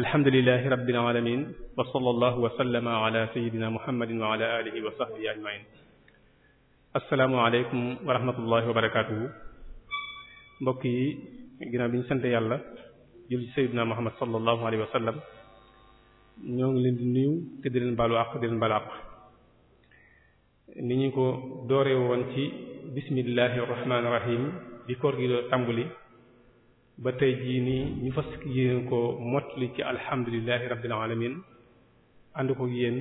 alhamdulilahi rabbil alamin wa sallallahu wa sallama ala sayyidina muhammadin wa ala alihi wa sahbihi ajmain assalaamu aleykum wa rahmatullahi wa barakatuhu mbokk yi ginnaaw bi ñu sant yàlla jul ci sayyidina muhammad sallallahu alayhi wa sallam ñoo ngi leen di nuyu te di leen baalu àq di leen baalu àq ni ñu ko dooree woon ci bismillahi rahmaani rahim bi koor gi doo tàmbali ba tey jii nii ñu fas yéen ko motli ci alhamdulillahi rabbil alamin ànd ko yéen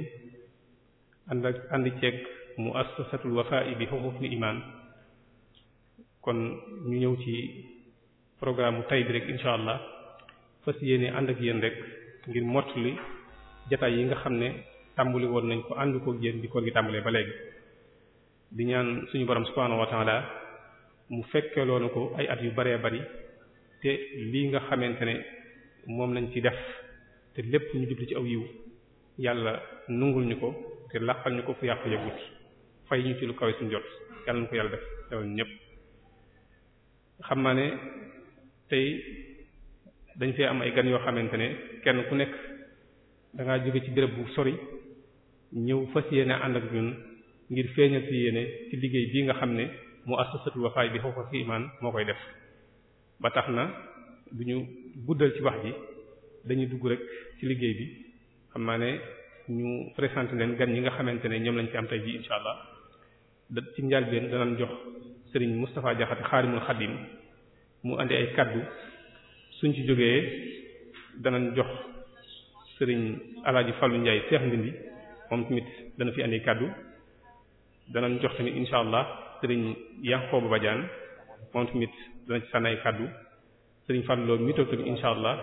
ànd ak ànd ceeg muassasatul wafa'i bi huquqil iman kon ñu ñëw ci programme tay bi rek insha allah fas yéene ànd ak yéen rek ngir motli jataay yi nga xam ne tàmbuli woon nañ ko ànd ko yéen di koor gi tàmbalee ba léegi di ñaan suñu borom subhanahu wa mu fekke loonu ko ay at yu baree bari te lii nga xamante ne moom lañ ci def te lépp ñu jublu ci aw yiw yàlla nungul ñu ko te làqal ñu ko fu yàqu yëgut fay ñu ci lu kawe suñu yàlla ñu ko yàlla def defal ñëpp xam naa ne tey dañ fee am ay gan yoo xamante ne kenn ku nekk dangaa jóge ci béréb bu sori ñëw fas yéene ànd ak ñun ngir feeñal ci yéene ci liggéey bii nga xam ne mu assasatul Wafa bi foofa fi imaan moo koy def ba tax na du ñu guddal ci wax ji dañuy dugg rek ci liggéey bi xam naa ne ñu présenté leen gan ñi nga xamante ne ñoom lañ ci am tey ji insha allah da ci njàlbeen danañ jox sëriñ Moustapha Diakhaté Xaarimul Xadim mu andi ay kaddu suñ ci jógee danañ jox sëriñ Alaaji Fallu Ndiaye Seex Ndindi moom tamit dana fi danañ jox tamit allah sëriñ Yankooba Badiane dana ci sànni ay kaddu sëriñ Fallou loolu tamit incha allah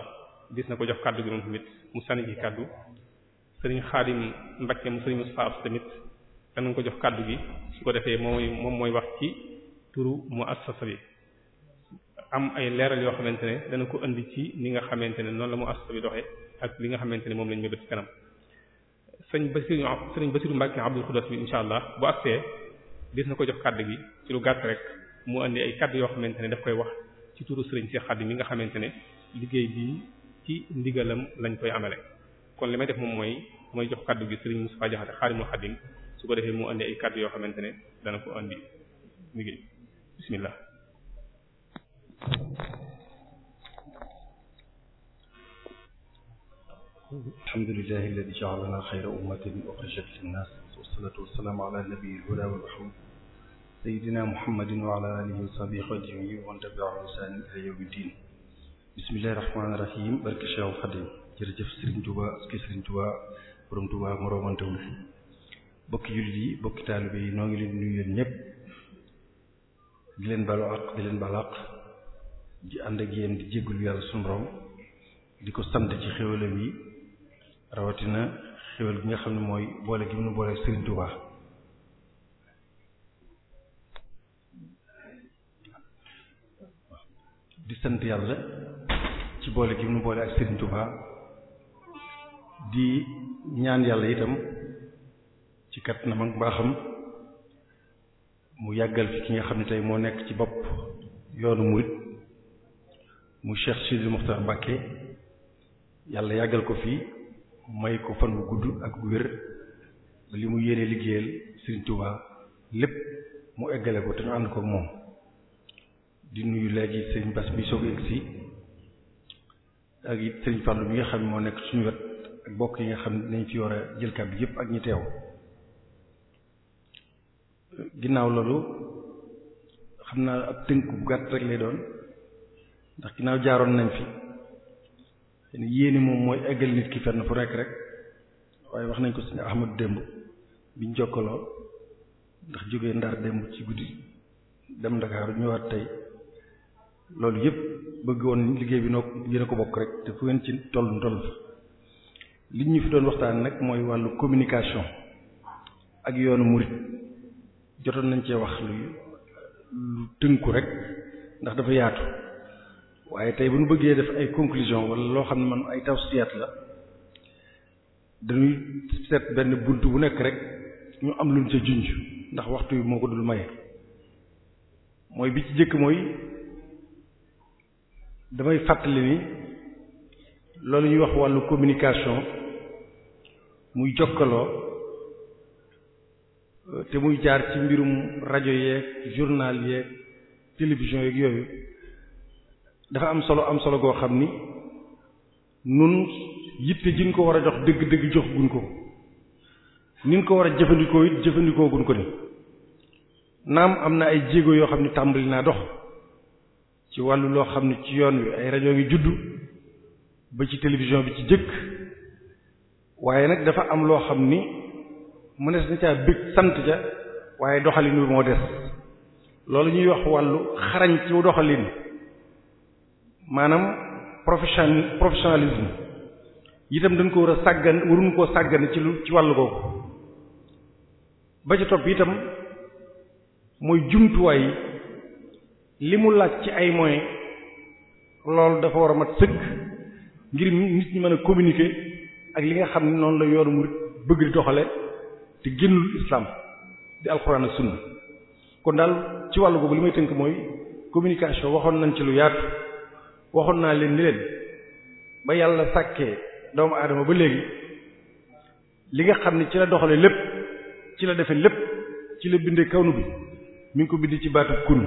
gis na ko jox kàddu bi moom tamit mu sànni ci kaddu sëriñ Xaadim Mbakke mu sëriñ Moussa tamit danañ ko jox kaddu gi su ko defee moom moom mooy wax ci turu muassasa bi am ay leeral yoo xamante ne dana ko indi ci ni nga xamante ne noonu la muassasa bi doxee ak li nga xamante ne moom lañ def ci kanam. sëñ Basiru sëriñ Basiru Mbakke Abdul Xudas bi incha allah bu àgsee gis na ko jox kaddu gi ci lu gàtt rek. mu indi ay kaddu yoo xamante ne daf koy wax ci turu Serigne Cheikh Khadim mi nga xamante ne liggéey bi ci ndigalam lañ koy amale kon li may def moom mooy mooy jox kaddu gi Serigne Moustapha Diakhaté Khadimul Khadim su ko defee mu indi ay kaddu yoo xamante ne dana ko indi liggéey bismillah alhamdulillahi seydina muhammadin wa ala alihi wa sahbihi xadim yi wa man tabi'ahum bi ihsaanin ila yawmi diin bismillahi rahmaani rahim barke Cheikh Xadim jërëjëf Serigne Touba ki Serigne Touba borom Touba moroomantewul bokki jullit yi bokki taalibe yi noo ngi leen nuyu yéen ñëpp di leen balu di leen balu àq di ànd ak yéen di jéggul yàlla sunu borom di ko sant ci xéwalam yi rawatina xéwal bi nga xam ne mooy boole gi mu boole Serigne Touba sant yàlla ci boole gi mu boole ak Serigne Touba di ñaan yàlla itam ci kattanam ak mbaaxam mu yàggal fi ki nga xam ne tey moo nekk ci bopp yoonu murit mu Cheikh Sidil Mokhtar Mbacké yàlla yàggal ko fii may ko fan wu gudd ak wér li mu yéene liggéeyal Serigne Touba lépp mu eggale ko te ñu ànd ko moom di nuyu léegi sëñ Bass bi soog egg si ak it sëñ Fallou bi nga xam moo nekk suñu wet ak bokk yi nga xam ne dañ fi war a jël kàddu yëpp ak ñi teew ginnaaw loolu xam naa ab tënk bu gàtt rek lay doon ndax ginnaaw jaaroon nañ fi yéene moom mooy eggal nit ki na fu rekk rek waaye wax nañ ko sëñ Ahmadu démb biñ jokkaloo ndax jógee Ndar démb ci guddi dem Ndakaaru ñëwaat tey loolu yëpp bëgg woon liggéey bi noo yéen a ko bokk rek te fu ngeen ci toll toll li ñu fi doon waxtaan nag mooy wàllu communication ak yoonu murit jotoon nañ cee wax lu lu tënku rek ndax dafa yaatu waaye tey bu ñu bëggee def ay conclusion wala loo xam ne man ay tawsiyaat la dañuy seet benn bunt bu nekk rek ñu am luñ ca junj ndax waxtu wi moo ko dul maye mooy bi ci jëkk mooy damay fàttali ni loolu ñuy wax wàllu communication muy jokkaloo te muy jaar ci mbirum rajo yeeg journal yeeg télévision yeeg yooyu dafa am solo am solo goo xam ni nun yitte jiñ ko war a jox dëgg-dëgg jox guñ ko ko war a jëfandikoo it ko ni naam am na ay jéego yoo xam ni tàmbali naa dox ci wàllu loo xam ne ci yoon wi ay rajo ngi juddu ba ci télévision bi ci jëkk waaye nag dafa am loo xam ni mënees na caa bëgg sant ca waaye doxalin bi moo des loolu ñuy wax wàllu xarañ ci doxalin maanaam profession itam dañ ko war a sàggan waruñu koo sàggan ci lu ci wàllu googu ba ci topp itam mooy jumtuwaay li mu laaj ci ay moyens loolu dafa war a mat sëkk ngir nit ñi mën a communiquer ak li nga xam ne noonu la yoonu mu bëgg di doxale te génnul islam di alxuraan ak sunna kon daal ci wàllu googu li may tënk mooy communication waxoon nañ ci lu yaatu waxoon naa leen ni leen ba yàlla sàkkee doomu aadama ba léegi li nga xam ne ci la doxale lépp ci la defe lépp ci la bindee kawnu bi mi ngi ko bindee ci baatu kun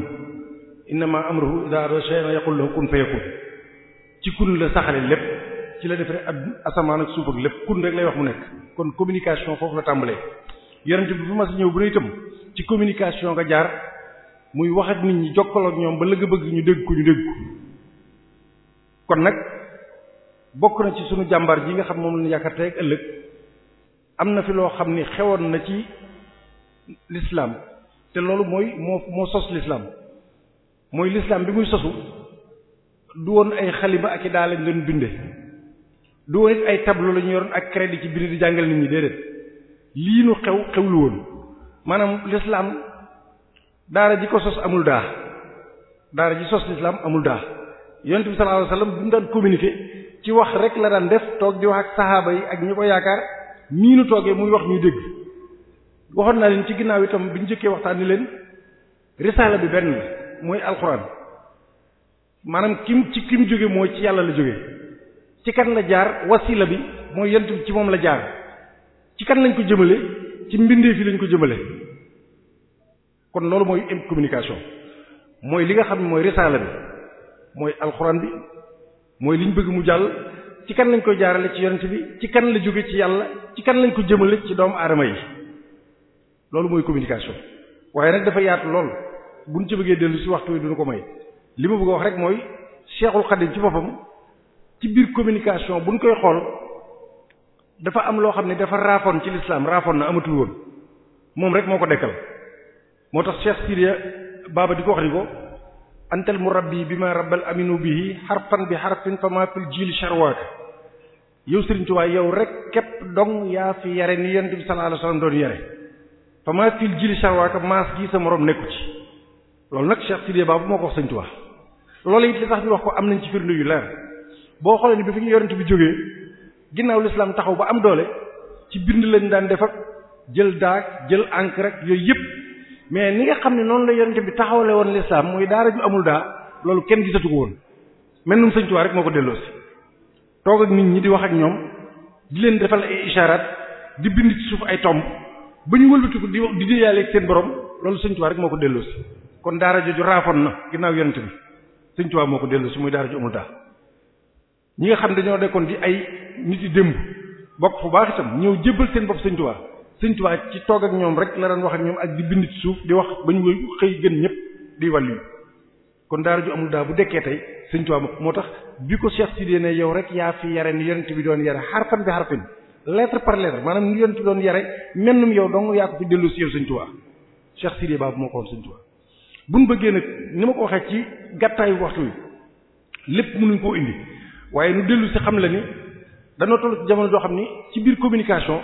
innama amruhu ida arada shay'an yaqul lahu kun fayakun ci kun la saxale lépp ci la defaree ad asamaan ak suuf ak lépp kun rek lay wax mu nekk kon communication foofu la tàmbalee yonent bi bu ma si ñëw bu ne itam ci communication nga jaar muy wax ak nit ñi jokkaloo ñoom ba lëgg bëgg ñu dégg ko ñu dégg ko kon nag bokk na ci sunu jàmbaar ji nga xam moom lañu yaakaar tey ak ëllëg am na fi loo xam ni xewoon na ci lislaam te loolu mooy moo moo sos l'islam mooy lislaam bi muy sosu du woon ay xalima ak i daa leen doon binde du woon ay tableau la ñu yoroon ak crédit ci bind di jàngal nit ñi déedéet lii nu xew xewlu woon maanaam lislaam daara ji ko sos amul daa daara ji sos lislaam amul daa yonent bi sallallahu alayhi wasallam bu daan communiquer ci wax rek la daan def toog di wax ak saxaaba yi ak ñi ko yaakaar nii nu toogee muy wax ñuy dégg waxoon naa leen ci ginnaaw itam bi ñu jëkkee waxtaan ni leen risaala bi benn mooy alxuraan maanaam kim ci kim jóge mooy ci yàlla la jóge ci kan la jaar wasila bi mooy yant bi ci moom la jaar ci kan lañ ko jëmale ci mbindeef lañ ko jëmale kon loolu mooy im communication mooy li nga xam mooy risaala bi mooy alxuraan bi mooy liñ bëgg mu jàll ci kan lañ koy jaarale ci yonent bi ci kan la jóge ci yàlla ci kan lañ ko jëmale ci doomu aadama yi loolu mooy communication waaye nag dafa yaatu lool buñ ci bëggee dellu si waxtu wi duñu ko may li ma bëgg a wax rek mooy Cheikhul Khadim ci boppam ci biir communication bu buñ koy xool dafa am loo xam ne dafa raafoon ci lislaam raafoon na amatul woon moom rek moo ko dekkal moo tax Cheikh Siria Baba di ko wax ni ko antal murabbi bi ma rabbal aminu bihi xarfan bi xarfin fa ma fil jiil sharwaaka yow Serigne Touba yow rek képp dong yaa fi yare ni yonent bi sallallahu alayhi wasallam doon yare fa ma fil jiil sharwaaka moroom nekku loolu nag Cheikh Sidé Baba moo ko wax Sëriñ Tuubaa loolu it li tax ñu wax ko am nañ ci firnde yu leer boo xoolee ni bi fi ñu yonent bi jógee ginnaaw lislaam taxaw ba am doole ci bind lañu daan def jël daag jël encre ak yooyu yëpp mais ni nga xam ne noonu la yonent bi taxawale woon lislaam mooy daara ju amul daa loolu kenn gisatu ko woon mel num Sëriñ Tuubaa rek moo ko delloo toog ak nit ñi di wax ak ñoom di leen defal ay isharat di bind ci suuf ay tomb ba ñu wëlbatiku di di déyaaleeg seen borom loolu Sëriñ Tuubaa rek moo ko delloo kon daara jooju raafoon na ginnaaw yonent bi Sëriñ Tuubaa moo ko dellu su muy daara ju amul daa ñi nga xam dañoo dekkoon di ay nit yi démb bokk fu baax itam ñëw jébbal seen bopp Sëriñ Tuubaa Sëriñ Tuubaa ci toog ak ñoom rek la daan wax ak ñoom ak di bind ci suuf di wax ba ñu xëy gën ñëpp di wàllu kon daara ju amul daa bu dekkee tey Sëriñ Tuubaa moo tax bi ko Cheikh Sidé ne yow rek yaa fi yare ni yonent bi doon yare xarfan bi xarfin lettre par lettre maanaam ni yonent doon yare mennum yow dong yaa ko fi si yow Sëriñ Tuubaa Cheikh Sidé Baba moo ko buñ bëggee nag ni ma ko waxee ci gàttaayu waxtu wi lépp mënuñ koo indi waaye nu dellu si xam la ni danoo toll ci jamono joo xam ni ci biir communication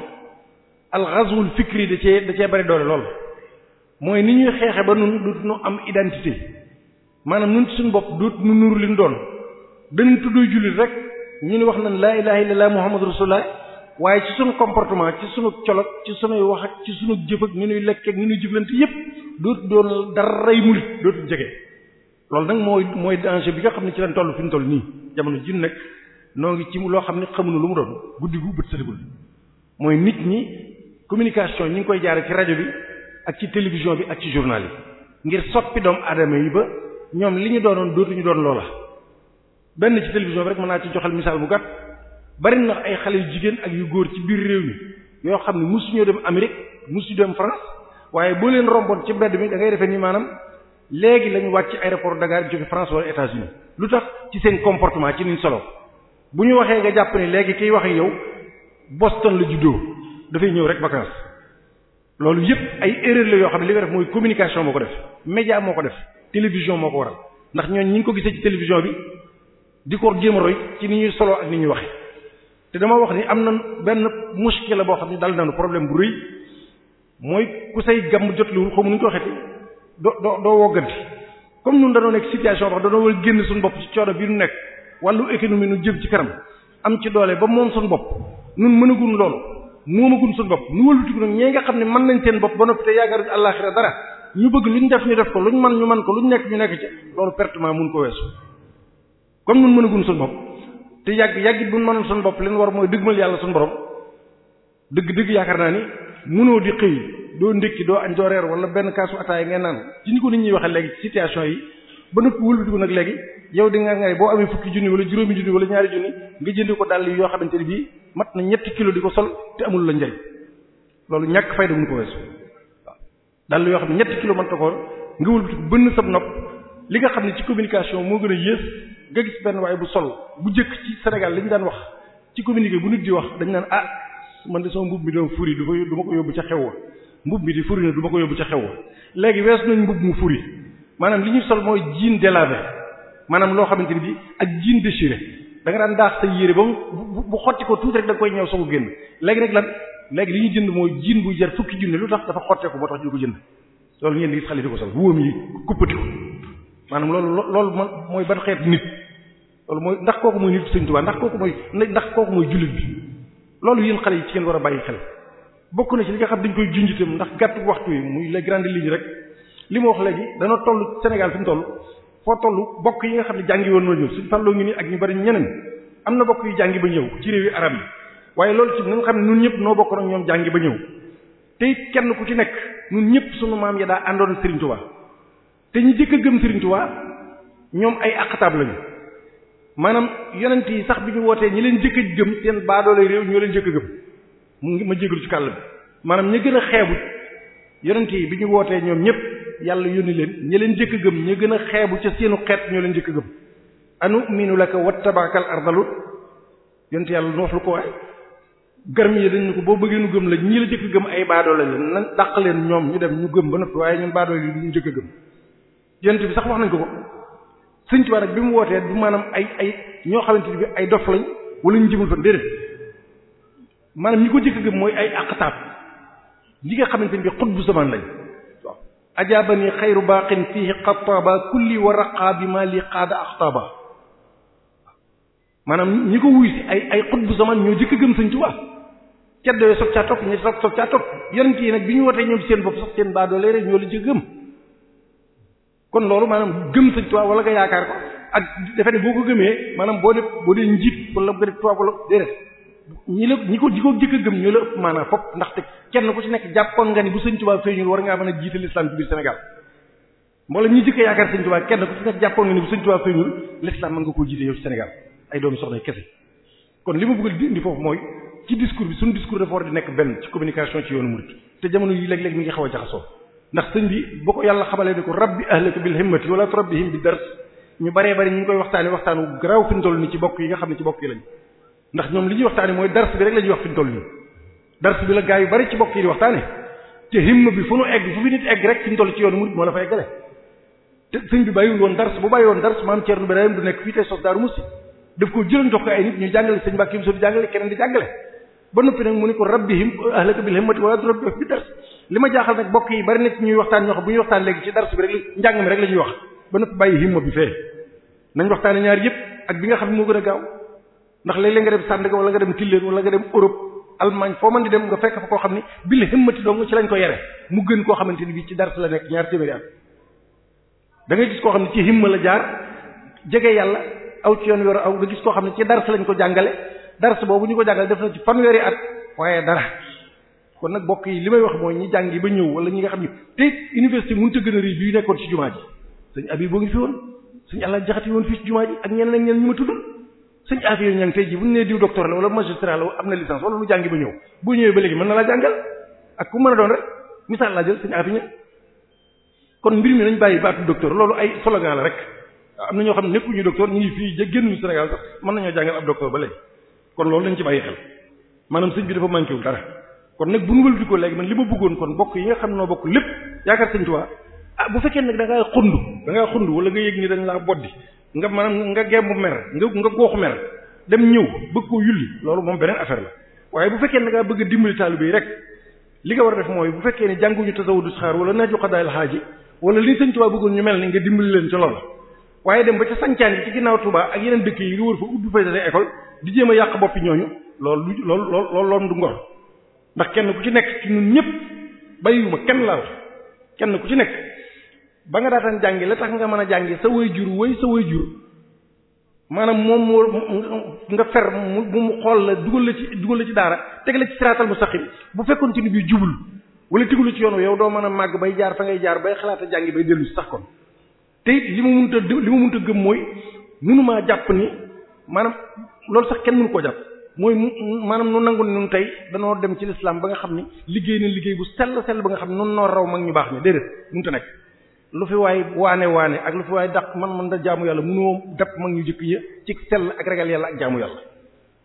alxazwul fikri da cee da cee bari doole lool mooy ni ñuy xeexe ba nun du nu am identité maanaam nun ci suñu bopp dut nu nuru li ñu doon dañu tuddoo jullit rek ñu ni wax nañ laa ilaha illallah muhammadu rasulullah waaye ci sunu comportement ci sunu colog ci sunuy wax ak ci sunu jëf ak ni nuy lekk ak ni nuy jëflante yépp dootu doon daray murit dootu jege loolu nag mooy mooy danger bi nga xam ne ci lañ toll fi ñu toll nii jamono ji nag noo ngi ci loo xam ne xamuñu lu mu doon guddi gu bët sëtigul mooy nit ñi communication ñi ngi koy jaare ci rajo bi ak ci télévision bi ak ci journal yi ngir soppi doomu aadama yi ba ñoom li ñu doonoon ñu doon loola benn ci télévision rek mën naa ci joxal misaal bu gàtt bari na ay xale yu jigéen ak yu góor ci biir réew mi yoo xam ne mosuñoo dem Amérique mosu dem France waaye boo leen romboon ci mbedd mi da ngay defee ni maanaam léegi lañu wàcc aéroport Dakar jóge France wala États-Unis lu tax ci seen comportement ci niñ solo bu ñu waxee nga jàpp ne léegi kiy wax yow Boston la juddoo dafay ñëw rek vacances loolu yëpp ay erreur la yoo xam ne li nga def mooy communication moo ko def média moo ko def télévision moo ko waral ndax ñooñu ñi ko gisee ci télévision bi di ko jéem a roy ak ni ñuy waxe te dama wax ni am na benn la boo xam ne dal nañu problème bu rëy mooy ku say gàmm jotliwul xaw ma nu ñu ko waxeeti doo doo doo wogganti comme ñun dañoo nekk situation wax dañoo war génn suñ bopp ci coono bi ñu nekk wàllu économie nu jëm ci karam am ci doole ba moom suñu bopp nu mën ñun mënaguñ loolu moomaguñ suñu bopp nu wëlbatiku nag ñee nga xam ne mën nañ seen bopp ba noppi te yaakaar bi dara ñu bëgg luñ def ñu def ko lu mën ñu man ko luñ nekk ñu nekk ci loolu pertement mun ko weesu comme ñun mënaguñ suñu bopp te yàgg yàggit bu mënoon suñu bopp leen war mooy dëgmal yàlla suñu borom dëgg dëgg yaakaar naa ni mënoo di xëy doo ndékki doo añ doo reer wala benn kaasu ataay ngeen naan ci ni ko nit ñuy waxee léegi situation yi ba nëpp wëlbatiku nag léegi yow di nga ngay boo amee fukki junni wala juróomi junni wala ñaari junni nga jënd ko dàll yoo xamante ni bii mat na ñetti kilo di ko sol te amul la njariñ loolu ñàkk fayda mënu ko weesu waaw dàll yoo xam ne ñetti kilo mën ta ko nga wëlbatiku bënn sab nopp li nga xam ne ci communication moo gën a yées nga gis benn waaye bu sol bu jëkk ci Sénégal lañu daan wax ci communiqué bu nit di wax dañ naan ah man de sama mbub mi doon furi du ko du ma yóbbu ca xew wa mbub mi di furi du ma ko yóbbu ca xew wa léegi weesu nañ mbub mu furi maanaam li ñu sol mooy jean délavé maanaam loo xamante ni bi ak jean déchiré da nga daan daax sa yére ba bu xotti ko tuuti rek da nga koy ñëw soog génn léegi rek lan léegi li ñu jënd mooy jean buy jar fukki junne lu tax dafa xottee ko moo tax ñu ko jënd loolu ngeen di gis xale di ko sol wóom yi kuppati ko maanaam loolu loolu mooy ban xeetu nit loolu mooy ndax kooku mooy nit Sëriñ Tuubaa ndax kooku mooy ndax kooku mooy jullit bi loolu yéen xale yi ci ngeen war a bàyyi xel bokk na ci li nga xam dañ koy junjitam ndax gàtt waxtu yi muy les grandes lignes rek li ma wax léegi dana toll Sénégal fi mu toll foo toll bokk yi nga xam ne jàngi woon na ñëw suñ fàlloo ngi nii ak ñu bari ñeneen am na bokk yu jàngi ba ñëw ci réew yi arab yi waaye loolu ci na nga xam ne ñun ñëpp noo bokk nag ñoom jàngi ba ñëw te it kenn ku ci nekk ñun ñëpp sunu maam ya daa àndoon Sëriñ Tuubaa te ñu jëkk a gëm Serigne Touba ñoom ay aqtaab lañu maanaam yonent yi sax bi ñu wootee ñi leen jëkk a gëm seen baadoole réew ñoo leen jëkk a gëm mu ngi ma jégalu ci kàll bi maanaam ñi gën a xeebu yonent yi bi ñu wootee ñoom ñëpp yàlla yónni leen ñi leen jëkk a gëm ñi gën a xeebu ca seenu xeet ñoo leen jëkk a gëm anu miinu laka wattabakal ardalu yonent yàlla nu wax lu ko waay garmi yi dañ ko boo bëggee nu gëm la ñi la jëkk a gëm ay baadoole la nan dàq leen ñoom ñu dem ñu gëm ba noppi waaye ñun baadoole yi ñu jëkk gëm yonent bi sax wax nañ ko ko Sëriñ Tuubaa nag bi mu wootee du maanaam ay ay ñoo xamante ni bi ay dof lañ wala ñu jëmul fan déedéet maanaam ñi ko jëkk gëm mooy ay aqtaab ñi nga xamante ni bi xutbu zaman lañ waaw ajaabani xayru baqin fihi xattaaba kulli wa raqaa bi ma li qaada axtaaba maanaam ñi ko wuy si ay ay xutbu zaman ñoo jëkk gëm Sëriñ Tuubaa ceddoyo sob caa topp ñi sob sob caa topp yonent yi nag bi ñu wootee ñoom seen bopp sax seen baadoole rek ñoo la ci gëm kon loolu maanaam gëm sëñ Tuubaa wala nga yaakaar ko ak defe ne boo ko gëmee maanaam boo dee boo dee njiit wala nga def Tuubaa wala déedéet ñi la ñi ko ji ko gëm ñoo la ëpp maanaam fop ndaxte kenn ku nekk jàppoon nga ni bu sëñ Tuubaa a jiital l'islam ci biir Sénégal mboolem ñi jëkk kenn ku ci nekk jàppoon nga ni bu sëñ Tuubaa feeñul l'islam mën nga koo jiite yow ci Sénégal ay doomi soxna kese kon li ma bëgg di indi foofu mooy ci discours bi suñu discours dafa war di nekk benn ci communication ci yoonu murid te jamono yi léeg-léeg mi ngi xaw a jaxasoo ndax sëñ bi boo ko yàlla xamalee ni ko rabbi ahlaka bil himmati wala turabbihim bi dars ñu baree bari ñu ngi koy waxtaane waxtaan wu garaaw fi ñu toll bokk yi nga xam ne ci bokk li ñuy waxtaane mooy dars bi rek la ñuy wax fi ñu toll nii bari ci bokk yi di waxtaane te himm bi fu nu ci yoonu murid moo la fa eggale te sëñ bi bàyyiwul woon dars bu bàyyi woon dars nekk fii tey sos Daaru Musti daf ko jëloon jox ko ay jàngale sëñ di jàngale keneen di jàngale ba noppi bi dars li ma jaaxal nag bokk yi bari na ñuy waxtaan ñoo xam bu ñu waxtaan léegi ci dars bi rek njàng mi rek la ñuy wax ba noppi bàyyi himma bi fee nañ waxtaane ñaar yëpp ak bi nga xam ne moo gën a gaaw ndax léeg-léeg nga dem Sandaga wala nga dem Tilleen wala nga dem Europe Allemagne foo mën di dem nga fekk fa koo xam ne bil himmati dong ci lañ ko yare mu gën koo xamante ni bii ci dars la nekk ñaar téeméeri at da ngay gis koo xam ne ci himma la jaar jege yàlla aw ci yoon yor aw nga gis koo xam ne ci dars lañ ko jàngale dars boobu ñu ko jàngale def na ci fanweeri at waaye dara kon nag bokk yi li may wax mooy ñi jàngi ba ñëw wala ñi nga xam ne te université mënut a gën a rëy bi nekkoon ci jumaa ji sëñ abi boo ngi fi woon sëñ àlla jaxati woon fii ci jumaa ji ak ñeneen ak ñeneen ñu ma tuddul sëñ affaire ñang tey ji bu ñu nee diw docteur la wala magistrat la am na licence wala lu jàngi ba ñëw boo ñëwee ba léegi mën na laa jàngal ak ku mën a doon rek misaal laa jël sëñ affaire kon mbir mi nañ bàyyi baatu docteur loolu ay slogan la rek am na ñoo xam ne nekkuñu docteur ñu ngi fii ja génn Sénégal sax mën nañoo jàngal ab docteur ba léegi kon loolu lañ ci bàyyi xel maanaam sëñ bi dafa manqué wul dara kon nag bu nu wëlbati ko léegi man li ma bëggoon kon bokk yi nga xam noo bokk lépp yaakaar Sëriñ Tuubaa ah bu fekkee nag da ngaa xund da xund wala nga yëg ni dañ laa boddi nga maanaam nga gembu mer nga nga gooxu mer dem ñëw bëgg koo yulli loolu moom beneen affaire la waaye bu fekkee ne da bëgg a dimbali taalibe rek li nga war a def mooy bu fekkee ne jànguñu tasawudu saxaar wala naaju xadaayil xaaji wala li Sëriñ Tuubaa bëggoon ñu mel ni nga dimbali leen ci loolu waaye dem ba ca sancaan yi ci ginnaaw Tuubaa ak yeneen dëkk yi nga wër fa ubbi fay sa école di jéem a yàq boppi ñooñu loolu loolu loolu loolu du ngor ndax kenn ku ci nekk ci ñun ñëpp bàyyiwuma kenn laal kenn ku ci nekk ba nga daataan jàngi la tax nga mën a jàngi sa way jur way sa way jur maanaam moom moo nga fer mu mu xool la dugal la ci dugal la ci daara teg la ci siraatal mustaqim bu fekkoon ci ni bi jubul wala tegulu ci yoonu yow doo mën a màgg bay jaar fa ngay jaar bay xalaat jàngi bay dellu si sax kon te it li ma mënut a li ma mënut a gëm mooy mënumaa jàpp ni maanaam loolu sax kenn mënu koo jàpp mooy maanaam nu nangu ñun tey danoo dem ci lislaam ba nga xam ni liggéey na liggéey bu sell sell ba nga xam ne nun noo raw mag ñu baax ñi déedéet mënut a nekk lu fi waay waane waane ak lu fi waay dàq man man da jaamu yàlla mënoo dab mag ñu jëkk ya ci sell ak ragal yàlla ak jaamu yàlla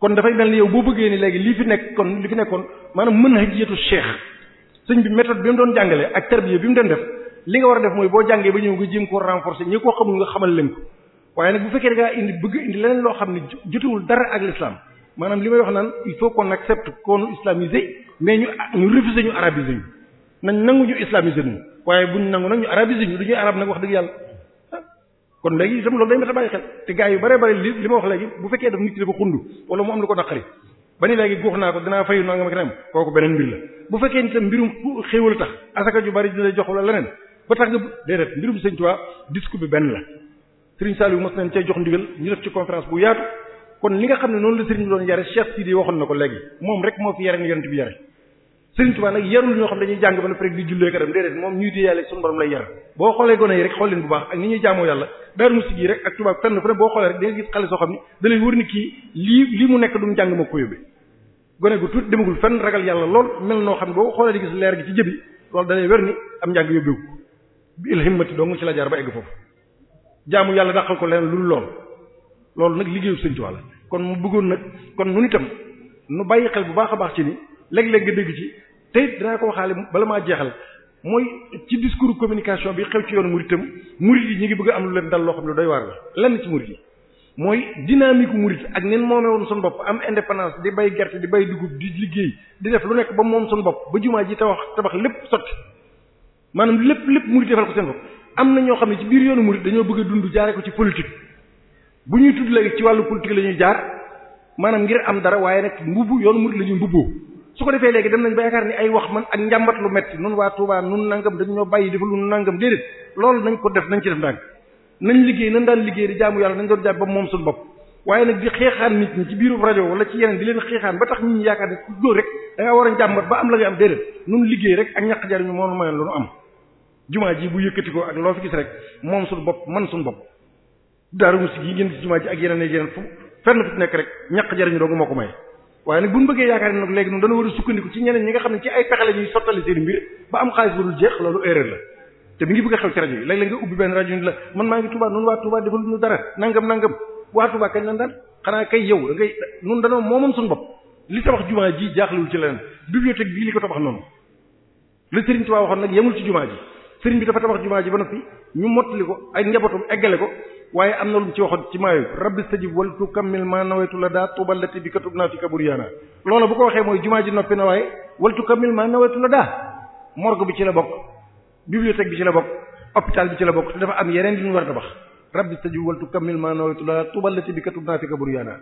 kon dafay mel ni yow boo bëggee ni léegi lii fi nekk kon li fi nekkoon maanaam manhajiyatu cheikh sëñ bi méthode bi mu doon jàngale ak tarbiya bi mu doon def li nga war a def mooy boo jàngee ba ñëw nga jéem koo renforcer ñi koo xamul nga xamal leen ko waaye nag bu fekkee da ngaa indi bëgg indi leneen loo xam ne jotewul dara ak l'islam maanaam li may wax naan il faut qu'on accepte qu'on islamisé mais ñu ñu refusé ñu arabisé ñu nañ nangu ñu islamisé ñu waaye buñ nangu nag ñu arabisé ñu du ñuy arab nag wax dëgg yàlla kon léegi itam loolu day mat a bàyyi xel te gaa yu bare bare li li ma wax léegi bu fekkee daf nit ki xund wala mu am lu ko naqari ba ni léegi guux naa ko dinaa fayu naa nga ma kooku beneen mbir la bu fekkee nitam mbirum xéewal tax asaka ju bari dina jox wala leneen ba tax nga déedéet mbirum Sëriñ Tuubaa discours bi benn la Sëriñ Saliou mos nañ cay jox ndigal ñu def ci conférence bu yaatu kon li nga xam ne noonu la sëriñ bi doon yare Cheikh Sidi waxoon na ko léegi moom rek moo fi yare ni yonent bi yare sëriñ Tuubaa nag yarul ñoo xam dañuy jàng ba pare yar boo xoolee gone yi rek xool leen bu baax ak ni ñuy jaamoo yàlla daaru musik yi rek ak tubaab fenn fu boo xoolee rek da gis xale soo xam ne da lay wër ni kii lii lii mu nekk dum jàng ma ko yóbbe gone gu tuuti demagul fenn ragal yàlla lool mel noo xam ne boo xoolee di gis leer gi ci jëbi loolu da lay wér ni am njàng yóbbeeku bi il himmati dong la jaar ba egg foofu jaamu yàlla daqal ko leen lu lool loolu nag liggéeyu Sëriñ Tuubaa la kon mu bëggoon nag kon nu itam nu bàyyi xel bu baax a baax ci ni léeg-léeg nga dégg ci te danaa ko waxaale bala maa jeexal mooy ci discours communication bi xew ci yoon murid itam murid yi ñu ngi bëgg a am lu leen dal loo xam ne doy waar la lenn ci murid yi mooy dynamique murid ak nen moome woon suñu bopp am indépendance di bay gerte di bay dugub di liggéey di def lu nekk ba moom suñu bopp ba jumaa ji tabax tabax lépp sotti maanaam lépp lépp murid defal ko seen am na ñoo xam ne ci biir yoonu murid dañoo bëgg a dund jaare ko ci politique bu ñuy tudd léegi ci wàllu politique la ñuy jaar maanaam ngir am dara waaye nag mbubu yoonu murid la ñuy mbubboo su ko defee léegi dem nañ ba yaakaar ni ay wax man ak njàmbat lu metti nun waa Touba nun nangam dañ ñoo bàyyi defal nun nangam déedéet loolu nañ ko def nañ ci def ndànk nañ liggéey nañ daan liggéey di jaamu yàlla nañ doon jàpp ba moom suñu bopp waaye nag di xeexaan nit ñi ci biiru rajo wala ci yeneen di leen xeexaan ba tax nit ñi yaakaar ne ku dóor rek da ngaa a am la nga am déedéet nun liggéey rek ak ñaq jariñu moom mayoon lu nu am jumaa ji bu yëkkati ko ak loo fi gis rek moom suñu bopp man bopp Darou Moukhty gi ngeen gis jumaa ji ak yeneen ak yeneen fu fenn fu nekk rek ñaq jariñu dong moo ko maye waaye nag buñ bëggee yaakaar ne noonu dana war a sukkandiku ci ñeneen ñi nga xam ne ci ay pexe la ñuy sottali seen mbir ba am xaalis bu dul jeex loolu erreur la te mi ngi bëgg a xew ci rajo yi léeg-léeg nga ubbi benn rajo la man maa ngi Touba noonu waa Touba defal ñu dara nangam nangam waa Touba kañ lan daan xanaa kay yow da ngay nun danoo moomoom suñu bopp li tabax jumaa ji jaaxlewul ci leneen bibliothèque bii li ko tabax noonu la Serigne Touba waxoon nag yemul ci jumaa ji Serigne dafa tabax jumaa ji ba noppi ñu mottali ko ay njabootam eggale ko waaye am na lu mu ci waxoon ci maayu rabbi stajib wal tukammil ma nawaytu daa tuubal lati bi katubna fi kaburiyana loola bu ko waxee mooy jumaa ji noppi na waaye wal tukammil ma nawaytu la daa morgue bi ci la bokk bibliothèque bi ci la bokk hôpital bi ci la bokk te dafa am yeneen yu ñu war a tabax rabbi stajib wal tukammil ma nawaytu la daa tuubal lati bi katubna fi kaburiyana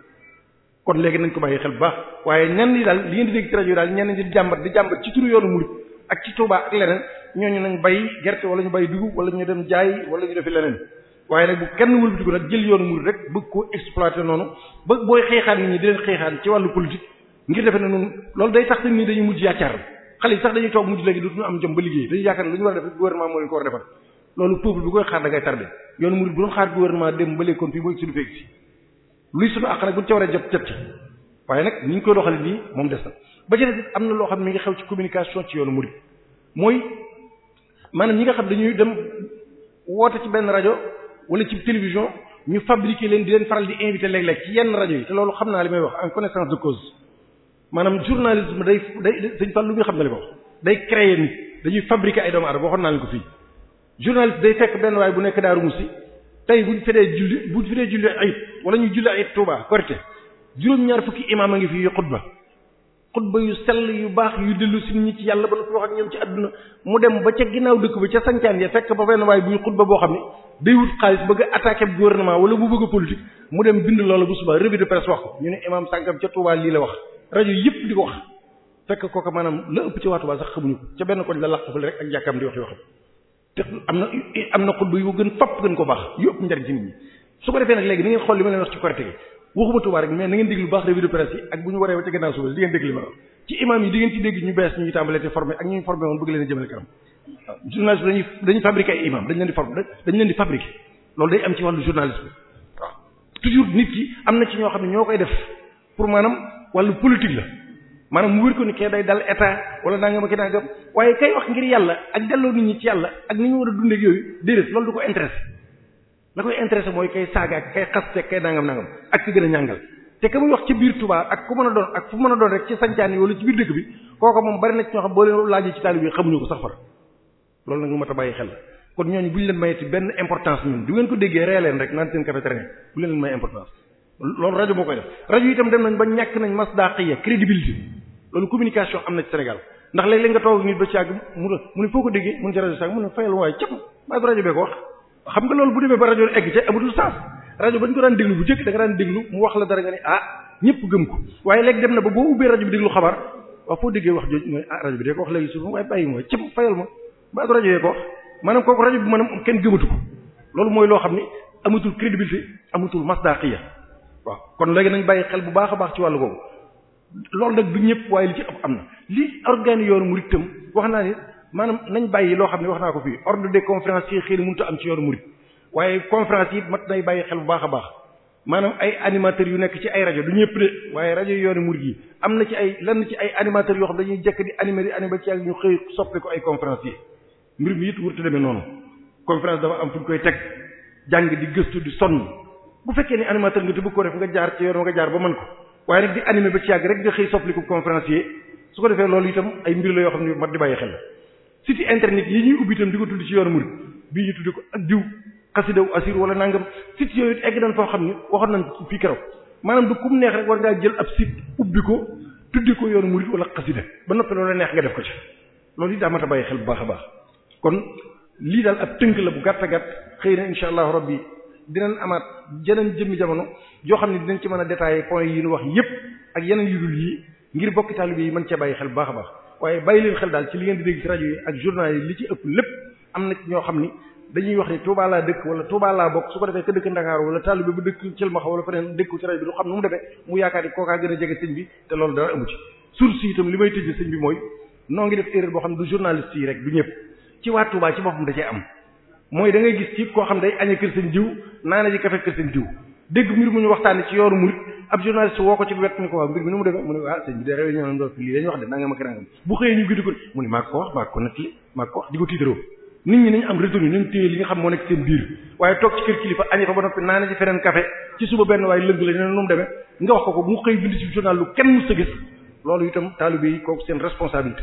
kon léegi nañ ko bàyyi xel bu baax waaye ñan ñi daal li ngeen di dégg ci rajo daal ñenn ñi di di jàmbat ci turu yoonu murid ak ci Touba ak leneen ñooñu nañ bay gerte wala ñu bay dugub wala ñu dem jaay wala ñu defi leneen waaye nag bu kenn wëlbatiku nag jël yoonu murid rek bëgg koo exploiter noonu ba booy xeexaan nit ñi di leen xeexaan ci wàllu politique ngir defe ne noonu loolu day tax nii dañuy mujj yaakaar xale yi sax dañuy toog mujj léegi duñu am jom ba liggéey yaakaar ne lu ñu war a def gouvernement moo ko war a defal loolu peuple bi koy xaar da ngay tardé yoonu murid bu doon xaar gouvernement dem ba léegi a jot jot waaye nag ni ñu koy doxale nii moom des na ba ci des am na loo xam ne mi ngi xew ci communication ci yoonu murid mooy maanaam ñi nga xam dañuy dem woote ci benn rajo wala ci télévision ñu fabriquer leen di leen faral di invité léeg-léeg ci yenn rajo yi te loolu xam naa li may wax en connaissance de cause maanaam journalisme day day dañ lu muy xam ne li ma wax day créer nit dañuy fabriquer ay doomu aadama waxoon naa leen ko fii journaliste day fekk benn waay bu nekk Daaru Musi tey buñ fedee julli buñ fedee julli ayib wala ñu julli ayib Touba Korité juróom-ñaar fukki imaam a ngi fi xutba xutba yu sell yu baax yu dellu si nit ñi ci yàlla ba nga ko wax ak ñoom ci àdduna mu dem ba ba boo xam ne day wut xaalis bëgg a attaquer gouvernement wala mu bëgg a politique mu dem bind loolu bu subaa revue de wax ko ñu ne imam sàngam ca Touba lii la wax rajo yëpp di ko wax fekk kooka maanaam la ëpp ci waa Touba sax xamuñu ko ca benn koñ la laq fële rek ak am na am na xutba ko baax yu ëpp njariñ ci nit ñi su ko ni ngeen xool li ma leen wax ci Korité gi waxuma Touba rek mais na ngeen déglu baax revue de yi ak bu ñu waree ba ca gannaaw suba di ngeen déglu ma ci imam yi di ci dégg ñu journaliste dañuy dañuy fabriquer ay imam dañ leen di former dañ leen di fabriquer loolu day am ci wàllu journalisme waaw toujours nit ki am na ci ñoo xam ne ñoo koy def pour maanaam wàllu politique la maanaam mu wér ko ni kee day dal état wala nangam ak nangam waaye kay wax ngir yàlla ak delloo nit ñi ci yàlla ak ni ñu war a dundee ak yooyu déedéet loolu du ko intéressé la koy intéressé mooy kay saaga ak kay xas te kay nangam nangam ak ci gën a ñàngal te ka muy wax ci biir Touba ak ku a doon a doon rek ci sancaan yi wala ci biir dëkk bi kooku moom bari na ci boo leen laajee ci taalibe bi ko sax far loolu nag lu mat a bàyyi xel la kon ñooñu bu ñu leen mayati benn importance ñun du ngeen ko déggee ree leen rek naan seen café train bu leen leen may importance loolu rajo moo koy def rajo dem nañ ba ñàkk nañ masdaqiya crédibilité loolu communication am na ci Sénégal ndax léeg-léeg nga toog nit ba ci ko déggee mu ne ci rajo sàgg mu bee ko wax xam nga loolu bu demee ba rajo egg ca amatul sens rajo ba ñu ko daan déglu bu jëkk da nga daan déglu mu wax la dara nga ne ah ñëpp gëm ko waaye léegi dem na ba boo ubbee rajo bi déglu xabaar waaw foo déggee wax jooju mooy ah rajo bi dee ko wax léegi suuf waaye bàyyi mooy cëpp fayal ma maa ko rajo ko maanaam kooku rajo bi maanaam kenn gëmatu ko loolu mooy loo xam ne amatul crédibilité amatul daa masdaqiya waaw kon léegi nañ bàyyi xel bu baax a baax ci wàllu boobu loolu nag bi ñëpp waaye li ci am am na li organe yoonu murid tam wax naa ne maanaam nañ bàyyi loo xam ne wax naa ko fii ordre des conférences yi xëy am ci yoonu murid waaye conférence yi mat nay bàyyi xel bu baax a baax maanaam ay animateurs yu nekk ci ay rajo du ñëpp de waaye rajo yoonu murid yi am na ci ay lan ci ay animateurs yoo xam dañuy jekk di animer di animer ci yàgg ñu ko ay conférenciers mbir mi it wurtu demee noonu conférence dafa am fu ñu koy teg jàng di gëstu di sonn bu fekkee ne animateur nga te bëgg ko def nga jaar ci yoon nga jaar ba mën ko waaye rek di animé ba ci yàgg rek nga xëy soppaliku conférencier su ko defee loolu itam ay mbir la yoo xam ne mat di bàyyi xel la site internet yi ñuy ubbi itam di ko tudd ci yoonu murid bii ñu tuddi ko ak diw xasidaw asir wala nangam site yooyu egg nañ foo xam ne waxoon nañ fii keroog maanaam du kum neex rek war ngaa jël ab site ubbi ko tuddi ko yoonu murid wala xasida ba noppi loolu neex nga def ko ci loolu it daa xel bu baax a kon lii daal ab tënk la bu gàtt a gàtt xëy na incha allahu rabbi dinañ amaat jeneen jëmmi jamono joo xam ne dinañ ci mën a détailler points yi ñu wax yépp ak yeneen yu dul yi ngir bokki taalibe yi mën cee bàyyi xel bu baax a baax waaye bàyyi leen xel daal ci li ngeen di dégg ci rajo ak journal yi li ci ëpp lépp am na ñoo xam ni dañuy wax ni Touba laa dëkk wala Touba laa bokk su ko defee ka dëkk Ndakaaru wala taalibe bu dëkk Cilmaxa wala feneen dëkku a jege sëñ bi te loolu dara amu ci source mooy noo boo xam ne du journaliste yi rek du ñëpp ci waa Touba ci boppam da cee am mooy da ngay gis ci koo xam day añee kër seen diw naana ji kafe kër seen diw dégg mbir mu ñu waxtaanee ci yoonu murid ab journaliste woo ko ci wet mu ko wax mbir mi nu mu demee de réunion nañ wax de nangam ak nangam bu xëyee ñu ko mu ko wax maa ko nettali maa ko wax am retenu li nga xam moo nekk seen biir waaye toog ci kër kilifa añee fa ba noppi naana ji feneen café ci la ñu nu mu demee nga wax ko ko mu xëy bind ci journal lu kenn mu sa gis loolu itam taalibe yi kooku seen responsabilité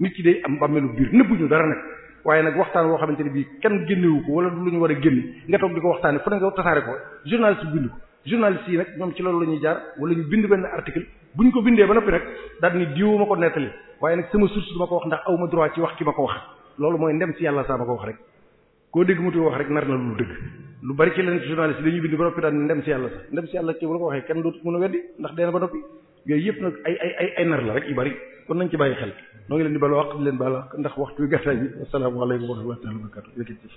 nit ki day am bàmmeelu biir ñu dara nag waaye nag waxtaan woo xamante ne bii kenn génnewu ko wala lu ñu war a génne nga toog di ko waxtaanee fu ne nga tasaare ko journaliste bi bind ko journaliste yi nag ñoom ci loolu la ñuy jaar wala ñu bind benn article bu ñu ko bindee ba noppi nag daal ni diwu ma ko nettali waaye nag sama source du ma ko wax aw ma droit ci wax ki ma ko wax loolu mooy ndem si yàlla saa ko wax rek koo dégg mu wax rek nar na lu dëgg lu bari ci leen journaliste dañuy bind ba noppi daal ndem si yàlla sax ndem si yàlla ci la ko waxee kenn dootu mën a weddi ndax dee na ba noppi yooyu yëpp nag ay ay nar la rek yu bari kon nañ ci bàyyi xel noo ngi leen di bal wax leen bal ndax waxtu wi gàttaay bi asalaamaaleykum wa rahmatullahi wa barakatuh yëkkati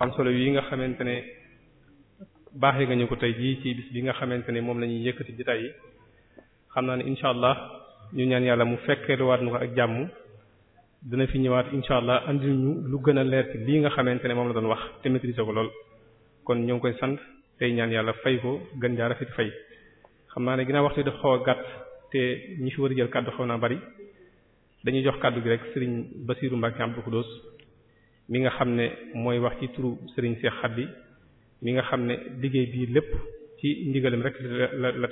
am solo yi nga xamante ne baaxee nga ñu ko tey jii ci bis bi nga xamante ne moom la ñuy yëkkati jotaay yi xam naa ne incha allah ñu ñaan yàlla mu fekkee lu waat nu ko ak jàmm dina fi ñëwaat incha allah andi ñu lu gën a leer ci nga xamante ne moom la doon wax te maîtriser ko lool kon ñoo koy sant tey ñaan yàlla fay ko gën a rafet fay xam naa ne ginnaaw waxtu daf xaw a gàtt te ñi fi war a jël kàddu xaw naa bari dañuy jox kàddu gi rek sëriñ Basiiru Mbàkke Abdou Khoudoss mi nga xam ne mooy wax ci turu sëriñ Cheikh Khady mi nga xam ne liggéey bii lépp ci ndigalam rek la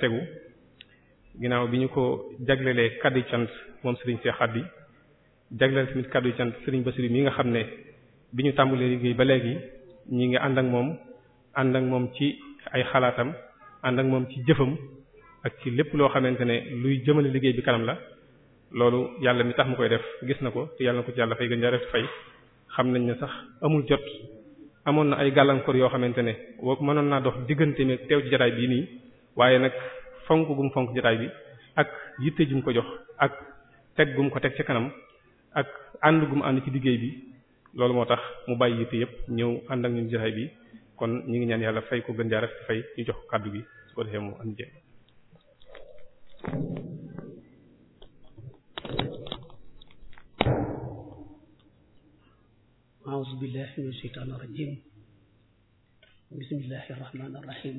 ginnaaw bi ñu ko jaglelee kàddu cant moom sëriñ Cheikh Khady jagleel tamit kàddu cant sëriñ Basiiru mi nga xam ne bi ñu tàmbalee liggéey ba léegi ñi ngi ànd ak moom ànd ak moom ci ay xalaatam ànd ak moom ci jëfam ak ci lépp loo xamante ne luy jëmale liggéey bi kanam la loolu yàlla mi tax mu koy def gis na ko te yàlla ko ci yàlla fay gën jaaree fay xam nañ ne sax amul jot amoon na ay gàllankoor yoo xamante ne woo mënoon naa dox diggante mi teew ci bii nii waaye nag fonk gum fonk jotaay bi ak yitte ji ko jox ak teg gum ko teg ci ak ànd gum ànd liggéey bi loolu moo tax mu bàyyi yitte yëpp ñëw ànd ak ñun jotaay bi kon ñu ngi ñaan yàlla fay ko gën jaaree fay jox kàddu bi su ko defee mu am jéem. أعوذ بالله من الشيطان الرجيم بسم الله الرحمن الرحيم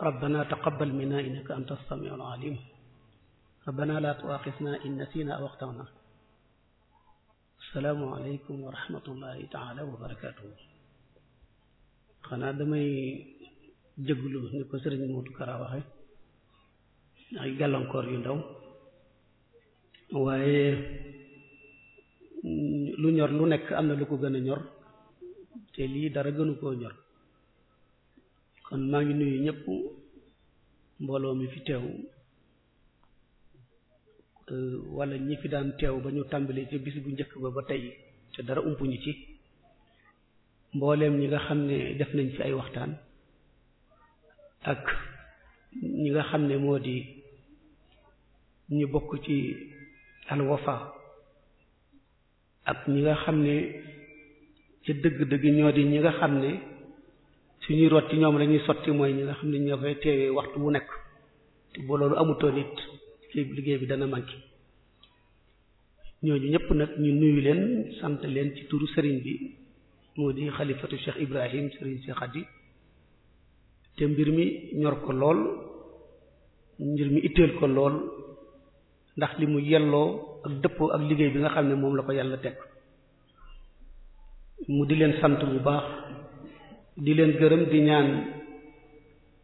ربنا تقبل منا إنك أنت السميع العليم ربنا لا تؤاخذنا إن نسينا أو أخطأنا السلام عليكم ورحمة الله تعالى وبركاته xanaa damay jëglu ni ko sëriñ Moodu Kara waxe ay gàllankoor yu ndaw waaye lu ñor lu nekk am na lu ko gën a ñor te lii dara gënu koo ñor kon maa ngi nuyu ñëpp mbooloo mi fi teew wala ñii fi daan teew ba ñu tàmbalee ci bis bu njëkk ba ba tey te dara umpuñu ci mbooleem ñi nga xam ne def nañ fi ay waxtaan ak ñi nga xam ne moo di ñu bokk ci al ak ñi nga xam ne ci dëgg-dëgg ñoo di ñi nga xam ne suñuy root ci ñoom lañuy sotti mooy ñi nga xam ne ñoo fay teewee waxtu bu nekk te bu loolu amutoon it liggéey bi dana manqué ñooñu ñëpp nag ñu nuyu leen sant leen ci turu sëriñ bi moo di xalifatu Cheikh Ibrahim Serigne Cheikh Khady te mbir mi ñor ko lool mbir mi itteel ko lool ndax li mu yelloo ak dëppoo ak liggéey bi nga xam ne moom la ko yàlla teg mu di leen sant bu baax di leen gërëm di ñaan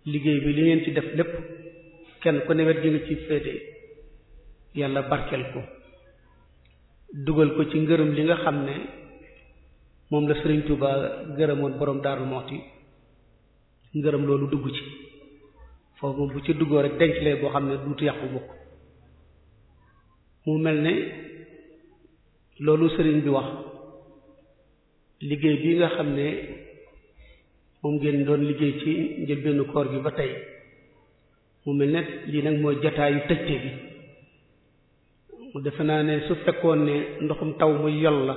liggéey bi li ngeen ci def lépp kenn ku newet gi nga ci féete yàlla barkeel ko dugal ko ci ngërëm li nga xam ne moom la Serigne Touba gërëmoon borom Darou Moukhty ngërëm loolu dugg ci foofu moom ci duggoo rek denc boo xam ne duutu yàqu bokk mu mel ne loolu sëriñ bi wax liggéey bi nga xam ne moom ngeen doon liggéey ci njëlbéenu koor bi ba tey mu mel ne lii nag mooy jataayu tëjte bi defe naa ne su fekkoon ne ndoxum taw muy yol la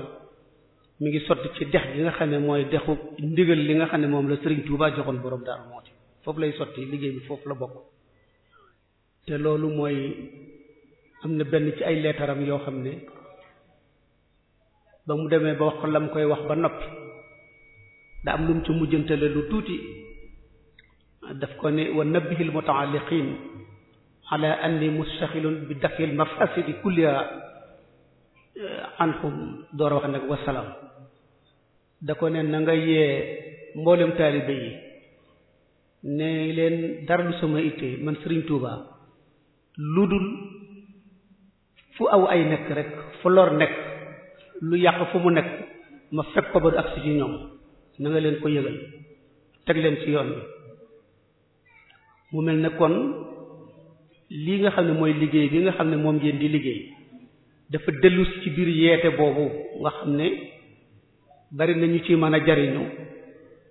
mi ngi sotti ci dex gi nga xam ne mooy dexu ndigal li nga xam ne moom la Serigne Touba joxoon borom Darou Moukhty foofu lay sotti liggéey bi foofu la bokk te loolu mooy am na benn ci ay leetaram yoo xam ne ba mu demee ba wax ko la mu koy wax ba noppi da am lu mu ci mujjantale lu tuuti daf ko ne wa nabbihil muta'alliqin ala anni mustaxilun bi dafil mafasidi kulliha Eh, anhum door wax nag wasalaam da ko ne nanga nga yee mboolem taalibe yi ne leen dara du sama itte man Serigne Touba lu dul fu aw ay nekk rek fu lor nekk lu yàq fu mu nekk ma fekk ko ba du agsi ci ñoom na leen ko yëgal teg leen ci yoon bi mu mel ne kon lii nga xam ne mooy liggéey bi nga xam ne moom ngeen di liggéey dafa dellus ci biir yeete boobu nga xam ne bari nañu ñu ci mën a jariñu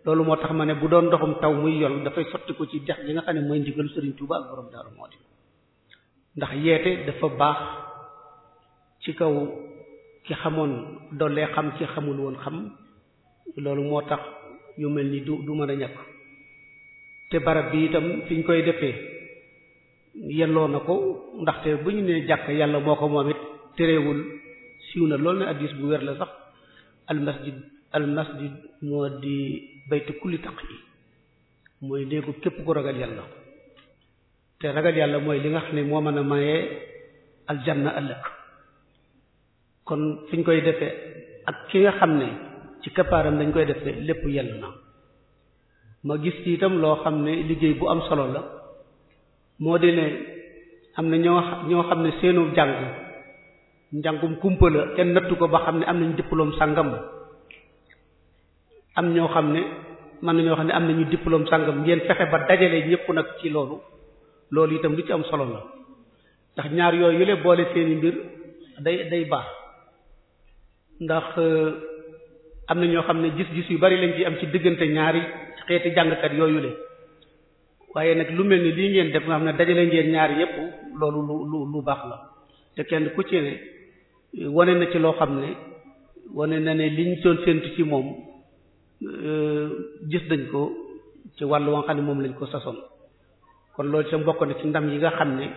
loolu moo tax ma ne bu doon ndoxum taw muy yol dafay sotti ko ci dex gi nga xam ne mooy ndigalu Sëriñ Tuuba ak borom Daaru Muxti ndax yeete dafa baax ci kaw ki xamoon dollee xam ci xamul woon xam loolu moo tax ñu mel ni du du mën a ñàkk te barab bi itam fiñ koy defee yelloo na ko ndaxte bu ñu nee jàkk yàlla moo ko moom it terewul siiw na lool ne addis bu wér la sax al masjid al masjid moo di baytu kulli taqi mooy néegu képp ku ragal yàlla te ragal yàlla mooy li nga xam ne moo mën a mayee aljanna ëllëg kon fi ñu koy defee ak ki nga xam ne ci kappaaram dañ koy defee lépp yell na ma gis itam loo xam ne liggéey bu am solo la moo di ne am na ñoo ñoo xam ne seenu jàng njàngum kumpa la kenn nattu ko ba xam ne am nañu diplôme sàngam am ñoo xam ne mën nañoo xam ne am nañu diplôme sàngam ngeen fexe ba dajale ñépp nag ci loolu loolu itam lu ci am solo la ndax ñaar yooyu yële boole seeni mbir day day baax ndax euh, am na ñoo xam ne gis-gis yu bari lañ ci am ci diggante ñaari xeeti jàngkat yooyu le waaye nag lu mel ni lii ngeen def nga xam ne dajale ngeen ñaari yépp loolu lu lu lu baax la te kenn ku ci ne wane na ci loo xam ne wane na ne liñ doon séntu ci moom euh, gis dañ ko ci wàll wa nga xam ne moom lañ ko sasoon kon lool itam mbokk na ci ndam yi nga xam ne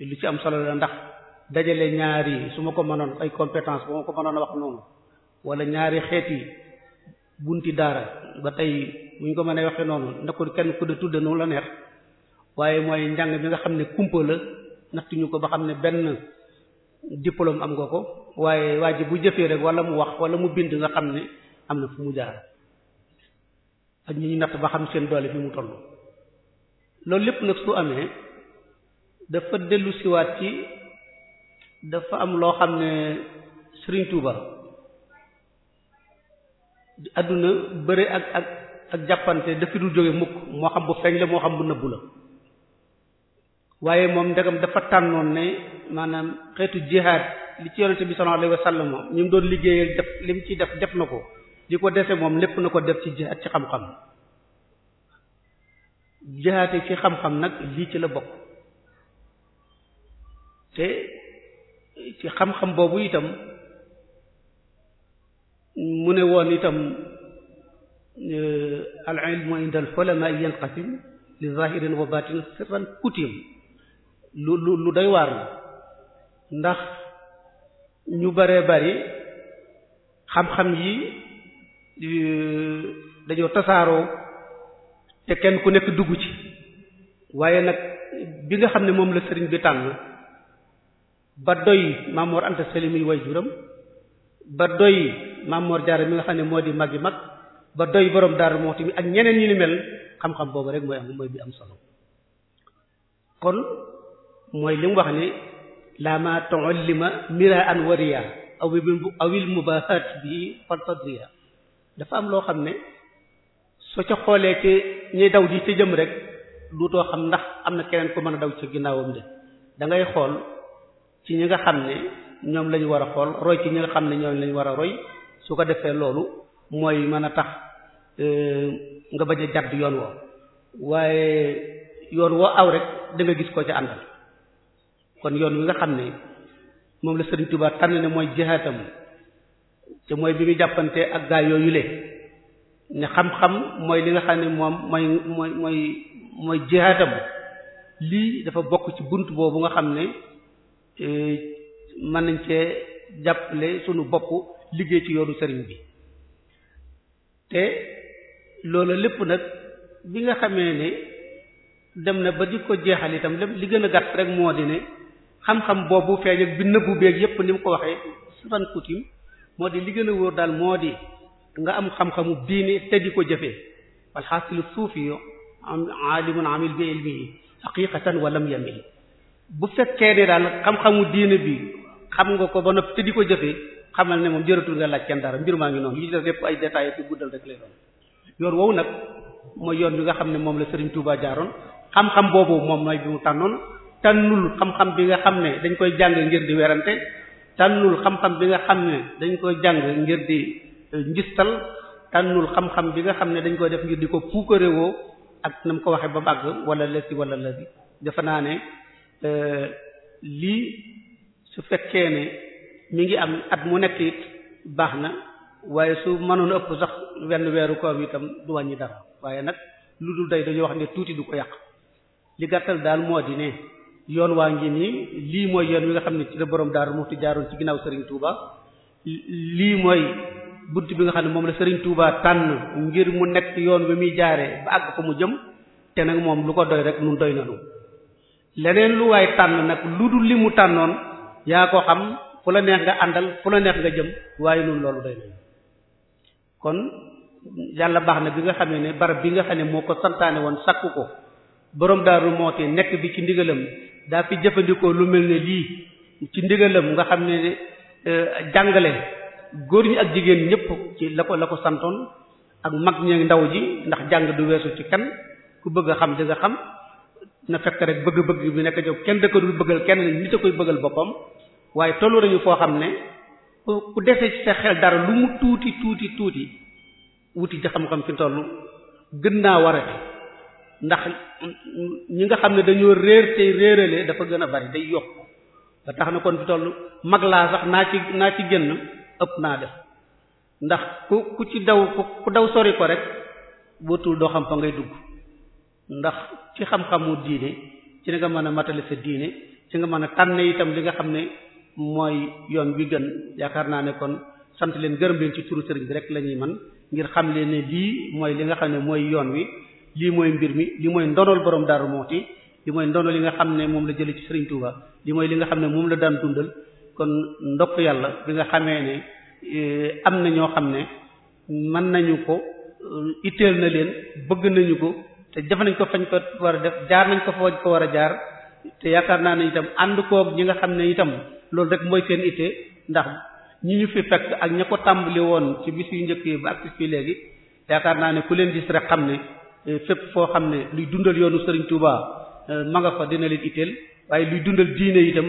lu ci am solo la ndax dajale ñaari su ma ko mënoon ay compétence bu ma ko mënoon a wax noonu wala ñaari xeet yi bunti daara ba tey buñ ko mën mënee waxee noonu ndax ko kenn ku de tudde noonu la neex waaye mooy njàng mi nga xam ne kumpa la naxtuñu ko ba xam ne benn diplôme am nga ko waaye waa ji bu jëfee rek wala mu wax wala mu bind nga xam ne am na fu mu jaar ak ñu ñu natt ba xam seen doole fi mu toll loolu lépp nag su amee dafa dellu siwaat ci dafa am loo xam ne Serigne Touba àdduna bëre ak ak ak jàppante dafa dul jóge mukk moo xam bu feeñ la moo xam bu nëbbu la waaye moom ndegam dafa tànnoon ne maanaam xeetu jihaad li ci yonente bi sallallahu alayhi wasallam ñu mu doon liggéey def li mu ci def def na ko li ko dese moom lépp na ko def ci jihaad ci xam-xam jihaad ci xam-xam nag lii ci la bokk te ci xam-xam boobu itam mu ne woon itam euh, al ilmu inda al ulama yanqasim li zahirin wa batin sirran kutim lu lu lu doy waar la ndax ñu bare bari xam-xam yi euh, dañoo tasaaroo te kenn ku nekk dugg ci waaye nag bi nga xam ne moom la sëriñ bi tànn ba doy Mamor Anta Sali muy waajuram ba doy Mamor Jaara mi nga xam ne moo di mag yi mag ba doy boroom daar Muxti mi ak ñeneen ñi ni mel xam-xam boobu rek mooy am mooy bi am solo kon mooy li mu wax ne laa ma tu'allima mira'an wariya aw awil mubahat bi faltadriya dafa am loo xam ne soo ca xoolee ci ñuy daw di ci jëm rek duutoo xam ndax am na keneen ku mën a daw ci ginnaawam de da ngay xool ci ñi nga xam ne ñoom lañu war a xool roy ci ñi nga xam ne ñoom lañu war a roy su ko defee loolu mooy mën a tax euh, nga bañ a jàdd yoon woo waaye yoon woo aw rek da gis ko ca àndal kon yoon wi nga xam ne moom la Sëriñ Tuubaa na ne mooy jihaatam te mooy bi muy jàppante ak gaa yooyu le ne xam-xam mooy li nga xam ne moom mooy mooy mooy mooy lii dafa bokk ci bunt boobu nga xam ne e, mën nañ cee jàppale sunu bopp liggéey ci yoonu sëriñ bi te loolu lépp nag bi nga xamee ne dem na ba di ko jeexal itam lépp li gën a gàtt rek moo de ne xam-xam boobu feeñ ak bi nëbbu beeg yépp ni mu ko waxee suran coutume moo di li gën a wóor daal moo di nga am xam-xamu diine te di ko jëfee walxaasilu suufi yo am aalimun bi ilmihi haqiqatan wa lam yamil bu fekkee ne daal xam-xamu diine bi xam nga ko ba noppi te di ko jëfee xamal ne moom jëratul nga laaj kenn dara mbir maa ngi noonu li ci def lépp ay détails ci guddal rek lay doon yoon woowu nag mooy yoon bi nga xam ne moom la Serigne Touba jaaroon xam-xam boobu moom mooy bi mu tànnoon tànnul xam-xam bi nga xam ne dañ koy jàng ngir di werante tànnul xam bi nga xam ne dañ koy jàng ngir di euh, njistal tànnul xam-xam bi nga xam ne dañ koy def ngir di ko puukarewoo ak na mu ko waxee ba màgg wala lësi wala lësi defe naa ne euh, lii su fekkee ne mu ngi am at mu nekk it baax na waaye su mënoon ëpp sax wenn weeru koor itam du wàññi dara waaye nag lu dul dey dañu wax ne tuuti du ko yàq li gàttal daal moo di ne yoon waa ngi nii lii mooy yoon wi nga xam ne ci la borom Daaru Muxti jaaroon ci ginnaaw Serigne Touba lii mooy bunt bi nga xam ne moom la Serigne Touba tànn ngir mu nekk yoon bi muy jaaree ba àgg fa mu jëm te nag moom lu ko doy rek nun doy nanu leneen lu waay tànn nag lu dul li mu tànnoon yaa ko xam fu la neex nga àndal fu la neex nga jëm waaye nun loolu doy la kon yàlla baax na bi nga xam ne barab bi nga xam ne moo ko santaane woon sakku ko borom Daaru Muxti nekk bi ci ndigalam daa fi jëfandikoo lu mel ne lii ci ndigalam nga xam ne euh, jàngale góor ñi ak jigéen ñépp ci la ko la ko santoon ak mag ñee ndaw ji ndax jàng du weesu ci kan ku bëgg xam di xam na fekk rek bëgg-bëgg bi nekk jóg kenn da ko dul bëggal kenn nit a koy bëggal boppam waaye tollu nañu foo xam ne ku dese ci sa xel dara lu mu tuuti tuuti tuuti wuti ja xam-xam fi toll gën naa war a ndax ñi nga xam ne dañoo réer tey réeralee dafa gën a bari day yokk ba tax na kon fi toll mag laa sax naa ci naa ci génn ëpp naa def ndax ku ku ci daw ku daw sori ko rek bootul doo xam fa ngay dugg ndax ci xam-xamu diine ci nga mën a matale sa diine ci nga mën a tànne itam li nga xam ne mooy yoon wi gën yaakaar naa ne kon sant leen gërëm leen ci turu sëriñ bi rek lañuy man ngir xam leen ne lii mooy li nga xam ne mooy yoon wi lii mooy mbir mi lii mooy boroom borom moo Moukhty li mooy ndonol yi nga xam ne moom la jëlee ci Serigne Touba mooy li nga xam ne moom la daan dundal kon ndokk yàlla bi nga xamee ne eh, am na ñoo xam ne mën nañu ko eh, itteel na leen bëgg nañu ko te def nañ ko fañ ko war a def jaar nañ ko fooñ ko war a jaar te yaakaar naa ne itam ànd koog ñi nga xam ne itam loolu rek mooy seen itte ndax ñi ñu fi fekk ak ña ko tàmbali woon ci bis yu njëkk yi ba ak léegi yaakaar naa ne ku leen gis rek xam ne Eh, fépp foo xam ne luy dundal yoonu Serigne Touba eh, ma nga fa dina leen itteel waaye luy dundal diine dem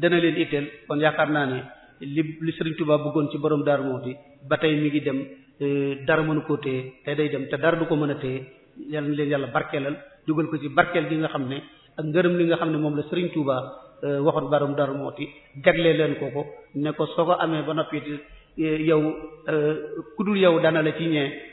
dana leen itteel kon yaakaar naa ne li li Serigne Touba bëggoon ci borom Darou Moukhty ba tey mi ngi dem eh, dara mënu koo téye te day dem te dara du ko mën a téye yal na leen yàlla barkeelal dugal ko ci barkeel gi nga xam ne ak ngërëm li nga xam ne moom la Serigne Touba waxoon borom Darou Moukhty jagleel leen ko ko ne ko soo ko amee ba noppi yow ku dul yow dana la ci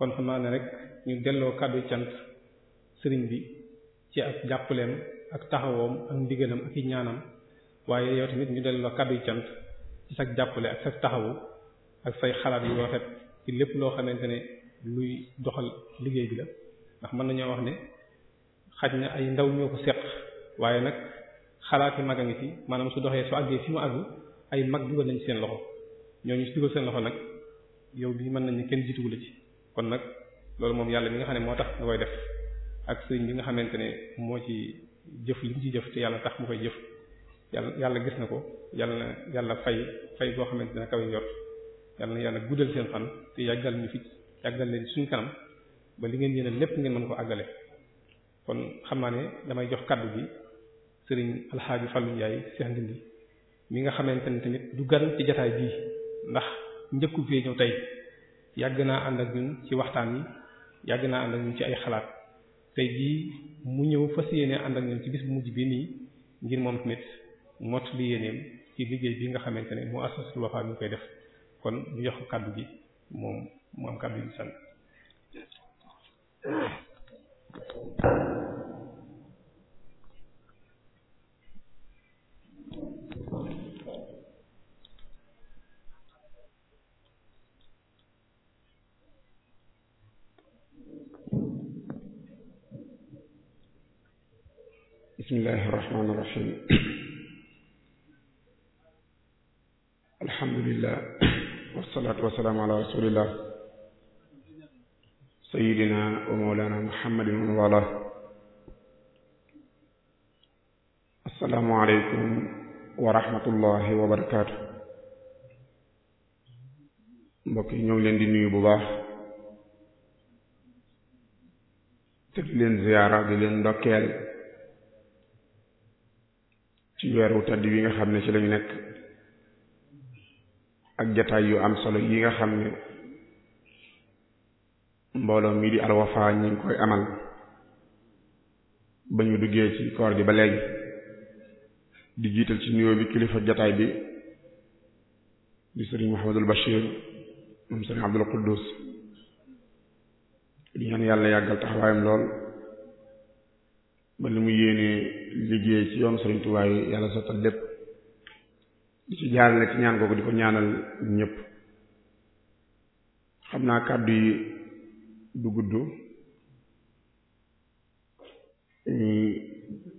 kon xam naa ne rek ñu delloo kàddu cant sëriñ bi ci ak jàppaleem ak taxawoom ak ndigalam ak i ñaanam waaye yow tamit ñu delloo kàddu cant ci sa jàppale ak sa taxawu ak say xalaat yu rafet ci lépp loo xamante ne luy doxal liggéey bi la ndax mën nañoo wax ne xaj na ay ndaw ñoo ko seq waaye nag xalaati mag a ngi ci maanaam su doxee su àggee fi mu àggu ay mag dugal nañ seen loxo ñooñu si dugal seen loxo nag yow bi mën nañu kenn jiitugu la ci kon nag loolu moom yàlla mi nga xam ne moo tax nga koy def ak sëriñ bi nga xamante ne moo ci jëf li ci jëf te yàlla tax mu koy jëf yàlla yàlla gis na ko yàlla na yàlla fay fay boo xamante ne kaw yor yàlla na yàlla guddal seen fan te yàggal fi yàggal leen suñu kanam ba li ngeen yéene lépp ngeen mën ko àggale kon xam naa ne damay jox kaddu bi sëriñ alxaaji Fallou Ndiaye Cheikh Ndindi mi nga xamante ne tamit du gan ci jataay bii ndax njëkku fee ñëw tey yàgg naa ànd ak ñun ci waxtaan yi yàgg naa ànd ak ñun ci ay xalaat tey jii mu ñëw fas yéene ànd ak ñun ci bis bu mujj bi nii ngir moom tamit mott li yéeneem ci liggéey bi nga xamante ne mu assasatul Wafa mi ngi koy def kon ñu jox kàddu gi moom mu am kàddu gi sant bismillahi irrahmani irrahim alhamdulilah wasalaatu wasalaamu wa mawlana muhammadin wa wala assalaamu aleykum wa rahmatullahi wa barakaatu mbokk yi ñoo leen di nuyu bu baax te di leen ziyaara di leen ci weer wu tedd nga xam ne ci lañu nekk ak jataay yu am solo yi nga xam ne mbooloo mii di alwafa ñi ngi koy amal ba ñu duggee ci koor gi ba léegi di jiital ci nuyoo bi kilifa jataay bi di sëriñ Mouhamadul Bachir moom sëriñ Abdul Quddus di ñaan yàlla yàggal taxawaayam lool ba li mu yéenee liggéey ci yoonu Sëriñ Tuubaa yi yàlla sottal lépp di ci jaarale ci ñaan googu di ko ñaanal ñëpp xam naa kàddu yi du gudd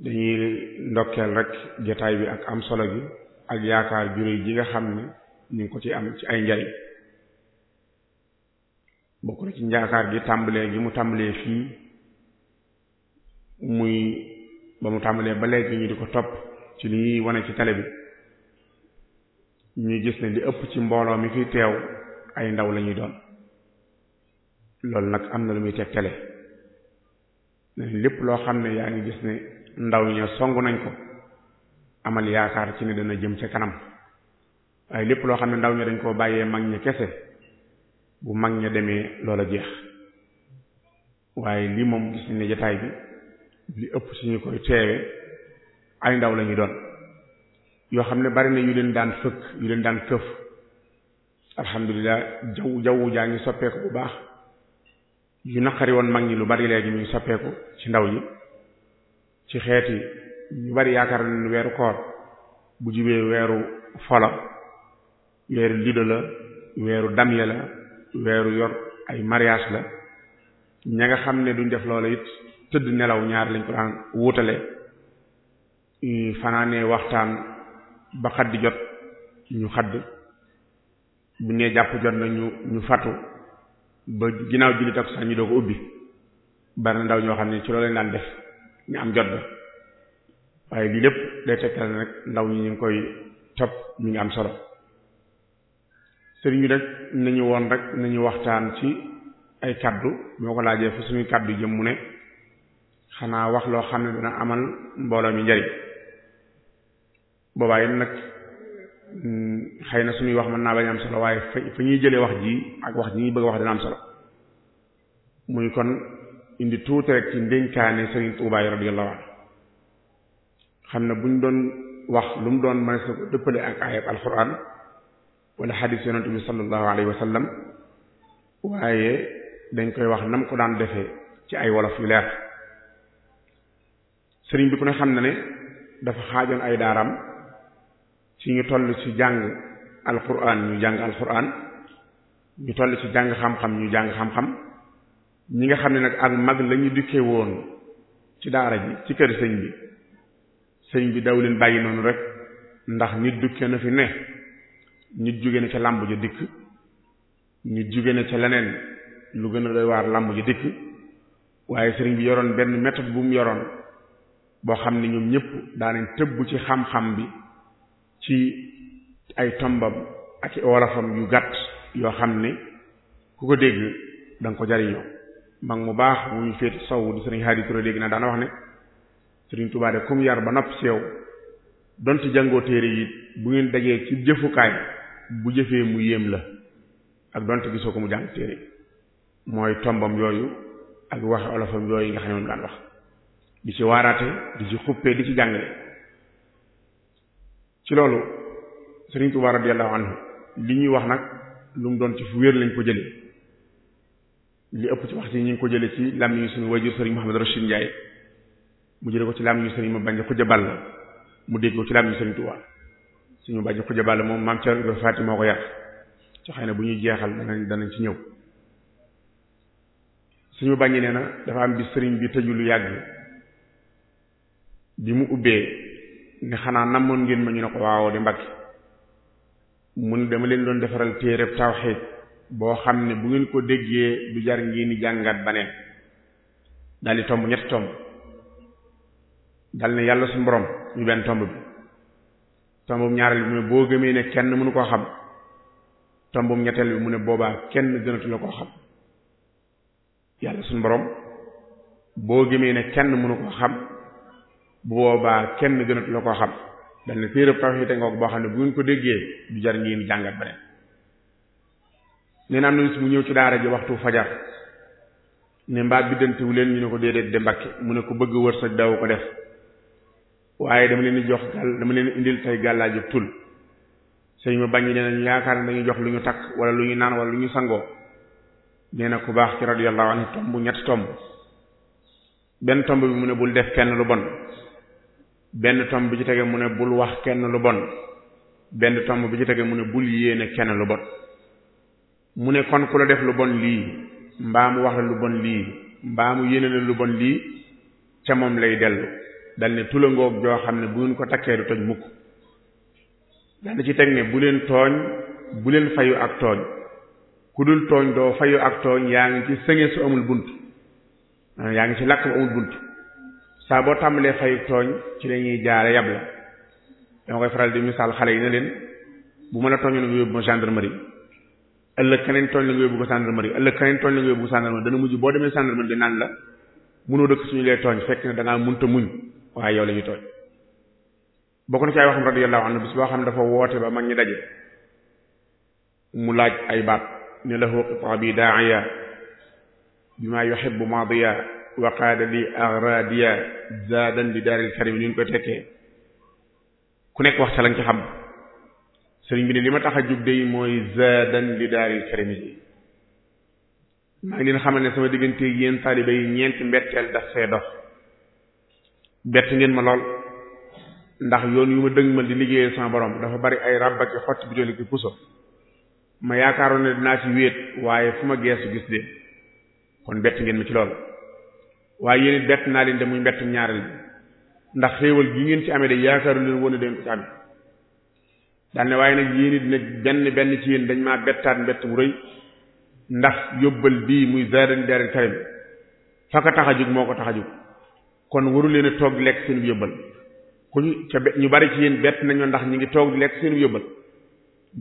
dañuy ndokkeel rek jotaay bi ak am solo bi ak yaakaar juróoy ji nga xam ni ñu ngi ko ci am ci ay njariñ bokk ci njaakaar gi tàmbalee gi mu tàmbalee fii muy ba mu tàmbalee ba léegi ñu di ko topp ci li ñuy wane ci télé bi ñuy gis ne li ëpp ci mbooloo mi fi teew ay ndaw lañuy doon loolu nag am na lu muy teg télé lépp loo xam ne yaa ngi gis ne ndaw ña songu nañ ko amal yaakaar ci ne dana jëm ca kanam waaye lépp loo xam ne ndaw ña dañ koo bàyyee mag ña kese bu mag ña demee a jeex waaye lii moom gis ne jataay bi li ëpp ci ñu koy teewe ay ndaw lañuy doon yoo xam ne bari na yu leen daan fëkk yu leen daan këf alhamdulilah jaww jawwu jaa ngi soppeeku bu baax yu naqari woon mag ñi lu bari léegi ñu soppeeku ci ndaw yi ci xeeti ñu bari yaakaar nañu weeru koor bu jibee weeru folo weeru lido la weeru damye la weeru yor ay mariage la ña nga xam ne duñ def loola it tëdd nelaw ñaar lañ ko daan wutale fanaanee waxtaan ba xaddi jot ñu xadd bu nee jàpp jot na ñu ñu fatu ba ginnaaw julli takkusaan ñu doo ko ubbi bari na ndaw ñoo xam ne ci loolu lañ daan def ñu am jot ba waaye lii lépp day tegtal nag ndaw ñi ñu ngi koy topp ñu ngi am solo sëriñ bi rek nañu woon rek nañu waxtaan ci ay kaddu ñoo ko laajee fu suñuy kaddu jëm mu ne xanaa wax loo xam ne dina amal mbooloo mi njariñ boobaa it nag mm, xëy na suñuy wax mën naa bañ am solo waaye fa ñuy jëlee wax ji ak wax ji ñuy bëgg wax dina am solo muy kon indi tuuti rek ci ndénkaane Sëriñ Tuubaa radiyallahu anhu xam ne buñ doon wax lu mu doon mën sa ko dëppale ak ayat alquran wala xadiis yonent bi sallallahu alayhi wa waaye dañ koy wax nam ko daan defee ci ay wolof yu leer sëriñ bi ku ne xam na ne dafa xaajoon ay daaram ci ñu toll ci jàng alquran ñu jàng alquran ñu toll ci jàng xam-xam ñu jàng xam-xam ñi nga xam ne nag ak mag lañu dikkee woon ci daara ji ci kër sëñ bi sëñ bi daw leen bàyyi noonu rek ndax nit dukkee na fi ne nit jóge na ca làmb ja dikk nit jóge na ca leneen lu gën a doy waar làmb ja dikk waaye sëriñ bi yoroon benn méthode bu mu yoroon boo xam ne ñoom ñëpp daanañ tëbb ci xam-xam bi ci ay tombam ak warafam yu gàtt yoo xam ne ku ko dégg da nga ko jariñoo mag mu baax mu ñu féeti sow di sëriñ Hadi Touré dégg naa daana wax ne sëriñ Tuubaa de kum yar ba nopp seew donte jàngoo téere yi bu ngeen dajee ci jëfukaay bu jëfee mu yéem la ak donte gisoo ko mu jàng téere mooy tombam yooyu ak waxe olofam yooyu nga xam ne moom daan wax di ci waaraate di ci xuppee di ci jàngale ci loolu Sëriñ Tuubaa radiyallahu anhu li ñuy wax nag lu mu doon ci fu wér lañ ko jëlee li ëpp ci wax ci ñu ngi ko jëlee ci làmmiñu suñu wajur Sëriñ Muhammad Rashid Njaay mu jële ko ci làmmiñu Sëriñ ma bànj xuja bàll mu dégg ko ci làmmiñu Sëriñ Tuubaa suñu bànj xuja bàll moom maam Cerno Ibra moo ko yar ci na bu ñuy jeexal danañ danañ ci ñëw suñu bàññi nee na dafa am bi sëriñ bi tëju lu yàgg bi mu ubbee ne xanaa namoon ngeen ma ñu ne ko waawoo di mbagg mu ne dama leen doon defaral téereb tawxiid boo xam ne bu ngeen ko déggee du jar ngeen di jàngat baneen dal di tomb ñetti tomb dal ne yàlla suñu borom ñu benn tomb bi tombum ñaareel bi mu ne boo gëmee ne kenn mënu koo xam tombum ñetteel bi mu ne boobaa kenn gënatu la koo xam yàlla suñu borom boo gëmee ne kenn mënu koo xam bu boobaa kenn gënat la ko xam dañ ne téereb tawxiid ngoog boo xam ne bu ngeen ko déggee du jar ngeen jàngat beneen nee na am na bis mu ñëw ci daara ji waxtu fajar ne mbaa biddantewu leen ñu ne ko déedéet de mbakke mu ne ko bëgg wërsëg daw ko def waaye dama leen di jox dama leen indil tey gàllaaj ak tul sëñ ma bañ nee nañu yaakaar ne dañu jox lu ñu takk wala lu ñu naan wala lu ñu sangoo nee na ku baax ci radiyallahu anhu tomb ñett tomb benn tomb bi mu ne bul def kenn lu bon benn tomb bi ci tegee mu ne bul wax kenn lu bon benn tomb bi ci tegee mu ne bul yéene kenn lu bon mu ne kon ku la def lu bon lii mbaa mu wax la lu bon lii mbaa mu yéene la lu bon lii ca moom lay dellu dal ne ngoog joo xam ne bu ngeen ko takkee du toj mukk dana ci teg ne bu tooñ bu leen fayu ak tooñ ku dul tooñ doo fayu ak tooñ yaa ngi ci sënge su amul bunt yaa ngi ci lakk bu amul bunt saa boo tàmbalee fayu tooñ ci la ñuy jaare yab la dama koy faral di misaal xale yi ne leen bu mën a tooñoon ma gendarmerie ëllëg keneen tooñ la nga yóbbu ko gendarmerie ëllëg keneen tooñ la nga yóbbu ko gendarmerie dana mujj boo demee gendarmerie di naan la mënoo dëkk suñu lay tooñ fekk ne da munta muñ waaye yow la ñuy tooñ bokk na ci ay waxam radiyallahu na bis boo xam ne dafa woote ba mag ñi daje mu laaj ay baat ne lahu qita bi da'iya bima bu madiya waqaada li agradiya zaadan li daaril karim ni ñu ko tekkee ku nekk wax ca lañ ci xam sëriñ bi ne li ma tax a jug day mooy zaadan li daaril karim yi maa ngi leen xamal ne sama diggante yéen taaliba yi ñeenti mbetteel daf see dox bett ngeen ma lool ndax yoon yu ma dëgmal di liggéeyee sama borom dafa bari ay ràbb ak xotti bi puso ma yaakaaroon ne dinaa ci wéet waaye fu ma geesu gis de kon bett ngeen ma ci lool waaye yéen it bett naa leen de muy mbettum ñaareel bi ndax xéewal gi ngeen ci amee de yaakaaru leen woon dañ ko ci amee daan ne waaye nag yéen it nag benn benn ci yéen dañ maa bettaat mbett mu rëy ndax yóbbal bii muy zaadani daaril karim fa ko tax a moo ko tax a jóg kon waru leen toog lekk seen yóbbal ku ñu ca ñu bari ci yéen nañoo ndax ñu ngi toog di lekk seen yóbbal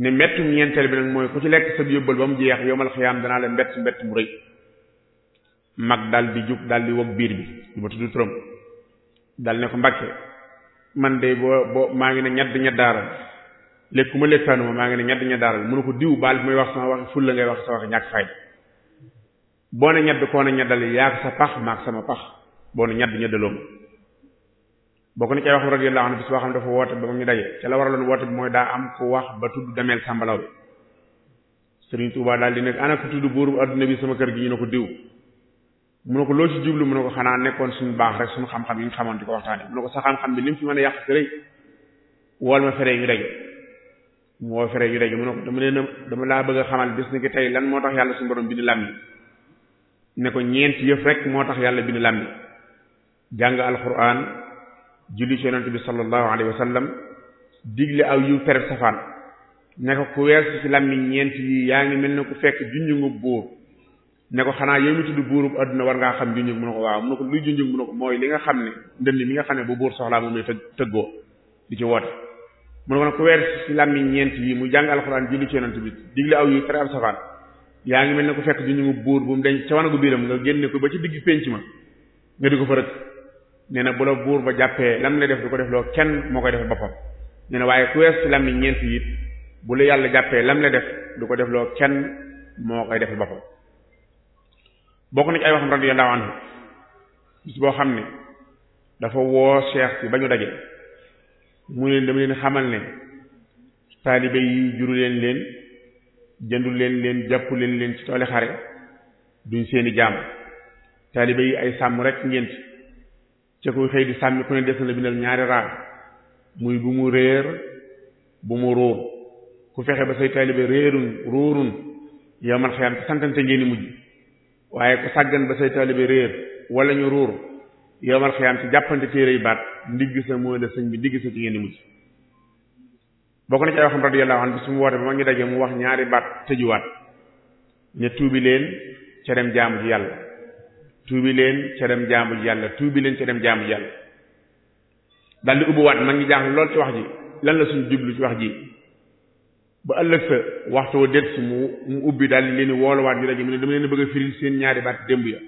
ne mbettum ñeenteel bi nag mooy ku ci lekk sa yóbbal ba mu jeex yomal xiyaam danaa la mbett mbett mu rëy. mag dal di jug dal di wog biir bi du ma tudd turam dal ne ko Mbàkke man de boo boo maa ngi ne ñedd ñeddaaral lékku ma lékkaanuma maa ngi ne ñedd ñeddaaral mënu ko diw baal bi muy wax sama wax ful la ngay wax sa wax ñàkk fayda boo ne ñedd koo ne ñeddal yaag sa pax maag sama pax boo ne ñedd ñeddaloom boo ko ne cay wax radiyallahu anhu bis boo xam dafa woote ba mu ñu daje ca la waraloon woote bi mooy daa am ku wax ba tudd dameel daal di nekk ana ko buuru adduna bi sama kër gi ñu ne ko diw mu ne ko loo ci jublu mu ne ko xanaa nekkoon suñu baax rek suñu xam-xam yi ñu xamoon di ko waxtaanee mu ne ko sa xam-xam bi ni mu fi ma fere ñu daje mu woo fere ko dama leen dama laa bëgg a xamal bis ni ki tey lan moo tax yàlla suñu borom bind làmmiñ ne ko ñeenti yëf rek moo tax yàlla bind làmmiñ jàng alquran julli ci yonent bi sallallahu alayhi wa sallam digle aw yu tere safaan ne ko ku weesu ci làmmiñ ñeent yi yaa ngi mel na ku fekk junj nga góor. ne ko xanaa yow mi buur buurub adduna war ngaa xam junjug mu ne ko waaw mu ne ko luy junjug mu ne ko mooy li nga xam ne ndënd mi nga xam ne bu buur soxlaa moom lay të tëggoo di ci woote mu ne ko nag ku weer ci làmmiñ ñeent yi mu jàng ci yonent bi digle aw yu tere ab yaa ngi mel ne ku fekk junjugu buur bu mu denc ca wanagu biiram nga génne ko ba ci digg pénc ma nga di ko fa rëkk nee na bu la buur ba jàppee lam lay def du ko def loo kenn moo koy def boppam nee na waaye ku làmmiñ ñeent yi bu la yàlla jàppee lam lay def du ko def loo kenn moo koy def boppam bokk na ci ay waxam radiyallahu anhu bis boo xam ne dafa woo cheikh si ba ñu daje mu leen dama leen xamal ne taalibe yi juru leen leen jëndu leen leen jàppu leen leen ci tooli xare duñ seeni jàmm taalibe yi ay sàmm rek ngeen ci ca kuy xëy di sàmmi ku ne des na bindal ñaari raar muy bu mu réer bu mu róor ku fexe ba say taalibe réerun róorun yow man xëyam santante ngeen mujj waaye ku sàggan ba say taalibe réer wala ñu ruur yowmal xiyaam ci jàppante téere yu baat ndigg sa mooy la sëñ bi ndigg sa ci ngeen di mujj bokk na ci ay waxam yàlla anhu bi su mu woote ba ma ngi daje mu wax ñaari baat tëjuwaat ne tuubi leen ca dem jaamu ji yàlla tuubi leen ca dem jaamu ji yàlla tuubi leen ca dem jaamu ji yàlla daldi ubbiwaat ma ngi jaaxle lool ci wax ji lan la suñu jublu ci wax ji ba ëllëg sa waxtu wa si mu mu ubbi daal di leen wooluwaat ñu daje mu ne dama leen bëgg a firil seen ñaari baat démb ya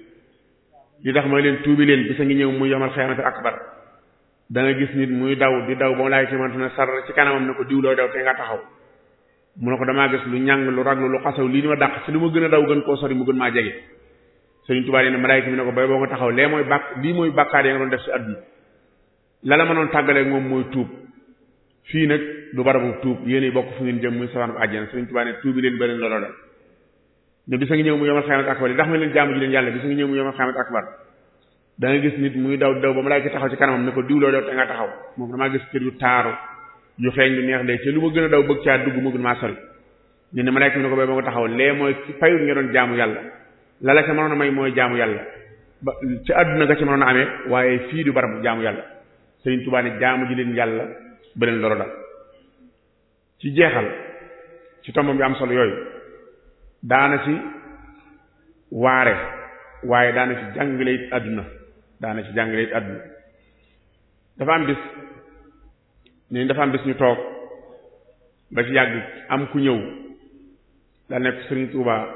li tax ma leen tuubi leen bisa ngi ñëw mu yamal xayaamati ak da nga gis nit muy daw di daw ba mu laaj ci man sar ci kanamam ne ko diw looy daw te nga taxaw mu ne ko damaa gis lu ñàng lu raglu lu xasaw lii ni ma dàq si lu ma gën a daw gën koo sori mu gën maa jege Sëriñ Tuubaa nee na malaayika mi ne ko bay boo nga taxaw lee mooy bàkk lii mooy bàkkaar ya nga doon def si àdduna la la mënoon tàggaleeg moom mooy tuub fii nag du barabu tuub yéen bokk fu ngeen jëm muy sawaanub àjjana Sëriñ Tuubaa ne tuubi leen beneen looloo dal ne bisa ngi ñëw mu yomal xiyaamat akbar yi ndax ma leen jaamu ji leen yàlla bisa ngi ñëw mu yomal xiyaamat akbar da nga gis nit muy daw daw ba ma malaaka taxaw ci kanamam ne ko diwloo daw te nga taxaw moom damaa gis kër yu taaru yu xeeñ lu neex de ci lu ma gën a daw bëgg caa dugg mu gën maa sori ñu ne malaaka ne ko bay ba nga taxaw lee mooy payu nga doon jaamu yàlla la la ca mënoon a may mooy jaamu yàlla ba ci àdduna nga ci mënoon a amee waaye fii du barabu jaamu yàlla Sëriñ Tuubaa ne jaamu ji leen beneen loro dal ci jeexal ci tombam bi am solo yooyu daana ci waare waaye daana ci jàngale it àdduna daana ci jàngale it àdduna dafa am bis nii ñu toog ba ci yàgg am ku ñëw da nekk sëriñ Tuuba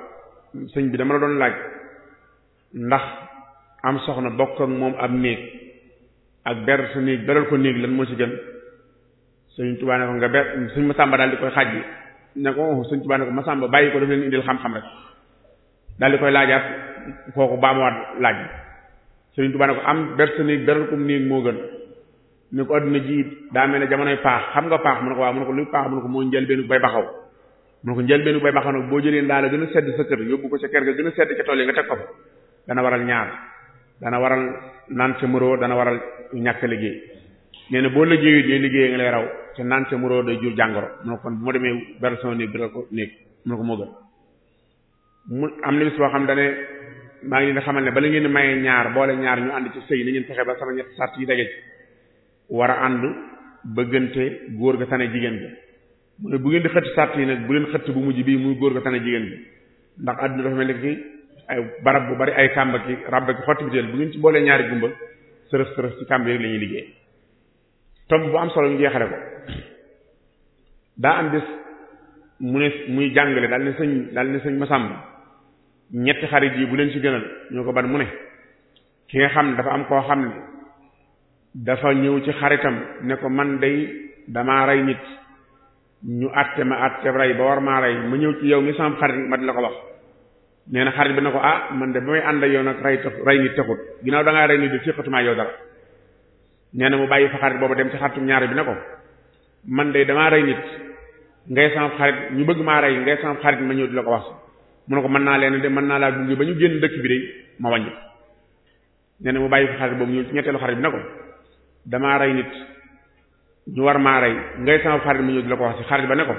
sëñ bi dama la doon laaj ndax am soxna bokk ak moom ab néeg ak ber sa néeg beral ko néeg lan moo ci gën sëñ Tuubaa ne ko nga ber sëñ Masamba daal di koy xaaj bi ne ko oh, sëñ Tuubaa ne ko Masamba bàyyi ko daf leen indil xam-xam rek daal di koy laajaat kooku baamuwaat laaj bi sëñ Tuubaa ko am ber sa néeg beral kum néeg moo gën ni ko adduna ji daa mel ne jamonoy paax xam nga paax mu ne ko waaw mu ne ko luy paax mu ne ko mooy njëlbeenu bay baxaw mu ne ko njëlbeenu bay baxaw nag boo jëlee ndaa la gën a sedd sa kër yóbbu ko sa kër ga gën a sedd ca tool yi nga teg ko fa dana waral ñaar dana waral naan sa dana waral ñàkk liggéey nee boo liggéeyut ñooy lay raw te naan ca mu day jur jàngoro mu ne kon bu ma demee beral sama néeg beral ko néeg mu ne ko moo mu am na bis boo xam dane maa ngi leen di xamal ne bala ngeen di maye ñaar boole ñaar ñu ànd ci sëy na ngeen fexe ba sama ñett sart yi daje ci war a ànd bëggante góor ga tane jigéen bi mu ne bu ngeen di xëtt sart yi nag bu leen xët bu mujj bii muy góor ga tane jigéen bi ndax àdduna dafa mel ni ki ay barab bu bari ay kàmba ki rabba ki xotti biteel bu ngeen ci ñaari gumba sërëf sërëf la ñuy liggéey tomb bu am solo ñu jeexale ko daa am bés mu ne muy jàngale daal ne sëñ daal ne sëñ Masamba ñetti xarit yi bu leen ci gënal ñu ko ban mu ne ki nga xam dafa am koo xam ne dafa ñëw ci xaritam ne ko man day damaa rey nit ñu àtte ma àtte rey ba war maa rey ma ñëw ci yow mi sam xarit ma di la ko wax nee na xarit bi ne ko ah man de ba may ànd ak yow nag rey rey nit taxut ginnaaw da ngaa rey nit de séqatumaa yow dara nee na mu bàyyi fa xarit booba dem ci xaritum ñaari bi ne ko man de damaa rey nit ngay sama xarit ñu bëgg maa rey ngay sama xarit ma ñëw di la ko wax mu ne ko mën naa leen de mën naa laa gunge ba ñu génn dëkk bi de ma wàññi nee na mu bàyyi fa boobu ñëw ci ñetteelu xarit bi ne ko damaa rey nit ñu war maa rey ngay sama xarit ma ñëw ko wax ci xarit ba ne ko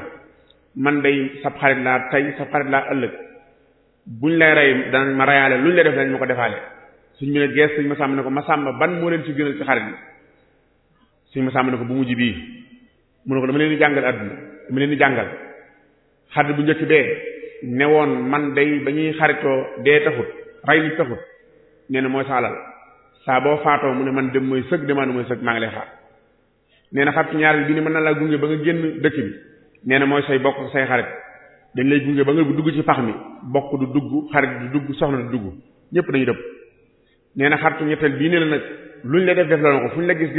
man de sab xarit laa tey sab xarit laa ëllëg buñ lay rey danañ ma reyaale luñ lay def lañ ma ko defaale suñ mu ne gees suñ ma sàmm ne ko ma sàmm ban moo leen ci gënal ci xarit bi suñu ma sàmm ne ko bu mujj bii mu ne ko dama leen di jàngal àdduna dama leen di jàngal xarit bu njëkk bee ne woon man day ba ñuy xaritoo dee taxut rey nit taxut nee na mooy sa alal saa boo faatoo mu ne man dem mooy sëg demaanu mooy sëg maa ngi lay xaar nee na xaritu ñaar bi ne mën na laa gunge ba nga génn dëkk bi nee mooy say bokk say xarit dañ lay gunge ba nga dugg ci pax mi bokk du dugg xarit du dugg soxna du dugg ñëpp dañu dëpp nee na xaritu ñetteel bii ne la nag luñ la def def la ko fuñ la gis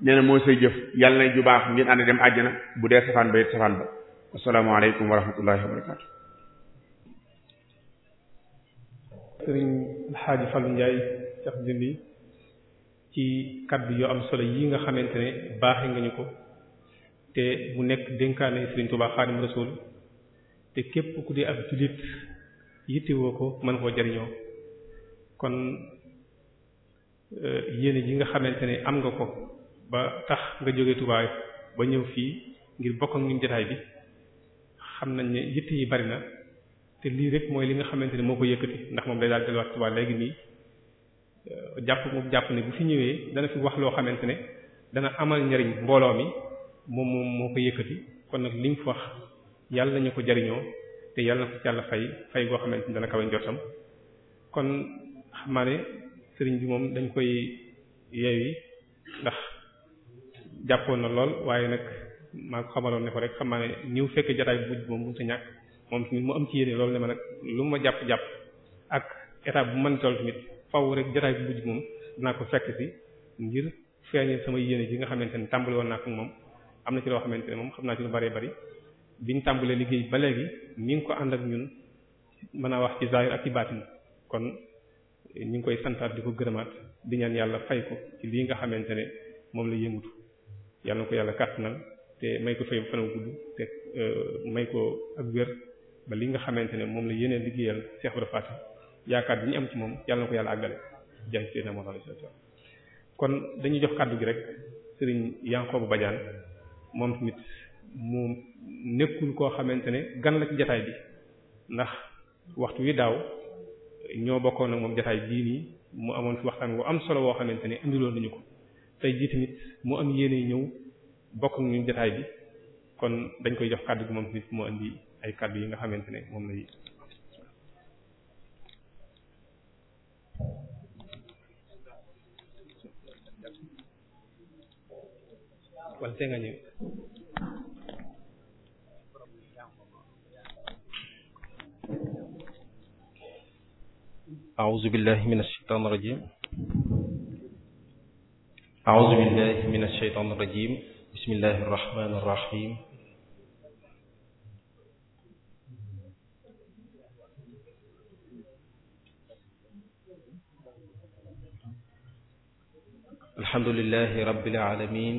nee na mooy say jëf yàlla na ju baax ngeen ànd dem àjjana bu dee safaan ba it safaan ba asalaamaaleykum wa rahmatullahi wa barakaatu. Sëriñ Alxaaji Njaay Cheikh Ndindi ci kaddu yoo am solo yi nga xamante ne baaxee nga ñu ko te mu nekk dénkaane Sëriñ Tuubaa Xaadim Rasuul te képp ku di ab jullit yittewoo ko mën koo jariñoo kon euh, yéene ji nga xamante ne am nga ko. ba tax nga jóge Touba ba ñëw fii ngir bokk ak ñun bi xam nañ ne yitte yi bari na te lii rek mooy li nga xamante ne moo ko yëkkati ndax moom day daal delluwaat léegi nii euh, jàpp moom jàpp ne bu fi dana wax loo xamante ne dana amal njariñ mbooloo mi moom moom moo ko yëkkati kon nag liñ fi wax yàlla nañu ko jariñoo te yàlla na ko ci yàlla fay fay goo xamante ni dana kawe njortam kon xam naa ne sëriñ bi moom dañ koy yeewi ndax jàppoon na lool waaye nag maa ko xamaloon ne ko rek xam naa ne ñëw fekkee jotaay bu mujj moom mënut a ñàkk moom tamit mu am ci yéene loolu ne ma nag lu ma jàpp jàpp ak état bu mën toll tamit faaw rek jotaay bu mujj moom dinaa ko fekk si ngir feeñee sama yéene ji nga xamante ne tàmbali woon naa ko moom am na ci loo xamante ne moom xam naa ci lu bëree bëri biñ tàmbalee liggéey ba léegi mi ngi ko ànd ak mën a wax ci zahir ak ci baatin kon ñu ngi koy santaat di ko gërëmaat di ñaan yàlla fay ko ci lii nga xamante ne moom la yëngutu yàlla na ko yàlla kàttanal te may ko fay fan wu gudd te euh, may ko ak wér ba li nga xamante ne moom la yeneen liggéeyal Cheikh Ibrahima Fall yaakaar bi ñu am ci moom yàlla ko yàlla àggale jaay seen amoon alayhi salaam kon dañuy jox kàddu gi rek sëriñ Yankhoba Badiane moom tamit mu nekkul koo xamante ne gan la jataay bi ndax waxtu wi daaw ñoo bokkoon ak moom jataay bii nii mu amoon fi waxtaan wu am solo woo xamante ne indiloon nañu ko tey jii tamit mu am yéene ñëw bokk ñu jotaay bi kon dañ koy jox kàddu gi moom tamit mu indi ay kàddu yi nga xamante ne moom lay. wala tey nga ñëw. a'uuzu billahi minash shaytaanir أعوذ بالله من الشيطان الرجيم بسم الله الرحمن الرحيم الحمد لله رب العالمين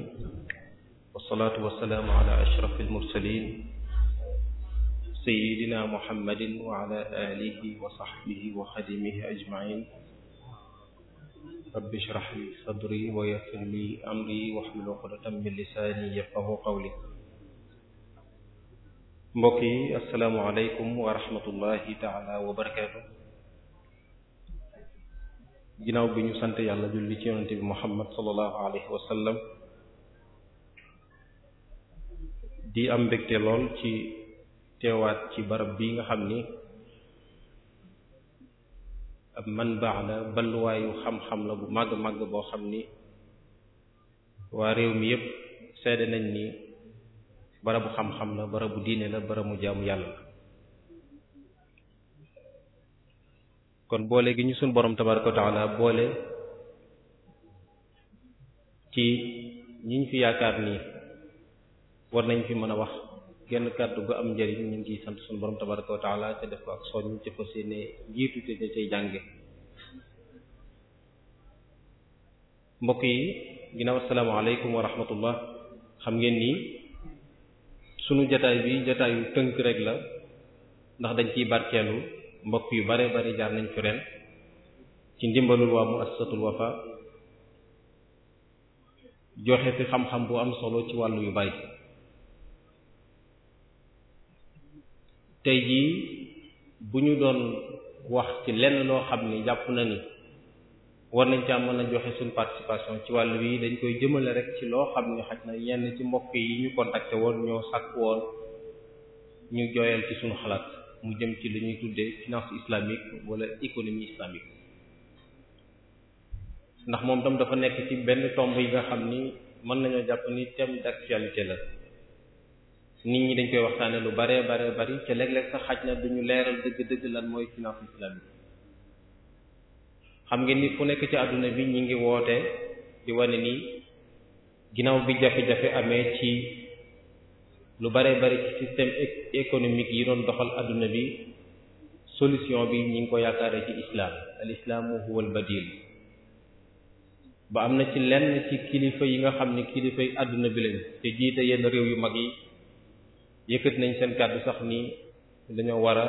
والصلاة والسلام على أشرف المرسلين سيدنا محمد وعلى آله وصحبه وخدمه أجمعين rabbi shrah li sadri wa yassir li amri wahlul uqdatan min lisaani yafqahu qawli mbokk yi asalaamualeykum wa taala wa barakaatu ginnaaw bi ñu sant yàlla julli ci yonente bi muhammad sallallahu alayhi di am mbégte lool ci teewaat ci barab bi nga xam ni ab man baax la balluwaayu xam-xam la bu màgg màgg boo xam ni waa réew mi yépp seede nañ ni barabu xam-xam la barabu diine la barabu jaamu yàlla la kon boole gi ñu suñ borom tabaraka wa taala boole ci ñi ñu fi yaakaar nii war nañ fi mën a wax genn kàddu gu am njëriñ ñu ngi ciy sant suñu borom tabaraka wa taala def ko ak soññ ci fas yéene jiitu te ñu jànge mbokk yi ginnaaw asalaamaaleykum wa rahmatullah xam ngeen ni sunu jataay bi jataayu tënk rek la ndax dañ ciy barkeelu mbokk yu bare bare jaar nañ fi ren ci ndimbalul waa muassasatul wafa joxe fi xam-xam bu am solo ci wàllu yu bari tey jii bu ñu doon wax ci lenn loo xam ni jàpp na ni war nañ caa mën a joxe suñ participation ci wàll wi dañ koy jëmale rek ci loo xam ni xaj na yenn ci mbokk yi ñu contacté woon ñoo sàkk woon ñu jooyal ci suñu xalaat mu jëm ci li ñuy tuddee finance islamique wala économie islamique ndax moom tam dafa nekk ci benn tomb yi nga xam ni mën nañoo jàpp ni thème d'actualité la nit ñi dañ koy waxtaane lu bare bare bari ca léeg-léeg sax xaj na duñu leeral dëgg-dëgg lan mooy finance islamique xam ngeen ni fu nekk ci àdduna bi ñi ngi woote di wane ni ginnaaw bi jafe-jafe amee ci lu bare bari ci système économique yi doon doxal àdduna bi solution bi ñu ngi ko yaakaare ci islaam al islaamu huwa al badil ba am na ci lenn ci kilifa yi nga xam ne kilifay àdduna bi lañ te jiite yenn réew yu mag yi yëkkati nañ seen kàddu sax ni dañoo war a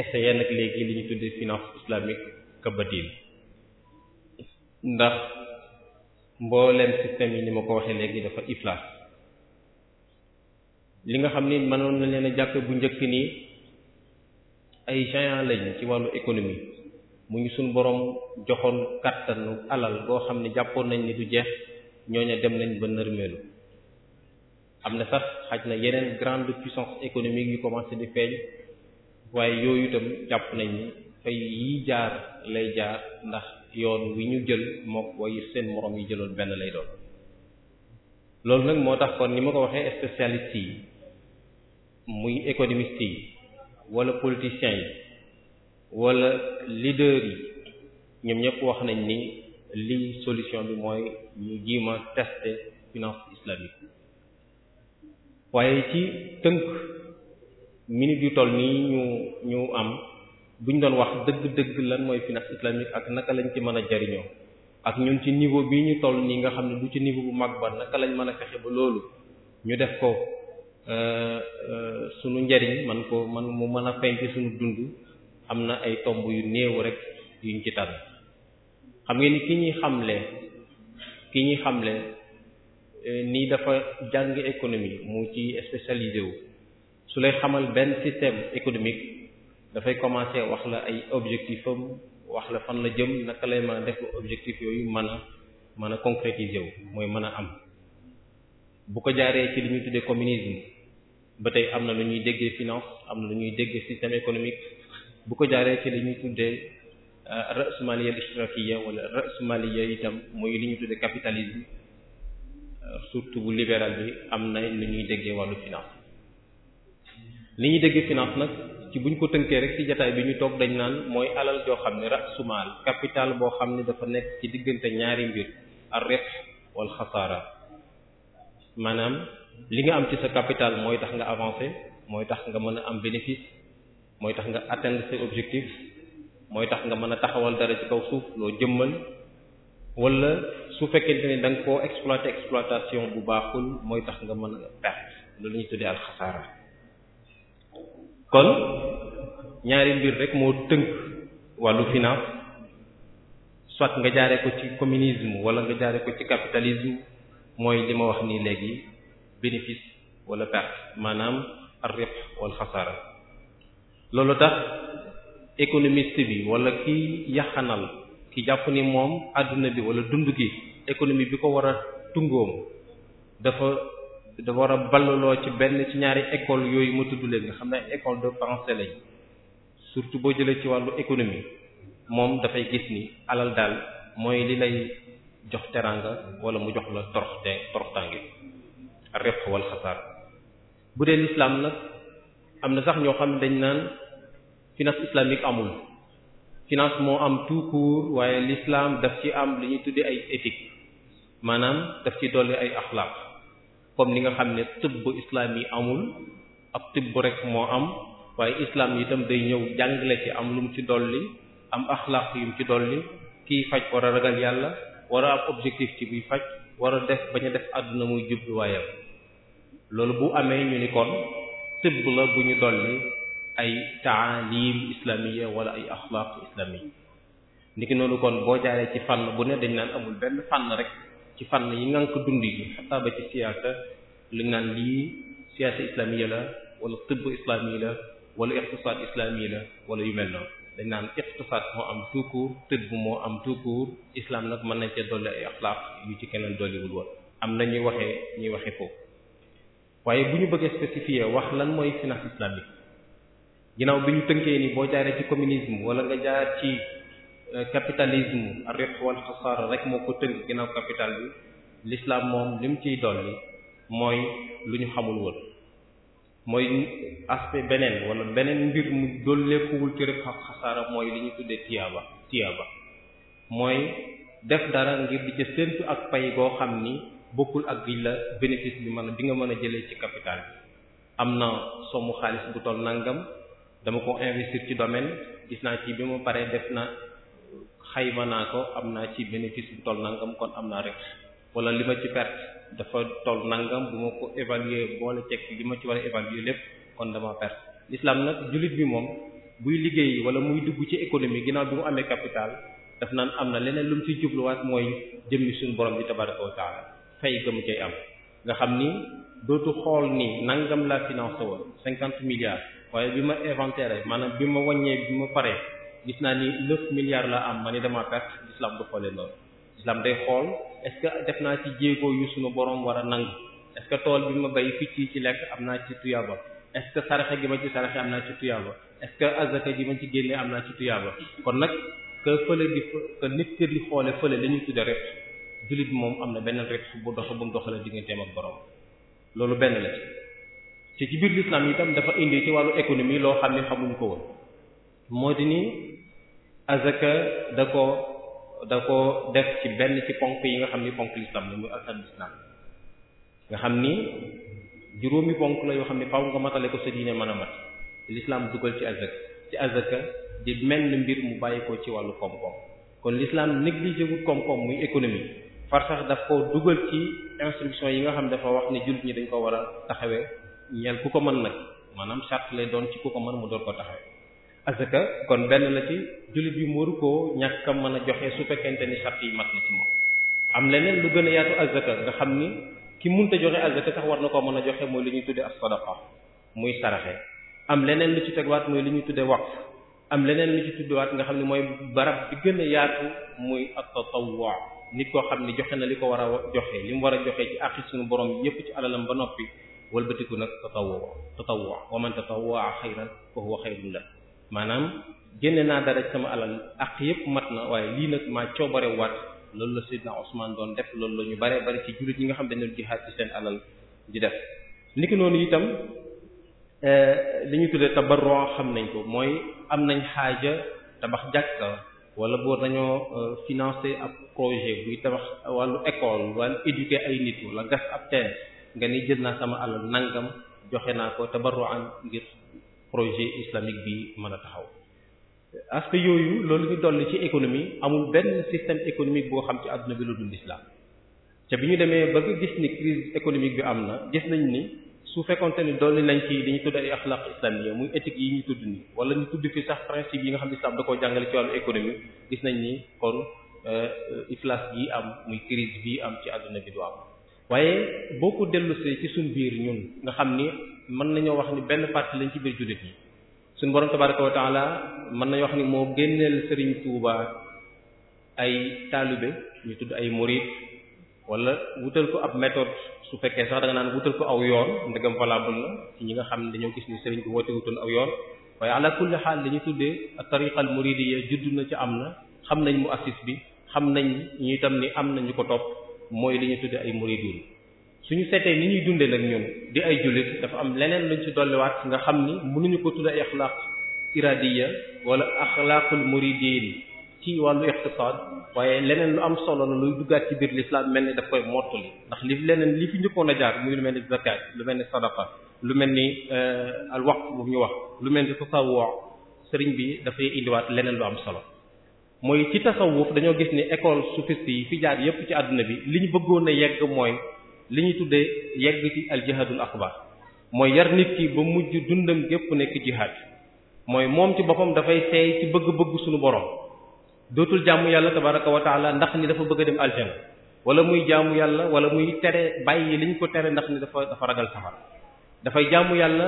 essayer nag léegi li ñu tuddee finance islamique kabatiin ndax mbooleem système yi ni ma ko waxee léegi dafa iflaas li nga xam ni mënoon na leen a jàppe bu njëkk nii ay géant lañ ci wàllu économie mu ngi suñ boroom joxoon kàttanu alal boo xam ne jàppoon nañ ni du jeex ñooña dem nañ ba nërmeelu am na sax xaj na yeneen grande puissance économique yu commencé di feeñ waaye yooyu itam jàpp nañ ni fay yi jaar lay jaar ndax yoon wi ñu jël mook way seen moroom yi jëloon benn lay doon loolu nag moo tax kon ni ma ko waxee spécialiste yi muy économiste yi wala politiciens yi wala leaders yi ñoom ñëpp wax nañ ni li solution bi mooy ñu jiima tester finance islamique waaye ci tënk minute yu toll nii ñu ñu am buñ doon wax dëgg-dëgg lan mooy finance islamique ak naka lañ ci mën a jariñoo ak ñun ci niveau bi ñu toll nii nga xam ne du ci niveau bu mag ba naka lañ mën a fexe ba loolu ñu def ko euh, euh, sunu njariñ man ko man mu mën a feeñ sunu dund am na ay tomb yu néewu rek yuñ ci tànn xam ngeen ni ki ñuy xamle ki ñuy xamle Eh, nii dafa jàng économie mu ci spécialisé su lay xamal benn système économique dafay commencer wax la ay objectif am wax la fan la jëm naka lay mën a def objectif yooyu mën a mën a concrétiser mooy mën a am bu ko jaaree ci li ñuy tuddee communisme ba tey am na lu ñuy déggee finance am na lu ñuy déggee système économique bu ko jaaree ci li ñuy tuddee euh, rasmaliya al-ishtirakiyya wala rasmaliya itam mooy li ñuy tuddee capitalisme surtout bu libéral bi am na lu ñuy déggee wàllu finance li ñuy déggee finance nag ci buñ ko tënkee rek ci jataay bi ñu toog dañ naan mooy alal joo xam ne rasumaal capital boo xam ne dafa nekk ci diggante ñaari mbir ar rif wal xasaara maanaam li nga am ci sa capital mooy tax nga avancer mooy tax nga mën a am bénéfice mooy tax nga atteindre ses objectifs mooy tax nga mën a taxawal dara ci kaw suuf loo jëmmal wala su fekkente ni danga nga koo exploité exploitation bu baaxul mooy tax nga mën a perte loolu ñuy tuddee alxasaara kon ñaari mbir rek moo tënk wàllu finance soit nga jaare ko ci communisme wala nga jaare ko ci capitalisme mooy li ma wax nii léegi bénéfice wala perte maanaam ar-ribh wal xasaara loolu tax économiste bi wala kiy yaxanal ki jàpp ni moom àdduna bi wala dund gi économie bi ko war a tungoom dafa dafa war a ballaloo ci benn ci ñaari école yooyu ma tudd léegi nga xam ne école de pensée lañ surtout boo jëlee ci wàllu économie moom dafay gis ni alal daal mooy li lay jox teraanga wala mu jox la torox te torox tàngi repp wal xasaar bu dee lislaam nag am na sax ñoo xam ne dañ naan finance islamique amul finance moo am tout waaye lislaam daf ci am li ñuy tuddee ay éthique maanaam daf ci dolli ay axlaaq comme ni nga xam ne tëbb islaam yi amul ab tëbb rekk moo am waaye islam yi day ñëw jàngale ci am lu mu ci dolli am axlaaq yu mu ci dolli kiy faj war a ragal yàlla war a am objectif ci buy faj war a def bañ a def àdduna muy jubluwaayam loolu bu amee ñu ni kon tëbb la bu ñu dolli ay taalim islamiya wala ay axlaaq islamiya ndiki noonu kon boo jaaree ci fànn bu ne dañ naan amul benn fànn rek ci fànn yi ngank dund yi xataa ba ci siyaasa li naan lii siyaasa islamiya la wala tibb islami la wala iqtisaad la wala yu mel noonu dañ naan iqtisaad moo am tout court tibb moo am tout court nag mën nañ cee dolli ay axlaaq yu ci keneen dolliwul woon am na ñuy waxee ñuy waxe foofu waaye bu ñu bëggee spécifier wax lan mooy finance islamique ginnaaw bi ñu tënkee ni boo jaaree ci communisme walla nga jaar ci euh, capitalisme ar ribh xasaara rek moo ko tënk ginnaaw capital bi lislaam moom li ciy dolli mooy lu ñu xamul woon mooy aspect beneen wala beneen mbir mu wul ci ribh xasaara mooy li ñu tuddee tiyaaba tiyaaba mooy def dara ngir di ca séentu ak pay boo xam ni bokkul ak gi la bénéfice bi mën a bi nga mën a jëlee ci capital bi am na somu xaalis bu toll nangam dama ko investir ci domaine gis naa ci bi ma paree def na xayma naa ko am naa ci bénéfice bu toll nangam kon am naa rek wala li ma ci perte dafa toll nangam bu ma ko évaluer boole ceeb li ma ci war a évaluer lépp kon dama perte. l'islam nag jullit bi moom buy liggéey wala muy dugg ci économie ginnaaw bi mu amee capital daf naan am na leneen lu ci jubluwaat mooy jëmmi suñu borom bi tabaraka wa taala fay gëm cay am nga xam ni dootu xool ni nangam la finance cinquante milliards. waaye bi ma inventaire maanaam bi ma wàññee bi ma paree gis naa ni neuf milliards la am ma ni dama perte l'islam du xoolee loolu l'islam day xool est que def naa ci jéego yu sunu borom war a nangu que tool bi ma bay fii ci lekk am naa ci tuyaaba est-ce que saraxe gi ma ci saraxe am naa ci tuyaaba que azaka ma ci génnee am naa ci tuyaaba kon nag que fële di que nit ki di xoole fële la moom am na benn rek dox bu mu doxalee digganteem ak borom loolu benn la te ci biir l'islam itam dafa indi ci wàllu économie loo xam ne xamuñ ko woon moo di ni azaka da ko da ko def ci benn ci ponk yi nga xam ni ponk l'islam la muy xam ni juróomi ponk la yoo xam ne faaw nga matale ko sa diine mën a mat l'islam dugal ci azaka ci azaka di mel mbir mu bàyyi ko ci wàllu koom-koom kon l'islam négligé wul koom-koom muy économie far sax daf ko dugal ci instruction yi nga xam dafa wax ne jullit ñi dañ ko war a taxawee ñel ku ko mën nag maanaam sart lay doon ci ku ko mën mu doon ko taxawee asaka kon benn la ci jullit bi mu waru koo ñàkk a mën a joxe su fekkente ni charte yi mat na ci am leneen lu gën a yaatu asaka nga xam ni ki munta joxe asaka sax war na koo mën a joxe mooy li ñuy tuddee as muy saraxe am leneen lu ci tegwaat mooy li ñuy tuddee waqf am leneen lu ci tuddewaat nga xam ne mooy barab bi gën a yaatu muy at-tatawwu nit koo xam ne joxe na li ko war a joxe li mu war a joxe ci àqi suñu borom yépp ci alalam ba noppi walbatiku nag tatawwu tatawwu wa man tatawwa xayran fa huwa xayrun la maanaam génne naa dara ci sama alal ak yëpp mat na waaye lii nag maa coobare waat loolu la Seydina Ousmane doon def loolu la ñu bare bari ci jullit ñi nga xam ne doon jihaad ci seen alal di def niki noonu itam eh, li ñu tuddee tabarru xam nañ ko mooy am nañ xaaja tabax jàkka wala boo dañoo eh, financer ab projet buy tabax wàllu école wala éduquer ay nit wala gas ab teen nga ni jël naa sama alal nangam joxe naa ko tabarruan ngir projet islamique bi mën a taxaw aspect yooyu loolu ñu dolli ci économie amul benn système économique boo xam ci àdduna bi lu dul islam te bi ñu demee ba nga gis ni crise économique bi am na gis nañ ni su fekkonte ni dolli nañ ci li ñu tudd ay axlaq islamiyya muy éthique yi ñu tudd nii wala ñu tudd fi sax principe yi nga xam ne islam da koo jàngale ci wàllu économie gis nañ ni kon euh, iflas gi am muy crise bi am ci àdduna bi du waaye boo ko dellusee ci suñ biir ñun nga xam ni mën nañoo wax ni benn partie lañ ci biir jullit yi suñ borom tabaraka wa taala mën nañoo wax ni moo génneel sëriñ Touba ay taalibe ñu tudd ay murid wala wutal ko ab méthode su fekkee sax da nga naan wutal ko aw yoon ndegam valable la ñi nga xam ne dañoo gis ni Serigne bi woote wutoon aw yoon waaye ala kulli xaal dañu tuddee tariqal muridiyya judd na ci am na xam nañ mu assis bi xam nañ ñu itam ni am na ko topp. mooy li ñu tudde ay muridun suñu seetee ni ñuy dundee nag ñun di ay jullit dafa am leneen luñ ci dolliwaat nga xam ni mënuñu ko tudde ay axlaaq iradiya wala axlaaqul muridin ci wàllu iqtisaad waaye leneen lu am solo la luy duggaat ci biir l'islam mel ni daf koy mottali ndax li leneen li fi njëkkoon a jaar muy lu mel ni zakat lu mel ni sadaqa lu mel ni euh, al waqf bu ñu wax lu mel ni tasawwu sëriñ bi dafay indiwaat leneen lu am solo mooy ci tasawuf dañoo gis ni école soufiste yi fi jaar yépp ci àdduna bi li ñu bëggoon na yegg mooy li ñu tuddee yegg ci al jihaadul akbar mooy yar nit ki ba mujj dundam gépp nekk jihaad mooy moom ci boppam dafay seey ci bëgg-bëgg suñu borom dootul jàmm yàlla tabaraka wa ndax ni dafa bëgg a dem aljana wala muy jàmm yàlla wala muy tere bàyyi li ñu ko tere ndax ni dafa dafa ragal safara dafay jaamu yàlla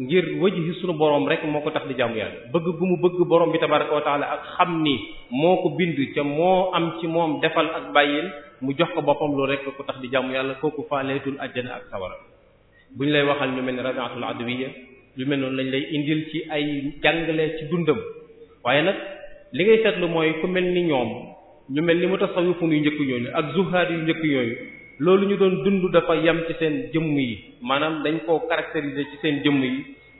ngir wajhi sunu borom rek moo ko tax di jaamu yàlla bëgg gu mu bëgg borom bi tabaraka wa ak xam ni moo ko bind ca moo am ci moom defal ak bàyyil mu jox ko boppam loolu rek ko tax di jaamu yàlla kooku faaleetul àjjana ak sawara bu ñu lay waxal ñu mel ne rabi'atul adawiyya lu mel noonu lañ lay indil ci ay jàngale ci dundam waaye nag li ngay seetlu mooy ku mel ni ñoom ñu mel ni tax mutasawwifun yu njëkk ñooñu ak zuhaad yu njëkk ñooñu loolu ñu doon dund dafa yam ci seen jëmm yi maanaam dañ koo caractériser ci seen jëmm yi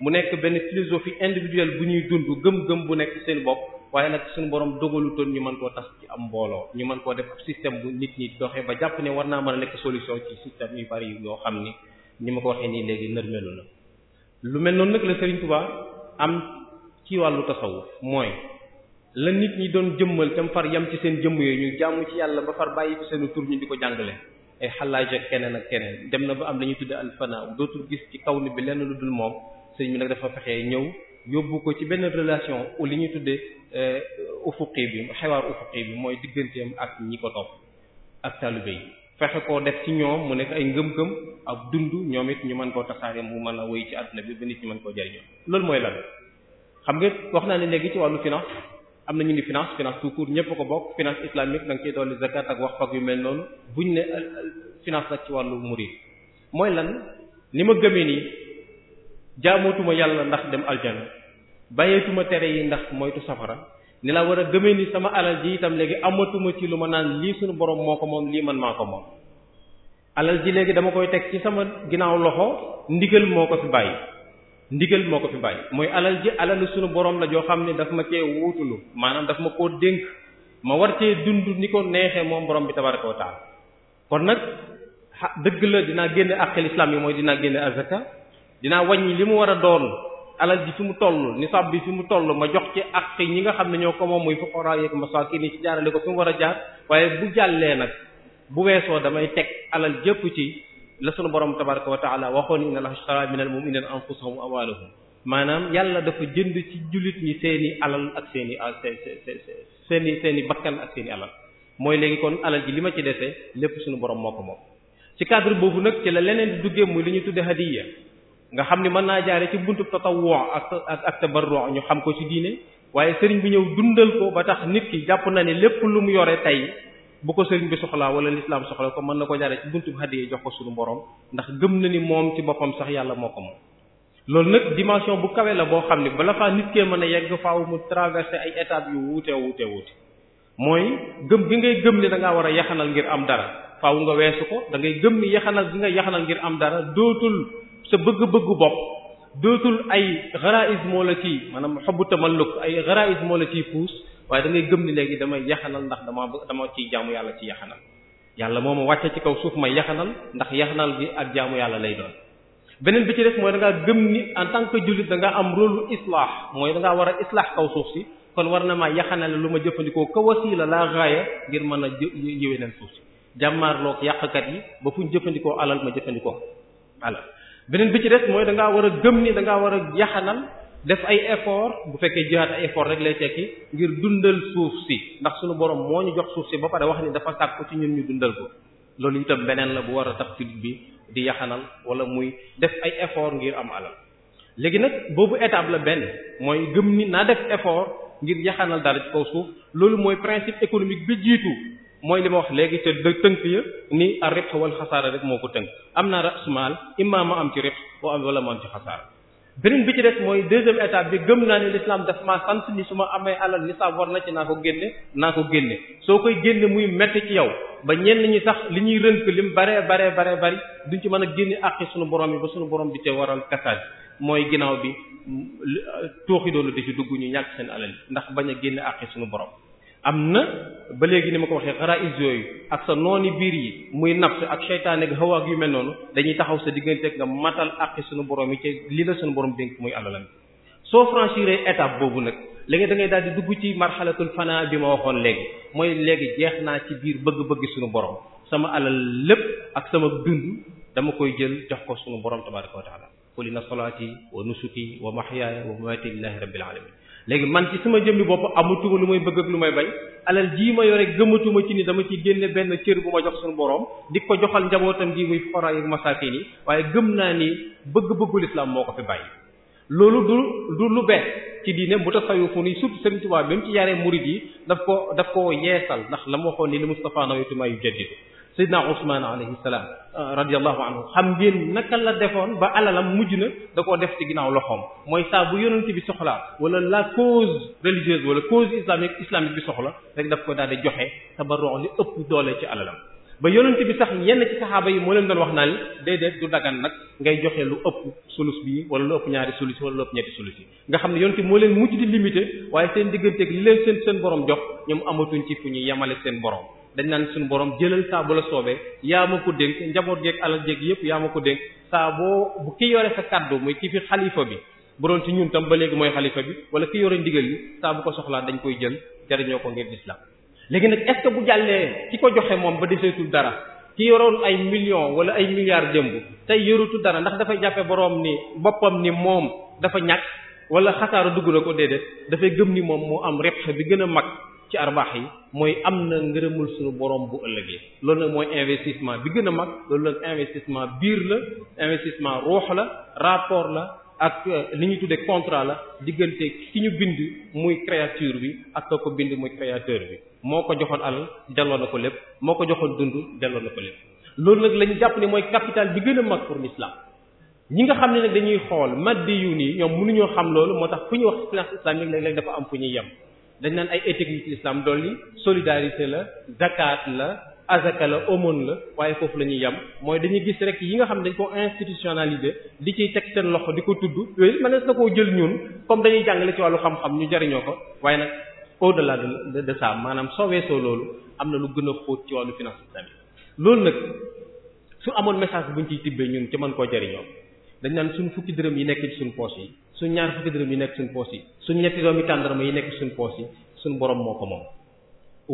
mu nekk benn philosophie individuelle bu ñuy dund gëm-gëm bu nekk seen bopp waaye nag suñu dogalu dogalutoon ñu mën koo tas ci am mbooloo ñu mën koo def ab système bu nit ñi doxee ba jàpp ne war naa mën a nekk solution ci système yu bari yoo xam ni ñu ma ko waxee nii léegi nërmelu na lu mel noonu nag la Serigne Touba am ci wàllu tasawuf mooy la nit ñi doon jëmmal tam far yam ci seen jëmm yooyu ñu ci yàlla ba far bàyyi ko seenu ñu di ko jàngale ay xalaaj ak keneen ak keneen dem na ba am la ñuy tudde dootul gis ci kaw ni bi lenn lu dul moom sëriñ bi nag dafa fexee ñëw yóbbu ko ci benn relation li ñuy tudde euh, ufuqi bi xewaar ufuqi bi mooy digganteem ak ñi ko topp ak taalibe yi fexe koo def ci ñoom mu nekk ay ngëm-ngëm ak dund ñoom it ñu mën koo tasaare mu mën a wéy ci àdduna bi ba nit ñi mën koo jariñoo loolu mooy lan xam nga wax naa ne léegi ci wàllu finance am na ñu ni finance finance tout court ñëpp ko bokk finance islamique da nga ciy dolli zakat ak wax fag yu mel noonu buñ ne euh, euh, finance nag ci wàllu murid mooy lan ni ma gëmee nii jaamootuma yàlla ndax dem aljana bàyyeetuma tere yi ndax moytu safara ni la war a gëmee nii sama alal ji itam léegi amatuma ci lu ma naan lii suñu borom moo ko moom lii man maa ko moom alal ji léegi dama koy teg ci sama ginnaaw loxo ndigal moo ko fi bàyyi ndigal moo ko fi bàyyi mooy alal ji alalu sunu borom la joo xam ne daf ma cee wuutulu maanaam daf ma koo dénk ma war cee dund ni ko neexee moom borom bi tabaraka wa taala kon nag dëgg la dinaa génne àqil islam yi mooy dinaa génne azaka dinaa wàññi li mu war a doon alal ji fi mu toll nisab bi fi mu toll ma jox ci àq ñi nga xam ne ñoo ko moom muy fuqara yeek masakin yi ci jaarale ko fi mu war a jaar waaye bu jàllee nag bu weesoo damay teg alal jëpp ci la sunu borom tabaraka wa taala waxoon inna allaha ishtara minal mu'minina anfusahum wa amwalahum maanaam yàlla dafa jënd ci jullit ñi seeni alal ak seeni ah, seeni seeni bakkan ak seeni alal mooy léegi kon alal ji li ma ci dese lépp sunu borom moo ko moom. ci cadre boobu nag ci la leneen di duggee muy li ñu tudde hadiya nga xam ni mën naa jaare ci buntu tatawwu ak ak ak tabarru ñu xam ko ci diine waaye sëriñ bi ñëw dundal ko ba tax nit ki jàpp na ne lépp lu mu yore tey bu ko sëriñ bi soxlaa wala lislaam soxla ko mën na ko jaaree ci buntu bu hadiya jox ko suñu boroom ndax gëm na ni moom ci boppam sax yàlla moo ko moom loolu nag dimension bu kawee la boo xam ne bala faa nit kee mën a yegg faaw mu traversé ay étapes yu wuute wuute mooy gëm gi ngay gëm ni da war a yaxanal ngir am dara faaw nga weesu ko da ngay gëm ni yaxanal gi nga yaxanal ngir am dara dootul sa bëgg-bëggu bopp dootul ay xaraïs moo la ci maanaam xobbu tamalluk ay xaraïs moo la ciy puus waaye dangay gëm ni léegi damay yaxanal ndax dama dama ci jaamu yàlla ci yaxanal yàlla moo ma wàcce ci kaw suuf may yaxanal ndax yaxanal bi ak jaamu yàlla lay doon beneen bi ci des mooy da ngaa gëm ni en tant que jullit da ngaa am rôle lu islaax mooy da ngaa war a islaax kaw suuf si kon war na maa yaxanale lu ma jëfandikoo ka wasiila laa raaya ngir mën a yëwéneen suuf si jàmmaarloog yàqkat yi ba jëfandikoo alal ma jëfandikoo alal bi ci des mooy da a gëm ni da ngaa war a yaxanal def ay effort bu fekkee jihaad ay effort rek lay tekki ngir dundal suuf si ndax suñu borom moo ñu jox suuf si ba pare wax ni dafa sàkku ci ñun ñu dundal ko loolu itam beneen la bu war a tax jullit bi di yaxanal wala muy def ay effort ngir am alal léegi nag boobu étape la benn mooy gëm ni naa def effort ngir yaxanal dara ci kaw suuf loolu mooy principe économique bi jiitu mooy li ma wax léegi te tënk ya ni ar ribh wal xasaara rek moo ko tënk am naa rasmal ma am ci am wala ma am ci xasaara beneen bi ci des mooy deuxième étape bi gëm naa ne l'islam daf maa sant ni su ma amee alal nisaab war na ci naa ko génne naa ko génne soo koy génne muy metti ci yow ba ñenn ñi sax li ñuy rënk lim baree baree bare bari duñ ci mën a génne àqi sunu borom yi ba sunu borom bi te waral kasaaj mooy ginnaaw bi tooxi doolu di ci dugg ñu ñàkk seen alal ndax bañ a génne àqi sunu borom am na ba léegi ni ma ko waxee xaraïs yooyu ak sa nooni biir yi muy nafs ak seytaane ak hawa yu mel noonu dañuy taxaw sa diggante nga matal àqi suñu borom yi ci li la suñu borom dénk muy alalam soo franchir étape boobu nag li nga ngay daal di dugg ci marxalatul fana bi ma waxoon léegi mooy léegi jeex naa ci biir bëgg-bëgg suñu borom sama alal lépp ak sama dund dama koy jël jox ko suñu borom tabaraka wa taala qul inna salati wa nusuki wa mahyaya wa mamati lillahi léegi man ci sama ni bopp amatuma lu may bëgg ak lu may bañ alal jii ma yore gëmatuma ci ni dama ci génne benn cër bu ma jox suñu boroom di ko joxal njabootam gi muy fora yi masaakin yi waaye gëm naa ni bëgg-bëggul islam moo ko fi bàyyi loolu du du lu bees ci diine mu tasawufu ni surtout Sëriñ Tuubaa bi mu ci yaree murid yi daf ko daf ko yeesal ndax la ma waxoon ni li Mustafa nawetu ma yu jaddidu Seydina Ousmane alayhi salaam euh, radiyallahu anhu xam ngeen naka la defoon ba alalam mujj na da koo def ci ginnaaw loxoom mooy saa bu yonent bi soxlaa wala la cause religieuse wala cause islamique islamique bi soxla rek daf ko daal di joxe tabarru li ëpp doole ci alalam. ba yonent bi sax yenn ci saxaaba yi moo leen doon wax naan déedéet du dagan nag ngay joxe lu ëpp sulus bi wala lu ëpp ñaari sulus wala lu ëpp ñetti sulus nga xam ne yonent bi moo leen mujj di limité waaye seen digganteeg li leen seen seen borom jox ñoom amatuñ ci fu ñuy yemale seen borom. dañ naan suñu boroom jëlal saa bu la soobee yaa ma ko dénk njaboot geeg alal jeeg yëpp yaa ma ko dénk saa boo bu ki yore sa kàddu muy ki fi xalifa bi bu doon ci ñun tam ba léegi mooy xalifa bi wala ki yore ndigal yi saa bu ko soxlaa dañ koy jël jariñoo ko ngir lislaam léegi nag est-ce bu jàllee ki ko joxe moom ba deseetul dara ki yoroon ay million wala ay milliards démb tey yorutu dara ndax dafay jàppe boroom ni boppam ni moom dafa ñàkk wala xasaara dugg na ko déedéet dafay gëm ni moom moo am rëq bi gën a mag ci arbaax yi mooy am na ngërëmul suñu borom bu ëllëgee loolu nag mooy investissement bi gën a mag loolu nag investissement biir la investissement ruux la rapport la ak euh, li ñuy tuddee contrat la diggante ki ñu bind muy créature bi ak ka ko bind muy créateur bi moo ko joxoon alal delloo na ko lépp moo ko joxoon dund delloo na ko lépp loolu nag lañu jàpp ne mooy capital bi gën a mag pour l'islam ñi nga xam ne nag dañuy xool maddi yu nii ñoom mënuñoo xam loolu moo tax fu ñu wax finance islamique léeg-léeg dafa am fu ñuy yem dañ naan ay éthique yu ci islam dolli solidarité la zakat la azaka la aumône la waaye foofu la ñuy yem mooy dañuy gis rek yi nga xam ne dañ ko institutionnaliser di ciy teg seen loxo di ko tudd yooyu mënees na koo jël ñun comme dañuy jàngale ci wàllu xam-xam ñu jariñoo ko waaye nag au delà de de ça maanaam soo weesoo loolu am na lu gën a xóot ci wàllu finance islamique loolu nag su amoon message buñ ciy tibbee ñun ci man koo jariñoo dañ naan suñ fukki dërëm yi nekk ci yi suñ ñaar fukki yi nekk suñ poos yi suñ ñetti doomi tàndarma yi nekk suñ poos yi suñ borom moo ko moom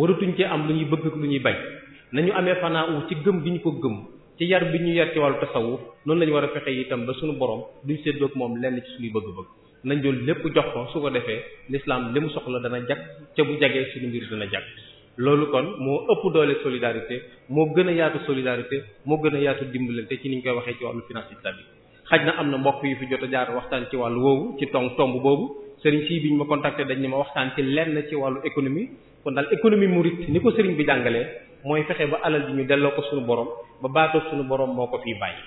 waratuñ ci am lu ñuy bëgg lu ñuy bañ nañu amee fanaa u ci gëm gi ñu ko gëm ci yar bi ñu yar ci wàllu tasawuf noonu lañu war a fexe itam ba suñu borom duñ séddoog moom lenn ci suñuy bëgg-bëgg nañ doon lépp jox ko su ko defee l'islam li mu soxla dana jag ca bu jagee suñu mbir dana jag loolu kon moo ëpp doole solidarité moo gën a yaatu solidarité moo gën a yaatu dimbalante ci ni ñu koy waxee ci wàllu finance islamique xaj na am na mbokk yu fi jot a jaar waxtaan ci wàllu woowu ci tom tomb boobu sëriñ sii bi ñu ma contacté dañ ni ma waxtaan ci lenn ci wàllu économie kon daal mu murit ni ko sëriñ bi jàngalee mooy fexe ba alal bi ñu delloo ko suñu borom ba baatoo suñu borom moo ko fii bàyyi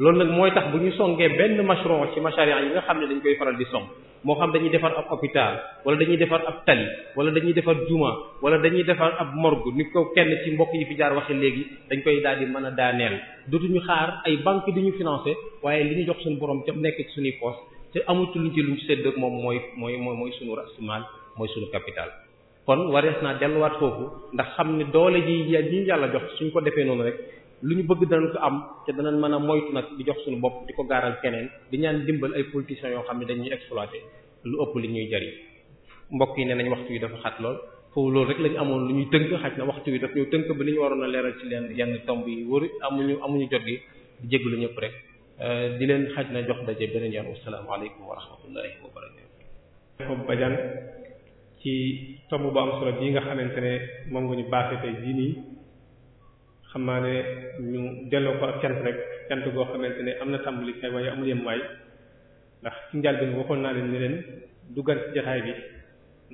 loolu nag mooy tax bu ñu songee benn mashron ci mashari'a yi nga xam ne dañ koy faral di song moo xam dañuy defar ab hôpital wala dañuy defar ab tali wala dañuy defar juma wala dañuy defar ab morgue ni ko kenn ci mbokk yi fi jaar waxe léegi dañ koy daal di mën a daaneel dootuñu xaar ay banque di ñu financé waaye li ñu jox suñu borom ca nekk ci suñuy poste te amatuñ ci luñ séddoo moom mooy mooy mooy mooy suñu rasumaal mooy suñu capital. kon warees naa delluwaat foofu ndax xam ne doole ji ji yàlla jox suñ ko defee noonu rek. lu ñu bëgg danañ ko am te danañ mën a moytu nag di jox suñu bopp di ko gaaral keneen di ñaan dimbal ay politiciens yoo xam ne dañuy exploiter lu ëpp li ñuy jariñ mbokk yi nee nañ waxtu yi dafa xat lool foofu loolu rek lañu amoon lu ñuy tënk xaj na waxtu wi daf ñëw tënk ba li ñu waroon a leeral ci leen yenn tomb yi wóor amuñu amuñu jot jéglu ñëpp rek euh, di leen xaj na jox daje beneen yoon wassalaamu aleykum wa rahmatullahi wa barakatuh ci tomb bu am solo bii nga xamante ne moom nga ñu baaxee tey jii nii xam naa ne ñu delloo ko ak cant rek cant goo xamante ne am na tàmbali kay waaye amul yem waay ndax ci njaal bi waxoon naa leen ne leen du gan ci jataay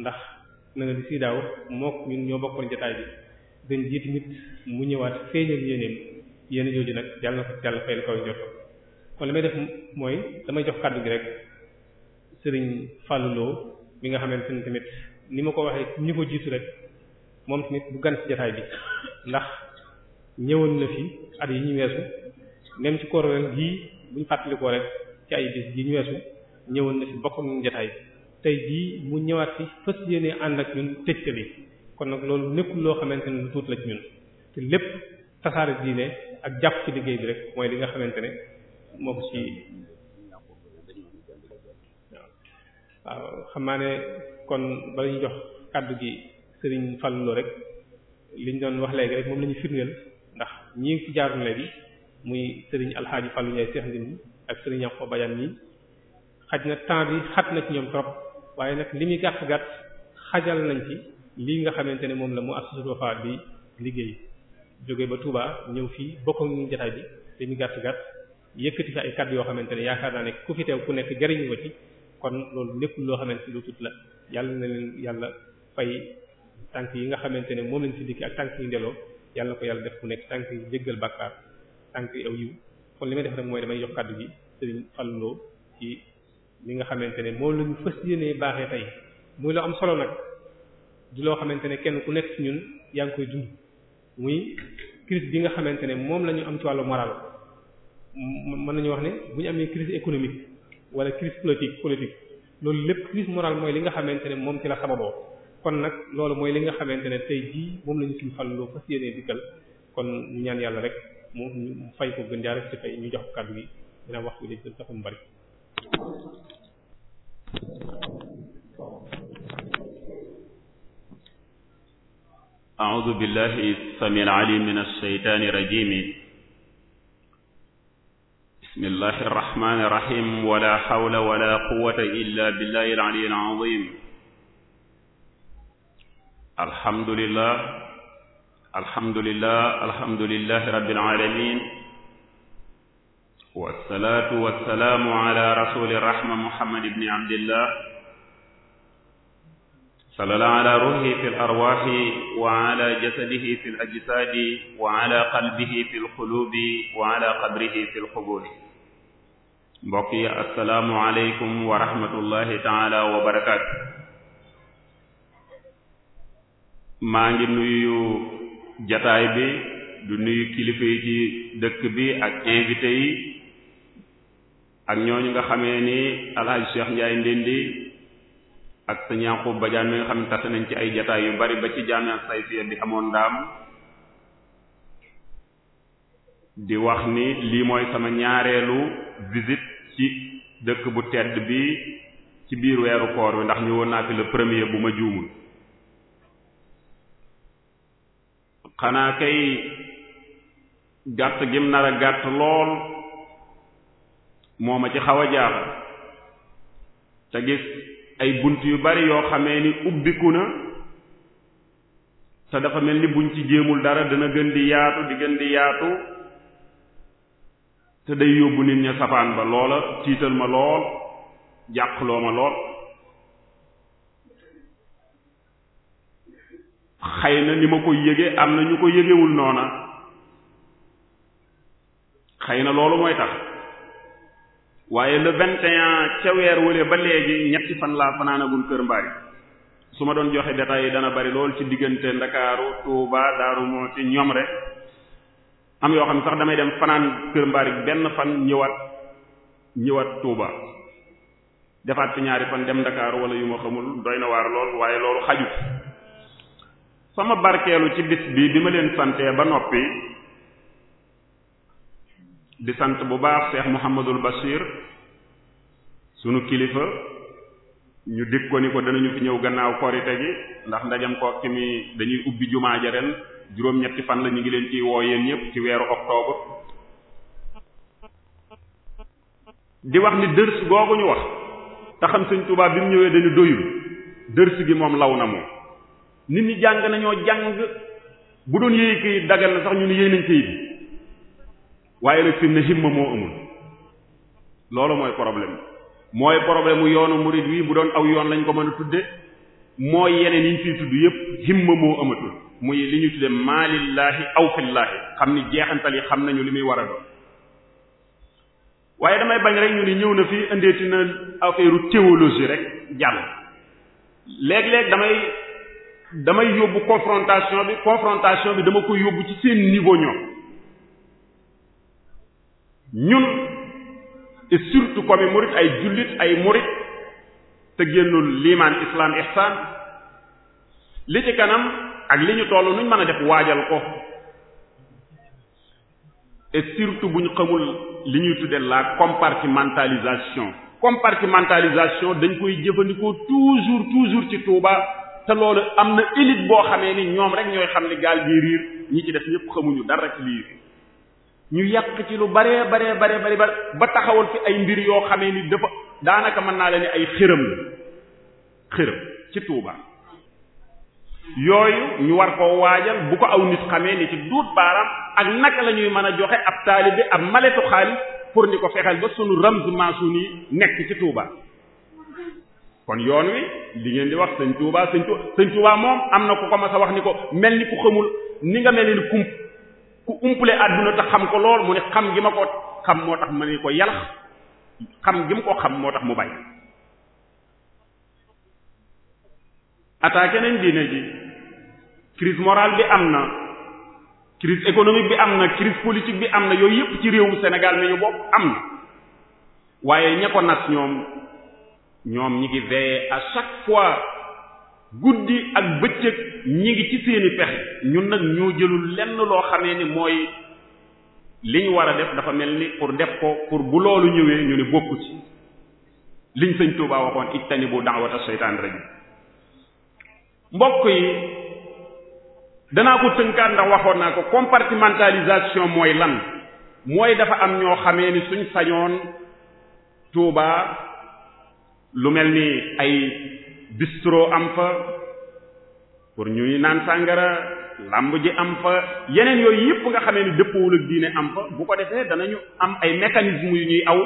ndax na nga di daaw mook ñun bokkoon jataay bi dañ jiit mu ñëwaat feeñal yéeneem yéen jooju na ko yàlla fayal kaw mooy damay jox kàddu gi nga xamante ne tamit ni ma ko waxee ñi ko jiitu moom tamit du gan ci jataay bi ndax ñëwoon na fi at yi ñu weesu même ci koor ren gii buñ fàttalikoo rek ci ay bis gi ñu weesu ñëwoon na fi bokk ñun jotaay tey jii mu ñëwaat fi fas yéene ànd ak ñun tëjtali kon nag loolu nekkul loo xamante ne lu tuut la ci ñun te ak jàpp ci liggéey rek mooy li nga xamante ne moo ko ci waaw xam naa ne kon bala ñu jox kàddu gi Serigne Fallou rek liñ doon wax léegi rek moom lañuy ñu ndax ñi ngi ci jaarule bi muy sëriñ alxaaji Fallou Ndiaye Cheikh Ndim ak sëriñ Yanko Badiane nii xaj na temps bi xat na ci ñoom trop waaye nag li muy gàtt gàtt xajal nañ ci lii nga xamante ne moom la mu assasul Wafa bi liggéey jóge ba Touba ñëw fii bokk ak ñu bi li muy gàtt gàtt yëkkati ay kàddu yoo xamante ne yaakaar naa ne ku fi ku nekk jariñu ko ci kon loolu lépp loo xamante lu tut la yàlla na leen yàlla fay tànk yi nga xamante ne moom lañ ci dikki ak tànk yi ndeloo yàlla na ko yàlla def ku nekk tànk jéggal bàkkaar tànk aw yiw kon li may def rek mooy damay jox kàddu gi Serigne Fallou Lo li nga xamante ne moom la ñu fës yéenee baaxee am solo nag du loo xamante ne kenn ku nekk ci ñun yaa ngi koy dund muy crise bi nga xamante ne moom la ñu am ci wàllu moral mën nañu wax ne bu ñu amee crise économique wala crise politique politique loolu lépp crise morale mooy li nga xamante ne moom ci la sababoo kon nag loolu mooy li nga xamante ne tey jii moom la ñu suñu fàll loo fas yéenee dikkal kon ñu ñaan yàlla rek mu mu fay ko gën jaaree ci fay ñu jox kàddu gi dina wax bi dañu tax mu bari. أعوذ بالله السميع العليم من الشيطان الرجيم بسم الله الرحمن الرحيم ولا حول ولا قوة إلا بالله العلي alhamdulilah alhamdulilah alhamdulilahi rabbil alamin wasalaatu wasalaamu ala rasuli rahma muhammad ibni abdillah salala ala ruhi fi larwaxi wa ala jasadihi fi lajsaadi wa ala qalbihi fi lqulubi wa ala qabrihi fi lquburi mbokk yi asalaamu aleykum wa rahmatullahi taala wa barakaatu maa ngi nuyu jataay bi du nuyu kilifa yi ci dëkk bi ak invité yi ak ñooñu nga xamee ni alxaaji Cheikh Ndiaye Ndindi ak sa ñanqub bajaan mi xam ne tase nañ ci ay jataay yu bari ba ci jaamiat sayfiya bi amoon ndaam di wax ni lii mooy sama ñaareelu visite ci dëkk bu tedd bi ci biir weeru koor bi ndax ñëwoon naa fi le premier bu ma juumul xanaa kay gàtt gim nar a gàtt lool moom a ci xaw a jaaxal te gis ay bunt yu bari yoo xamee ni ubbiku na te dafa mel ni buñ ci jéemul dara dana gën di yaatu di gën di yaatu te day yóbbu nit ña safaan ba loola tiital ma lool jàqloo ma lool xëy na ni ma ko yëge am na ñu ko yëgewul noona xëy na loolu mooy tax waaye le vingt et un ca weer wële ba léegi ñetti fan laa fanaanagul kër mbaari su ma doon joxe détails yi dana bari lool ci diggante ndakaaru Touba Daaru Muxti ñoom rek am yoo xam ne sax damay dem fanaan kër mbaari benn fan ñëwaat ñëwaat tuuba defaat fi ñaari fan dem ndakaaru wala yu ma xamul doy na waar lool waaye loolu xaju sama barkeelu ci bis bii bi ma leen santee ba noppi di sant bu baax Cheikh Mouhamadul Bachir sunu kilifa ñu dig ko ni ko danañu fi ñëw gannaaw korite gi ndax ndajam ko ki mi dañuy ubbi jumaa ja ren juróom-ñetti fan la ñu ngi leen ciy woo yéen ñëpp ci weeru octobre di wax ni dërs googu ñu wax te xam Sëriñ Tuubaa bi mu ñëwee dañu doyul dërs gi moom law na moom nit ñi jàng nañoo jàng bu doon yéey kayit dagal na sax ñu ne yéey nañ kayit bi waaye nag fi mu ne himma moo amul loolu mooy problème mooy problème mu yoonu murid wi bu doon aw yoon lañ ko mën a tudde mooy yeneen yi ñu fiy tudd yépp himma moo amatul muy li ñu tudde maalillaahi aw fillaahi xam ni jeexantal yi xam nañu li muy war a doon waaye damay bañ rek ñu ni ñëw na fi indeeti na affaire théologie rek jàll léeg-léeg damay damay yóbbu confrontation bi confrontation bi dama koy yóbbu ci seen niveau ñoo ñun et surtout comme murit ay jullit ay murit te génnul liimaan islam ihsaan li ci kanam ak li ñu toll nuñ mën a def waajal ko et surtout bu ñu xamul li ñuy tudde la compartimentalisation compartimentalisation dañ koy jëfandikoo toujours toujours ci Touba. te loolu am na élite boo xamee ni ñoom rek ñooy xam ni gaal gi riir ñi ci def ñëpp xamuñu dara ci lii ñu yàq ci lu baree baree baree bari ba taxawal fi ay mbir yoo xamee ni dafa daanaka mën naa leen ni ay xërëm la xërëm ci Touba yooyu ñu war koo waajal bu ko aw nit xamee ni ci duut baaraam ak naka lañuy mën a joxe ab taalibe ab maletu xaalis pour ni ko fexeel ba sunu ramz maasuni nekk ci tuubaa kon yoon wi li ngeen di wax sëñ Touba sëñ Touba moom am na ku ko mas a wax ni ko mel ni ku xamul ni nga mel ni kump ku umpale àdduna te xam ko lool mu ne xam gi ma ko xam moo tax ma ne ko yalax xam gi ma ko xam moo tax mu bàyyi. attaqué nañ diine ji crise morale bi am na crise économique bi am na crise politique bi am na yooyu yëpp ci réewu senegal mi ñu bokk am na waaye ña ko nas ñoom. ñoom ñi ngi veillé a chaque fois guddi ak bëccëg ñi ngi ci seeni pexe ñun nag ñu jëlul lenn loo xamee ni mooy liñ war a def dafa mel ni pour def ko pour bu loolu ñëwee ñu ne bokku ci liñ sëñ Tuubaa waxoon ijtanibu da'wata mbokk yi danaa ko tënkaat waxoon naa ko compartimentalisation mooy lan mooy dafa am ñoo xamee ni suñ sañoon Tuubaa lu mel ni ay bistro am fa pour ñuy naan sàngara làmb ji am fa yeneen yooyu yëpp nga xamee ni dëppoowul ak diine am fa bu ko defee danañu am ay mécanisme yu ñuy aw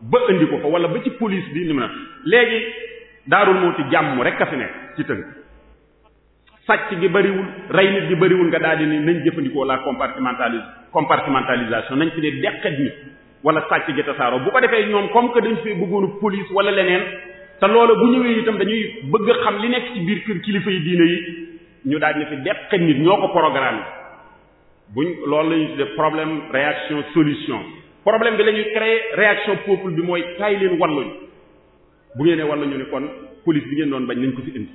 ba indi ko fa wala ba ci police bi ni mu na léegi daarul muuti jàmm rek a fi nekk ci tënk sàcc gi bëriwul rey nit gi bëriwul nga daal di ni nañ jëfandikoo la compartimentalisation compartimentalisation nañ ci ne deqet nit wala sàcc gi tasaaroo bu ko defee ñoom comme que dañ fee bëggoonu police wala leneen te loolu bu ñëwee itam dañuy bëgg a xam li nekk ci biir kër kilifa yi diine yi ñu daal ne fi deqi nit ñoo ko programme buñ loolu la ñuy problème réaction solution problème bi la ñuy créer réaction peuple bi mooy kaay leen walluñ bu ngeen nee walluñu ne kon bi ngeen doon bañ nañ ko fi indi.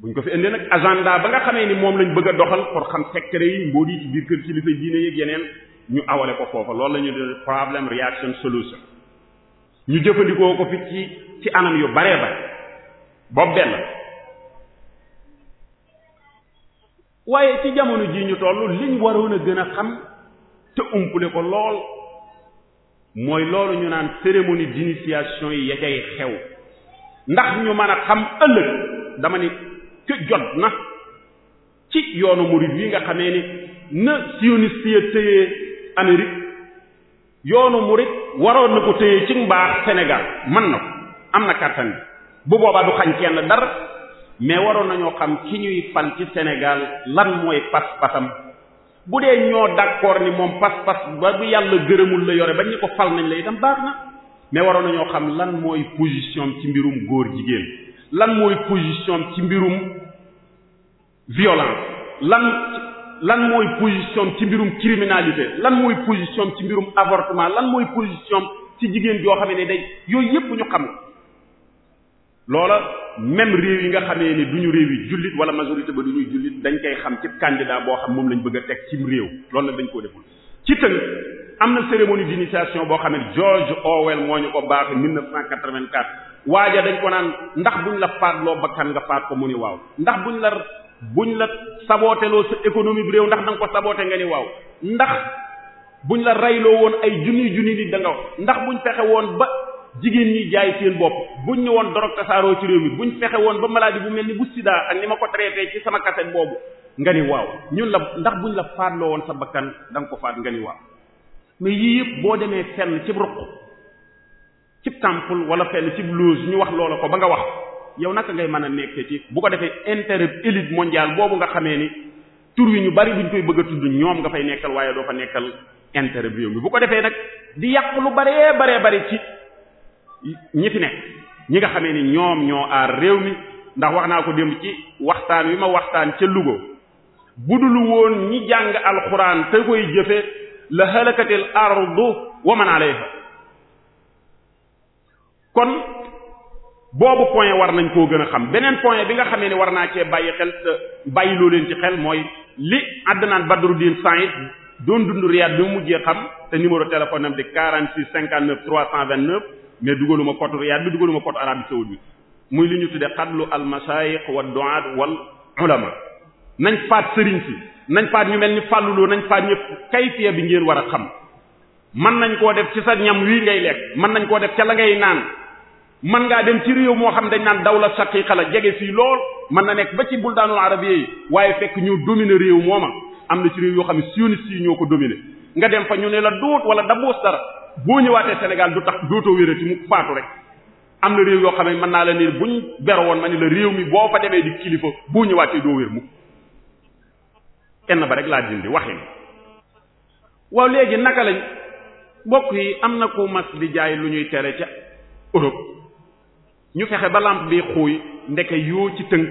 buñ ko fi indee nag agenda ba nga xamee ni moom lañ bëgg doxal pour xam secret yi mbóot yi ci biir yeneen ñu awale ko foofa loolu la ñu de problème réaction solution ñu jëfandikoo ko fi ci ci anam yu baree bare boobu benn waaye ci jamono ji ñu toll liñ waroon a gën a xam te umpule ko lool mooy loolu ñu naan cérémonie d'initiation yi ya cay xew ndax ñu mën a xam ëllëg dama ni que jot na ci yoonu murid wi nga xamee ni na sioniste téye Amérique yoonu murit waroon na ko téye ci mbaax Sénégal man na ko am na kàttan bi bu boobaa du xañ kenn dara mais waroon na ñoo xam ki ñuy fan ci Sénégal lan mooy pas-pasam bu dee ñoo d'accord ni moom pas-pas ba bu yàlla gërëmul la yore bañ ñu ko fal nañ la itam baax na mais waroon na ñoo xam lan mooy position ci mbirum góor jigéen lan mooy position ci mbirum violence lan lan mooy position ci mbirum criminalité lan mooy position ci mbirum avortement lan mooy position ci jigéen joo xam ne day yooyu yépp ñu xam loola même réew yi nga xamee ne du ñu réew yi jullit wala majorité ba du ñuy jullit dañ koy xam ci candidat boo xam moom lañ bëgg a teg cim réew loolu nag dañ koo deful ci tënk am na cérémonie d'initiation boo xam ne George Orwell moo ñu ko baaxee 1984 waaja dañ ko naan ndax buñ la faat loo bakkan ko mu ni waaw ndax buñ la buñ la sabooteloo sa économie bi réew ndax danga ko saboote nga ni waaw ndax buñ la rayloo woon ay junniy junni nit da nga ndax buñ fexe woon ba jigéen ñi jaay seen bopp buñ ñu woon dorog tasaaroo ci réew mi buñ fexe woon ba maladie bu mel ni bu sida ak ma ko traité ci sama kaset boobu nga ni waaw ñun la ndax buñ la faatloo woon sa bakkan da nga ko faat nga ni waaw mais yii yëpp boo demee fenn ci ruq cib temple wala fenn cib loge ñu wax loola ko ba nga wax yow naka ngay mën a nekk ci bu ko defee intérêt élite mondial boobu nga xamee ni tur wi ñu bari buñ koy bëgg a tudd ñoom nga fay nekkal waaye doo fa nekkal intérêt bi bu ko defee nag di yàq lu bare baree bari ci ñi fi nekk ñi nga xamee ni ñoom ñoo aar réew mi ndax wax naa ko démb ci waxtaan wi ma waxtaan ca lugo bu dul woon ñi jàng alxuraan te koy jëfe la halakatil ardu wa man alayha kon boobu point war nañ koo gën a xam beneen point bi nga xamee ne war naa cee bàyyi xel te bàyyi loo leen ci xel mooy li Adnan Badruddin Saïd doon dund Riyad bi mu mujjee xam te numéro téléphone am di 46 vingt 329 mais dugaluma code Riyad bi dugaluma code Arabie saoudite bi muy li ñu tuddee xadlu al masaayix wa du'aat wal ulama nañ faat sëriñ si nañ faat ñu mel ni fàlluloo nañ faat ñëpp kayfiya bi ngeen war a xam mën nañ koo def ci sa ñam wii ngay lekk mën nañ koo def ca la ngay naan. mën ngaa dem ci réew moo xam dañ naan dawla shaqiqa la jege fii lool mën na nekk ba ci buldaanul arabiyya yi waaye fekk ñu dominer réew mooma am na ci réew yoo xam ne sioniste yi ñoo ko dominer nga dem fa ñu ne la doot wala daboos dara boo ñëwaatee Sénégal du tax dootoo wérati mu faatu rek am na réew yoo xam ne mën naa la ne buñ beroon ma ne la réew mi boo fa demee di kilifa boo ñëwaatee doo wér mu kenn ba rek laa dindi waxin waaw léegi naka lañ mbokk yi am na ku mas di jaay lu ñuy tere ca Europe ñu fexe ba lampe bii xuuy ndeke yoo ci tënk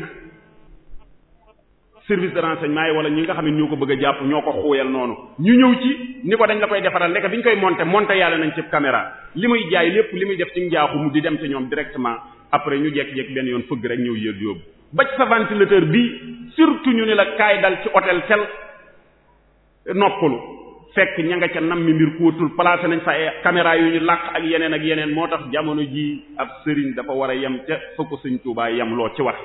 service de renseignement yi wala ñi nga xam ne ñoo ko bëgg a jàpp ñoo ko xuuyal noonu ñu ñëw ci ni ko dañ la koy defaral ndeke bi ñu koy monter monter yàlla nañ ci caméra li muy jaay lépp li muy def ci njaaxu mu di dem ci ñoom directement après ñu jekk-jekk benn yoon fëgg rek ñëw yéeg yóbbu ba ci sa ventilateur bii surtout ñu ni la kaay dal ci hôtel tel noppalu fekk ña nga ca nam mi mbir kuutul placé nañ fa ay caméra yu ñu làq ak yeneen ak yeneen moo tax jamono ji ab sëriñ dafa war a yem ca fa ko sëñ Tuubaa yem loo ci wax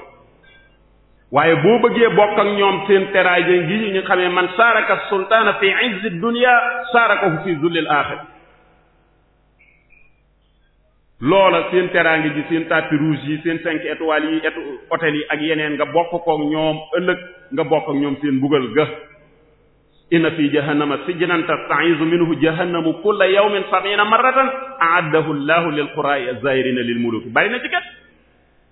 waaye boo bëggee bokk ñoom seen teraje gi ñu ñu xamee man saaraka sultaana fi izzi dunya saarakahu fi zullil aaxir loola seen teraange ji seen tapis rouge yi seen cinq étoiles yi et hôtel yi ak yeneen nga bokk kook ñoom ëllëg nga bokk ak ñoom seen mbugal ga inna fi jahannama sijnan tasta'izu minhu jahannamu kulla yawmin sab'ina marratan a'addahu llahu lil qurra'i az-zahirina lil muluki bari na ci kat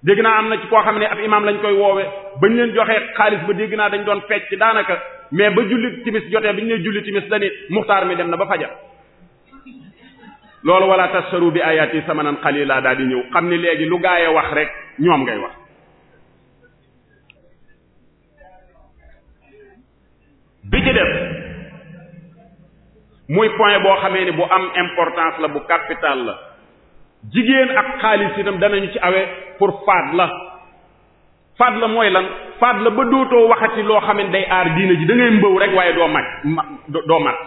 dégg naa am na ci koo xam ne ab imaam lañ koy woowe bañ leen joxe xaalis ba dégg naa dañ doon fecc daanaka mais ba julli timis jotee bi ñu nee julli timis dañi muxtaar mi dem na ba fajar loolu wala tasharu bi ayati samanan qalila daal di ñëw xam ni léegi lu gaayee wax rek ñoom ngay wax bi ci def muy point boo xamee ni bu am importance la bu capital la jigéen ak xaalis itam danañu ci awe pour faat la faat la mooy lan faat la ba dootoo waxati loo xam ne day aar diina ji da ngay rek waaye doo màcc doo màcc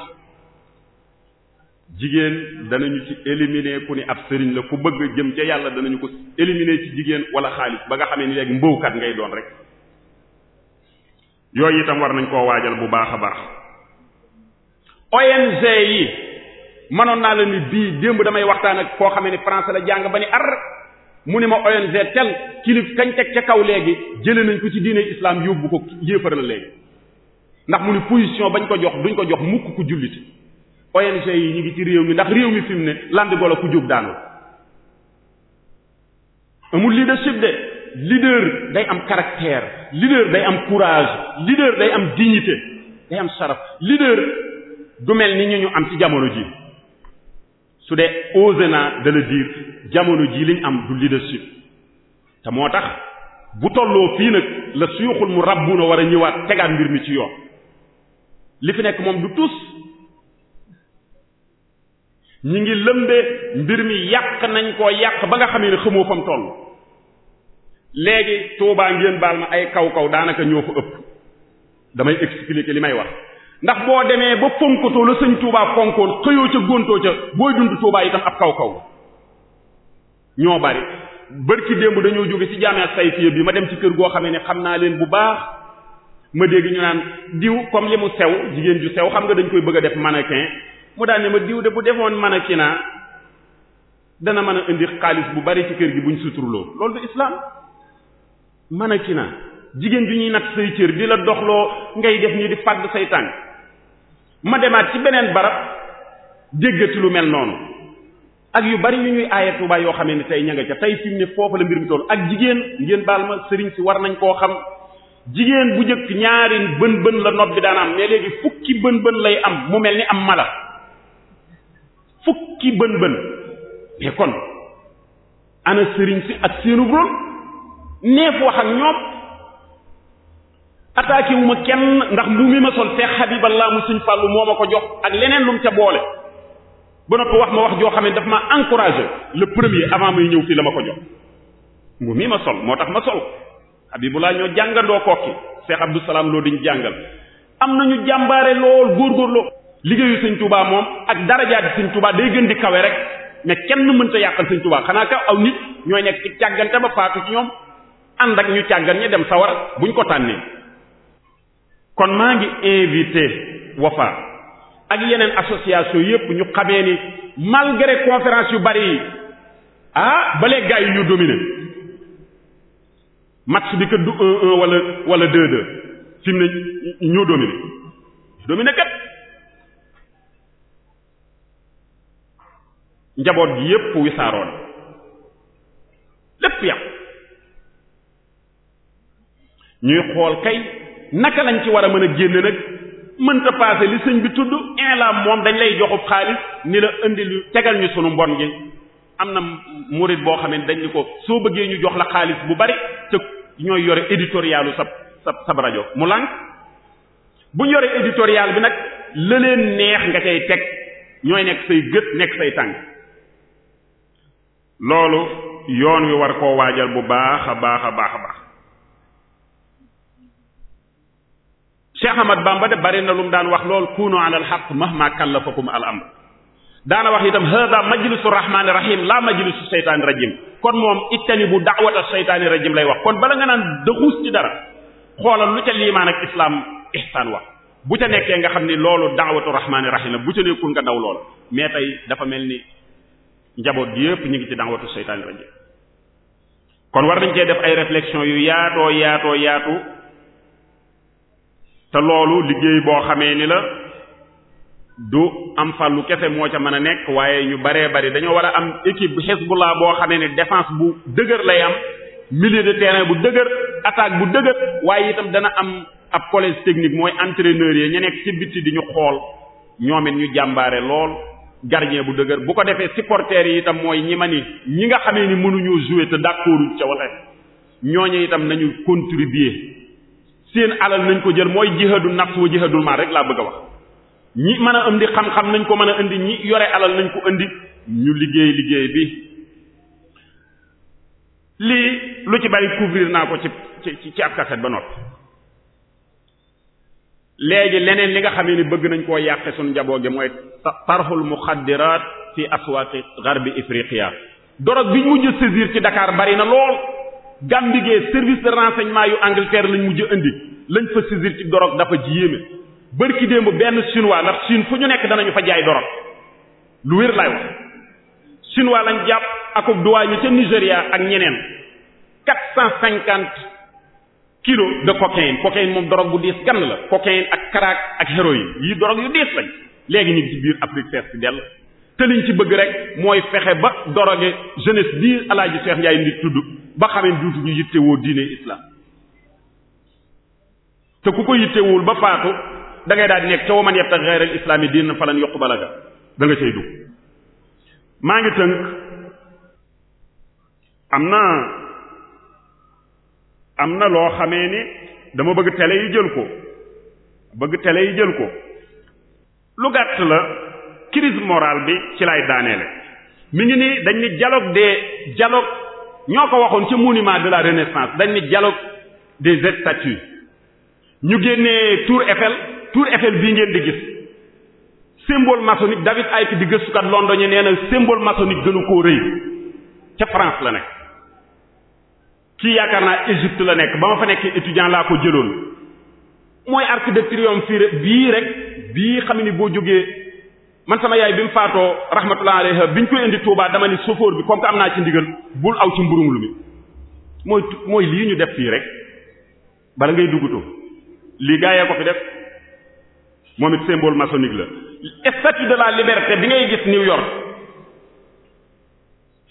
jigéen danañu ci éliminer ku ni ab sëriñ la ku bëgg jëm ca yàlla danañu ko éliminer ci jigéen wala xaalis ba nga xamee ni léegi mbëwkat ngay doon rek yooyu itam war nañ koo waajal bu baax a baax ONG yi mënoon naa la nit bii démb damay waxtaan ak koo xamee ni français la jàng ba ni ar mu ne ma ONG tel kilif kañ teg ca kaw léegi jëlee nañ ko ci diine islam yóbbu ko yéefar la léegi ndax mu ni position bañ ko jox duñ ko jox mukk ku jullit ONG yi ñu ngi ci réew mi ndax réew mi fi mu ne landi golo ku jóg daanul amul leadership de leader day am caractère leader day am courage leader day am dignité day am saraf leader du mel ni ñu ñu am ci jamono ji su dee osé naa de le jamono ji liñ am du leadership te moo tax bu tolloo fii nag la suyuxul mu rabbuna war a ñëwaat tegaat mbir mi ci yoon li fi nekk moom du tus ñi ngi lëmbe mbir mi yàq nañ koo yàq ba nga xamee ne xamoo fam toll léegi Touba ngeen baal ma ay kaw kaw daanaka ñoo ko ëpp damay expliquer li may wax ndax boo demee ba fonkatoo la sëñ Touba fonkoon xëyoo ca góntoo ca booy dundu tuubaa Touba itam ab kaw kaw ñoo bari ci démb dañoo jóge ci jaamiat sayfiya bi ma dem ci kër goo xamee ne xam naa leen bu baax ma dégg ñu naan diw comme li mu sew jigéen ju sew xam nga dañ koy bëgg a def mannequin mu daal ma diw de bu defoon mannequinat dana mën a indi xaalis bu bari ci kër gi buñ suturloo loolu mën a kina jigéen ju ñuy nag say cër di la doxloo ngay def nii di fàgg say tànk ma demaat ci beneen barab déggati lu mel noonu ak yu bari yu ñuy aaye Tuubaa yoo xamee ni tey ña nga ca tey fi mu ne foofa la mbir mi toll ak jigéen ngeen baal ma sëriñ si war nañ koo xam jigéen bu njëkk ñaari bën bën la nopp bi daan am mais léegi fukki bën bën lay am mu mel ni am mala fukki bën bën mais kon ana sëriñ si ak seenu bron neef wax ak ñoom attaqué wu ma kenn ndax lu mi ma sol Seex Habiballah mu suñ fàllu moo ma ko jox ak leneen lu ca boole ba noppi wax ma wax joo xam ne daf ma encouragé la premier avant muy ñëw fii la ma ko jox mu mi ma sol moo tax ma sol Habiballah ñoo jàngandoo kokki Seex Abdou Salaam loo diñ jàngal am na nañu jàmbaare lool góorgóorloo liggéeyu Sëñ Tuubaa moom ak darajaati Sëñ Tuubaa day gën di kawe rek mais kenn mënta yàqal Sëñ Tuubaa xanaa ka aw nit ñooy nekk ci càggante ba faatu ci ànd ak ñu càggan ñu dem sawar buñ ko tànnee kon maa ngi invité Wafa ak yeneen association yépp ñu xamee ni malgré conférence yu bari yi ah balee gars yi ñu dominé match bi que du un un wala wala deux deux fi mu ne ñoo dominé dominé kat njaboot gi yépp wisaaroon lépp yàqu ñuy xool kay naka lañ ci war a mën a génn nag mënta paase li sëñ bi tudd inlam moom dañ lay joxub xaalis ni la indi lu tegal ñu sunu mbon gi am na murit boo xam ne dañ ko soo bëggee ñu jox la xaalis bu bari te ñooy yore éditorialu sab sab sab rajo mu lànk bu ñu yore éditorial bi nag la leen neex nga koy teg ñooy nekk say gët nekk say tànk loolu yoon wi war koo waajal bu baax a baax a baax a baax Cheikh Ahmad Bamba de bari na lu mu daan wax lool kuunu ala alxaq mahma kallafakum al amr daana wax itam hada majlisu rahmaani rahim la majlisu seytaani rajim kon moom ittani bu daawata seytaani rajim lay wax kon bala nga naan dëxuus ci dara xoolal lu ca liimaan ak islaam ihsaan wax bu ca nekkee nga xam ni loolu daawatu rahmaani rahim la bu ca nekkul nga daw loolu mais tey dafa mel ni njaboot gi yëpp ñu ngi ci daawatu seytaani rajim kon war nañ cee def ay réflexion yu yaatoo yaatoo yaatu te loolu liggéey boo xamee ni la du am fàllu kese moo ca mën a nekk waaye ñu baree bari dañoo war a am équipe Hezbollah boo xamee ni défense bu dëgër lay am milieu de terrain bu dëgër attaque bu dëgër waaye itam dana am ab collège technique mooy entraîneur yi ñu nekk ci bitti di ñu xool ñoom it ñu jàmbaare lool gardien bu dëgër bu ko defee supporters yi itam mooy ñi ma ni ñi nga xamee ni mënuñoo jouer te d'accorduñ ca wala ñooñu itam nañu contribuer seen alal nañ ko jël mooy jihadu nafs wa jihadul maal rek laa bëgg a wax ñi mën a indi xam-xam nañ ko mën a indi ñi yore alal nañ ko indi ñu liggéey liggéey bi lii lu ci bari couvrir naa ko ci ci ci ab kaset ba noppi léegi leneen li nga xamee ni bëgg nañ koo yàqe suñu njaboot gi mooy tarxul muxaddiraat fi aswaaqi garbi ifriqiya dorog biñ mujj saisir ci dakaar bari na lool gàmbigee service de renseignement yu Angleterre lañ mujj indi lañ fa saisir ci dorog dafa ji yéeme bërki démb benn chinois ndax Chine fu ñu nekk danañu fa jaay dorog lu wér laay wax chinois lañ jàpp akub duwaañu ca Nigéria ak ñeneen quatre cent cinquante kilos de cocaïne cocaïne moom dorog bu diis gann la cocaïne ak crack ak héroïne yii dorog yu diis lañ léegi ñu ngi biir Afrique fees bi dell te liñ ci bëgg rek mooy fexe ba doroge jeunesse bii alaaji Cheikh Ndiaye nit tudd ba xamee duutuñu yittewoo diine islam te ku ko yittewul ba faatu dangay ngay daal di nekk ca waman yabtaxi xayra al islaami diinan falan yuqbala ga da nga cay dugg maa ngi tënk am na am na loo xamee ni dama bëgg télé yi jël ko bëgg télé yi jël ko lu gàtt la crise morale bi ci lay daaneele mi ngi ni dañ ni dialogue des dialogue ñoo ko waxoon ca monument de la renaissance dañ ni dialogue des statues ñu génnee tour Eiffel tour Eiffel bii ngeen di gis symbole maçonnique David Icke di gëstukat londonien nee na symbole maçonnique gënu koo rëy ca France la nekk kii yaakaar naa Égypte la nekk ba ma fa nekk étudiant laa ko jëloon mooy arc de fii bii rek bii xam ni boo jógee man sama yaay bi mu faatoo rahmatullah alayha biñ koy indi Touba dama ni chauffeur bi comme que am naa ci ndigal bul aw ci mburum lu mi mooy mooy lii ñu def fii rek bala ngay duggutu lii gaayee ko fi def moom it symbole maçonnique la statue de la liberté bi ngay gis New York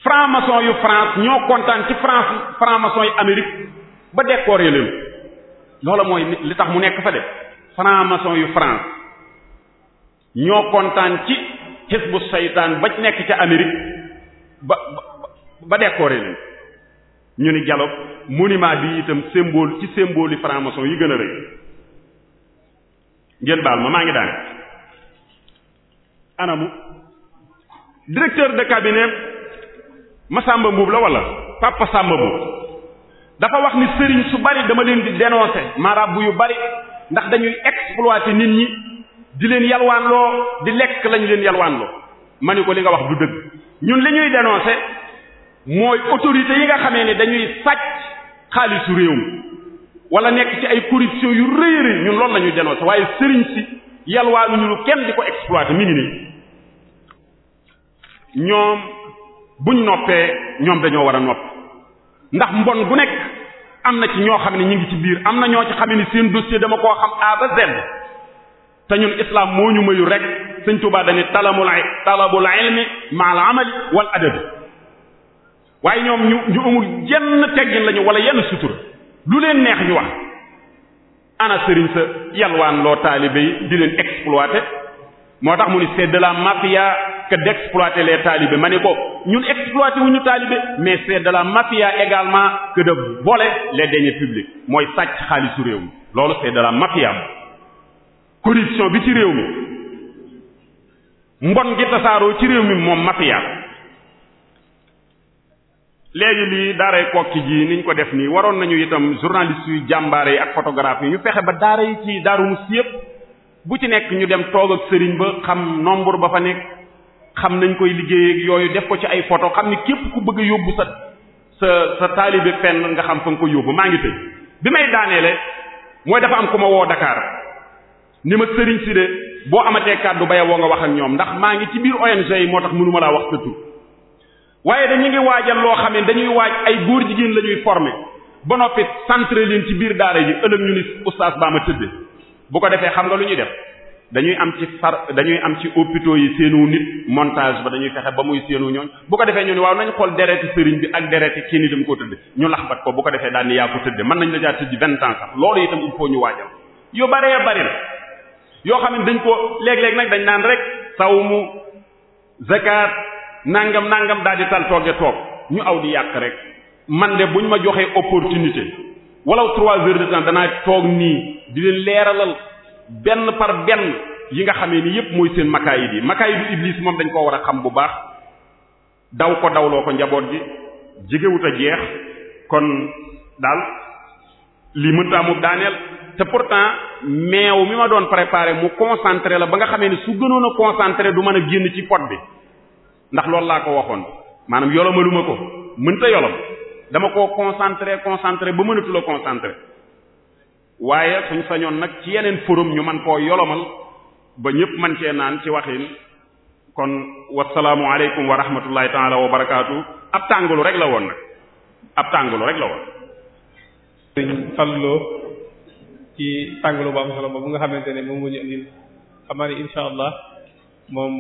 franc-maçon yu France ñoo kontaan ci France franc-maçon yu Amérique ba décorer leen loola mooy li tax mu nekk fa def franc-maçon yu France ñoo kontaan ci xisbu seytaan ba nekk ca amerig ba ba décoré leen ñu ni dialogue monument bi itam symbole ci symbole yi franc yi gën a rëy ngeen baal ma maa ngi daane anamu directeur de cabinet Massamba Mbuub la walla Papa Samba Mbuub dafa wax ni sëriñ su bari dama leen di dénoncer marabu yu bari ndax dañuy exploiter nit ñi di leen yalwaanloo di lekk lañu leen yalwaanloo ma ni ko li nga wax du dëgg ñun li ñuy dénoncé mooy autorité yi nga xamee ne dañuy sàcc xaalisu réew mi wala nekk ci ay corruption yu rëy rëy ñun lool la ñuy dénoncé waaye sëriñ si yalwaanuñu lu kenn di ko exploité mi ngi nii ñoom buñ noppee ñoom dañoo war a nopp ndax mbon bu nekk am na ci ñoo xam ne ñu ngi ci biir am na ñoo ci xam ne seen dossier dama koo xam A ba Z te ñun islam moo ñu mayu rek sëñ Tuubaa dañu talabul talabul ilmi ma'al amali wal adabi waaye ñoom ñu ñu amul yenn teggin lañu wala yenn sutura lu leen neex ñu wax ana sëriñ sa yalwaan loo taalibe yi di leen exploiter moo tax mu ni c'est de la mafia que d'exploiter les talibés ma ni ko ñun wu ñu talibé mais c'est de la mafia également que de voler les deniers publics mooy sàcc xaalisu réew mi loolu c'est de la mafia corruption bi ci réew mi mbon gi tasaaroo ci réew mi moom mafia léegi lii daaray kokki ji niñ ko def nii waroon nañu itam journaliste yu jàmbaare yi ak photographe yi ñu fexe ba daara yi ci daaru musti yépp bu ci nekk ñu dem toog ak sëriñ ba xam nombre ba fa nekk xam nañ koy liggéey yooyu def ko ci ay photo xam ni képp ku bëgg a yóbbu sa sa sa taalibe fenn nga xam fa nga ko yóbbu maa ngi tëj bi may daaneele mooy dafa am ku ma woo Dakar ni ma sëriñ si de boo amatee kàddu baya woo nga wax ak ñoom ndax maa ngi ci biir ONG yi moo tax mënuma laa wax sa tur waaye dañu ngi waajal loo xam ne dañuy waaj ay góor jigéen la ñuy former ba noppi centré leen ci biir daara ji ëllëg ñu ni oustaz baa ma tëdde bu ko defee xam nga lu ñuy def dañuy am ci far dañuy am ci hôpitaux yi seenu nit montage ba dañuy fexe ba muy seenu ñooñ bu ko defee ñu ne waaw nañ xool dereti sëriñ bi ak dereti kii ni dem koo tëdde ñu laxbat ko bu ko defee daal ni yaa ko mën nañ la jaa tëddi vingt ans sax loolu itam il faut ñu waajal yu baree bari la yoo xam ne dañ ko léeg-léeg nag dañ naan rek sawmu zakat nangam nangam daal di tal tooge toog ñu aw di yàq rek man de buñ ma joxee opportunité wala trois heures de temps danaa toog nii di leen leeralal benn par benn yi nga xamee nii yépp mooy seen makaayid yi makaayidu iblis moom dañ koo war a xam bu baax daw ko dawloo ko njaboot gi jegewut a jeex kon daal lii mënta amub daaneel te pourtant meew mi ma doon préparé mu concentré la ba nga xamee ne su gënoon a concentré du mën a génn ci pot bi ndax loolu laa ko waxoon maanaam yolomaluma ko mënta yolom dama koo concentré concentré ba mënatu concentré waaye suñ sañoon nag ci yeneen forum ñu man koo yolomal ba ñëpp man cee naan ci waxin kon wasalaamu aleykum wa rahmatullahi taala wa barakaatu ab tàngulu rek la woon nag ab tàngulu rek la woon. Fallou ci tàngalu bu am solo bu nga xamante ne moom moo ñu indil xamaa ne insha allah moom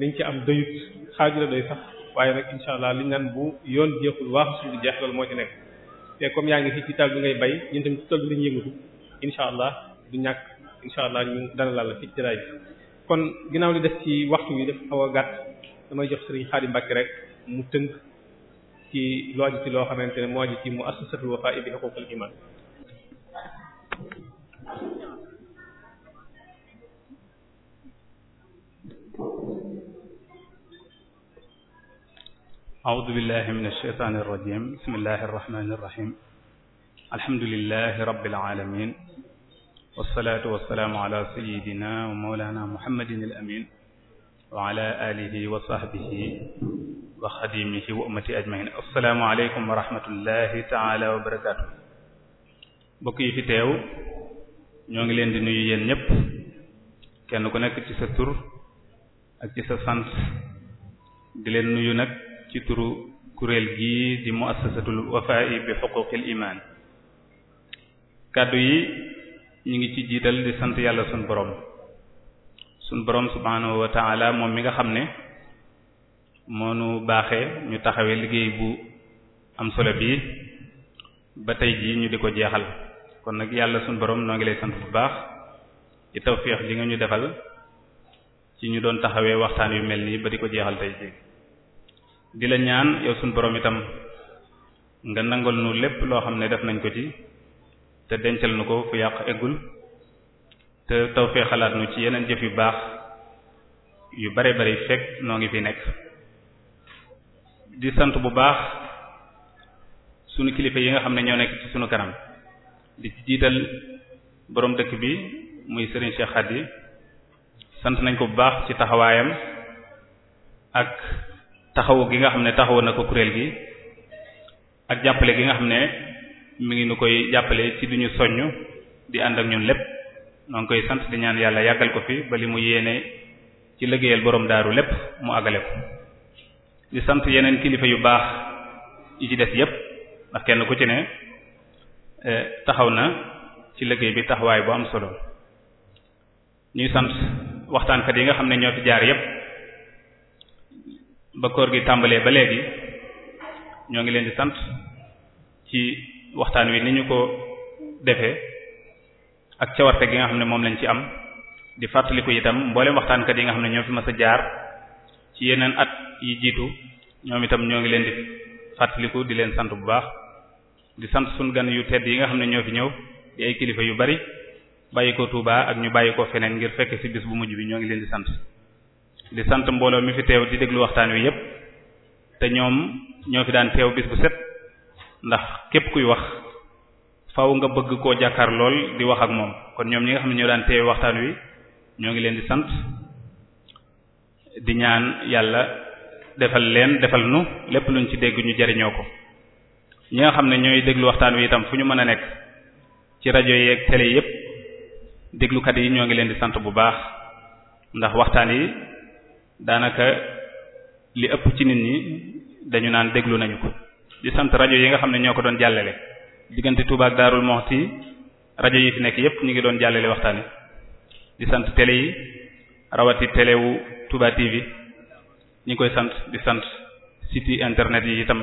liñ ci am doyut xaaju la doy sax waaye nag insha allah liñ naan bu yoon jeexul waaxu suñu jeex loolu moo ci nekk te comme yaa ngi fi ci tool bi ngay bay ñun tamit ci tool bi lañu yëngatu insha allah du ñàkk insha allah ñu dana la fi ci raay bi kon ginnaaw li def ci waxtu bi def xaw a gàtt damay jox Serigne Khadim Mbacké rek mu tënk ci lu aju ci loo xamante ne moo aju ci muassasatul Wafa bi huququl iman أعوذ بالله من الشيطان الرجيم بسم الله الرحمن الرحيم الحمد لله رب العالمين والصلاة والسلام على سيدنا ومولانا محمد الأمين وعلى آله وصحبه وخديمه وأمتي أجمعين السلام عليكم ورحمة الله تعالى وبركاته mbokk yi fi teew ñoo ngi leen di nuyu yéen ñëpp kenn ku nekk ci sa tur ak ci sa sant di leen nuyu nag ci turu kuréel gi di muassasatul wafaa'i bi xuquqil imaan kàddu yi ñu ngi ci jiital di sant yàlla sunu boroom sunu borom subhaanahu wa ta'ala moom mi nga xam ne moo nu baaxee ñu taxawee liggéey bu am solo bii ba tey jii ñu di ko jeexal. kon nag yàlla suñu boroom noo ngi lay sant bu baax ci tawféex ji nga ñu defal ci ñu doon taxawee waxtaan yu mel nii ba di ko jeexal tey ji di la ñaan yow suñu borom itam nga nangal nu lépp loo xam ne def nañ ko ci te dencal nu ko fu yàq eggul te tawféex xalaat nu ci yeneen jëf yu baax yu bare bare fekk noo ngi fi nekk di sant bu baax sunu kilifa yi nga xam ne ñoo nekk ci sunu kanam di ci jiital boroom dëkk bi muy Serigne Cheikh Khady sant nañ ko bu baax ci taxawaayam ak taxawu gi nga xam ne taxawu na ko kuréel gi ak jàppale gi nga xam ne mu ngi nu koy jàppale ci duñu soññ di ànd ak ñun lépp noo ngi koy sant di ñaan yàlla yàggal ko fi ba li mu yéene ci liggéeyal boroom daaru lépp mu àggale ko di sant yeneen kilifa yu baax yi ci des yépp ndax kenn ku ci ne Eh, taxaw na ci liggéey bi taxawaay bu am solo ñuy sant waxtaankat yi nga xam ne ñoo fi jaar yépp ba koor gi tàmbalee ba léegi ñoo ngi leen di sant ci waxtaan wi ni ñu ko defee ak cawarte gi nga xam ne moom lañ ci am di fàttaliku itam mboolem waxtaankat yi nga xam ne ñoo fi mas a jaar ci yeneen at yi jiitu ñoom itam ñoo ngi leen di fàttaliku di leen sant bu baax di sant suñ gan yu tedd yi nga xam ne ñoo fi ñëw di ay kilifa yu bari bàyyi ko Touba ak ñu bàyyi ko feneen ngir fekk ci bis bu mujj bi ñoo ngi leen di sant di sant mbooloo mi fi teew di déglu waxtaan wi yépp te ñoom ñoo fi daan teew bis bu set ndax képp kuy wax faw nga bëgg koo jàkkaar lool di wax ak moom kon ñoom ñi nga xam ne ñoo daan teew waxtaan wi ñoo ngi leen di sant di ñaan yàlla defal leen defal nu lépp luñ ci dégg ñu jariñoo ko ñi nga xam ne ñooy déglu waxtaan wi itam fu ñu mën a nekk ci rajo yeeg télé yépp déglukat yi ñoo ngi leen di sant bu baax ndax waxtaan yi daanaka li ëpp ci nit ñi dañu naan déglu nañu ko di sant rajo yi nga xam ne ñoo ko doon jàllale diggante Touba ak Darou Moukhty rajo yi fi nekk yépp ñu ngi doon jàllale waxtaan yi di sant tele yi rawati télé wu Touba TV ñi koy sant di sant site internet yi itam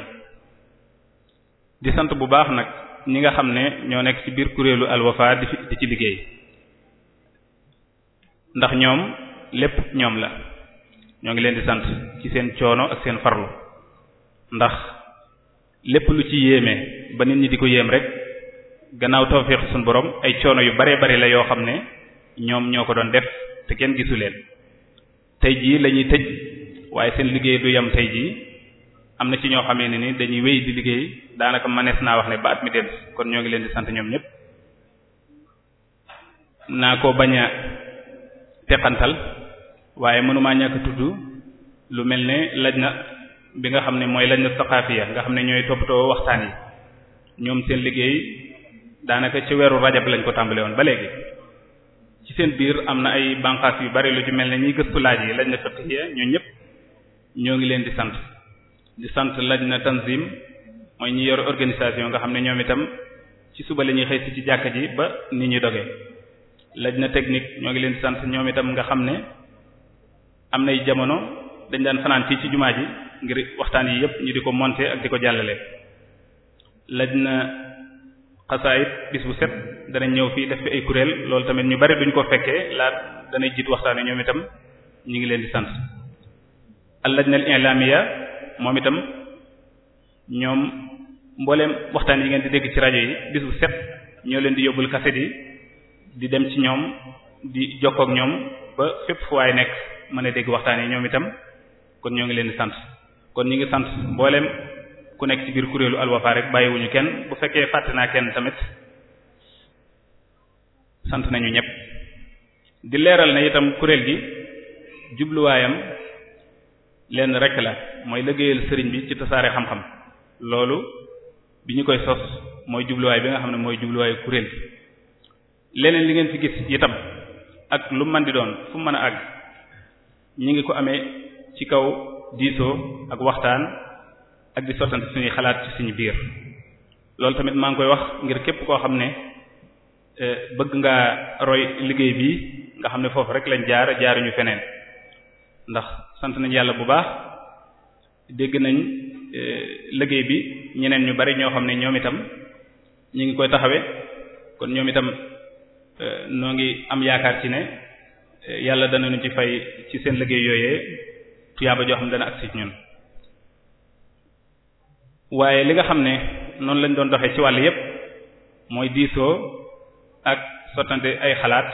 di sant bu baax nag ñi nga xam ne ñoo nekk ci biir kuréelu Al Wafa di di ci liggéey ndax ñoom lépp ñoom la ñoo ngi leen di sant ci seen coono ak seen farlu ndax lépp lu ci yéeme ba nit ñi di ko yéem rek gannaaw tawfiq suñu borom ay coono yu bare bari la yoo xam ne ñoom ñoo ko doon def te kenn gisu leen tey jii la tëj waaye seen liggéey du yem tey jii am na ci ñoo xamee ne ni dañuy wéy di liggéey daanaka manees naa wax ne baat mi dem kon ñoo ngi leen di sant ñoom ñëpp naa ko bañ a teqantal waaye mënumaa ñàkk tudd lu mel ne laj na bi nga xam ne mooy laj na saqaafiya nga xam ne ñooy toppatoo waxtaan yi ñoom seen liggéey daanaka ci weeru rajab lañ ko tàmbale woon ba léegi ci seen biir am na ay banqaas yu bari lu mel ne ñiy gëstu laaj yi laj na fiqhiya ñoo ñëpp ñoo ngi leen di sant di sant laj na tanzim mooy ñi yor organisation nga xam ne ñoom itam ci suba la ñuy xëy si ci jàkka ji ba nit ñi doge laj na technique ñoo ngi leen sant ñoom itam nga xam ne am nay jamono dañ daan fanaan fii ci jumaa ji ngir waxtaan yi yëpp ñu di ko monter ak di ko jàllale laj na xasaayit bis bu set danañ ñëw fii def ay kuréel loolu tamit ñu bari duñ ko fekkee laa danay jiit waxtaan ñoom itam ñu ngi leen di sant al lajna al i'lamiya moom itam ñoom mbooleem waxtaan yi ngeen di dégg ci rajo yi bis set ñoo leen di yóbbul cassette yi di dem ci ñoom di jokkoo ñoom ba fépp fu waay nekk mën a dégg waxtaan yi ñoom itam kon ñoo ngi leen di sant kon ñu ngi sant mbooleem ku nekk ci biir kuréelu alwafa rek bàyyiwuñu kenn bu fekkee fàtte naa kenn tamit sant nañu ñëpp di leeral na itam kuréel gi jubluwaayam lenn rek la mooy liggéeyal sëriñ bi ci tasaare xam-xam loolu bi ñu koy sos mooy jubluwaay bi nga xam ne mooy jubluwaayu kuréel leneen li ngeen ci gis itam ak lu mën di doon fu mën a àgg ñu ngi ko amee ci kaw diisoo ak waxtaan ak di sottante suñuy xalaat ci suñu biir loolu tamit maa ngi koy wax ngir képp koo xam ne eh, bëgg nga roy liggéey bi nga xam ne foofu rek lañ jaar jaaruñu feneen ndax sant nañ yàlla bu baax dégg nañ Eh, liggéey bi ñeneen ñu bari ñoo xam ne ñoom itam ñu ngi koy taxawee kon ñoom itam eh, noo ngi am yaakaar ci ne eh, yàlla danañu ci fay ci seen liggéey yooyee tuyaaba joo xam ne dana agsi ñun waaye li nga xam ne noonu lañ doon doxee ci wàll yépp mooy diisoo ak sottante ay xalaat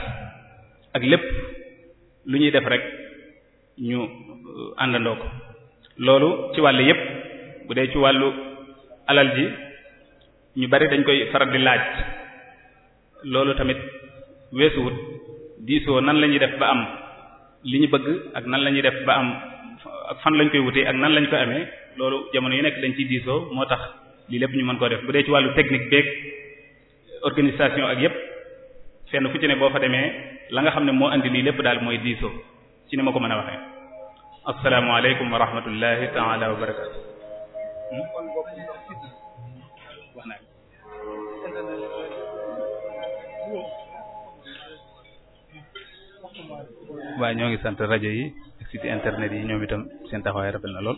ak lépp lu ñuy def rek ñu àndandoo ko loolu ci wàll yépp bu dee ci wàllu alal ji ñu bari dañ koy faral di laaj loolu tamit weesuwut diisoo nan la ñuy def ba am li ñu bëgg ak nan la ñuy def ba am ak fan lañ koy wutee ak nan lañu koy amee loolu jamono yu nekk dañ ciy diisoo moo tax lii lépp ñu mën koo def bu dee ci wàllu technique beeg organisation ak yépp fenn fu ci ne boo fa demee la nga xam ne moo indi lii lépp daal mooy diisoo ci ni ma ko mën a waxee asalaamaaleykum wa rahmatullahi taala wa barakatu kon boog wax naa waaw ñoo ngi sant rajo yi ak site internet yi ñoom itam seen taxawaay rafet na lool.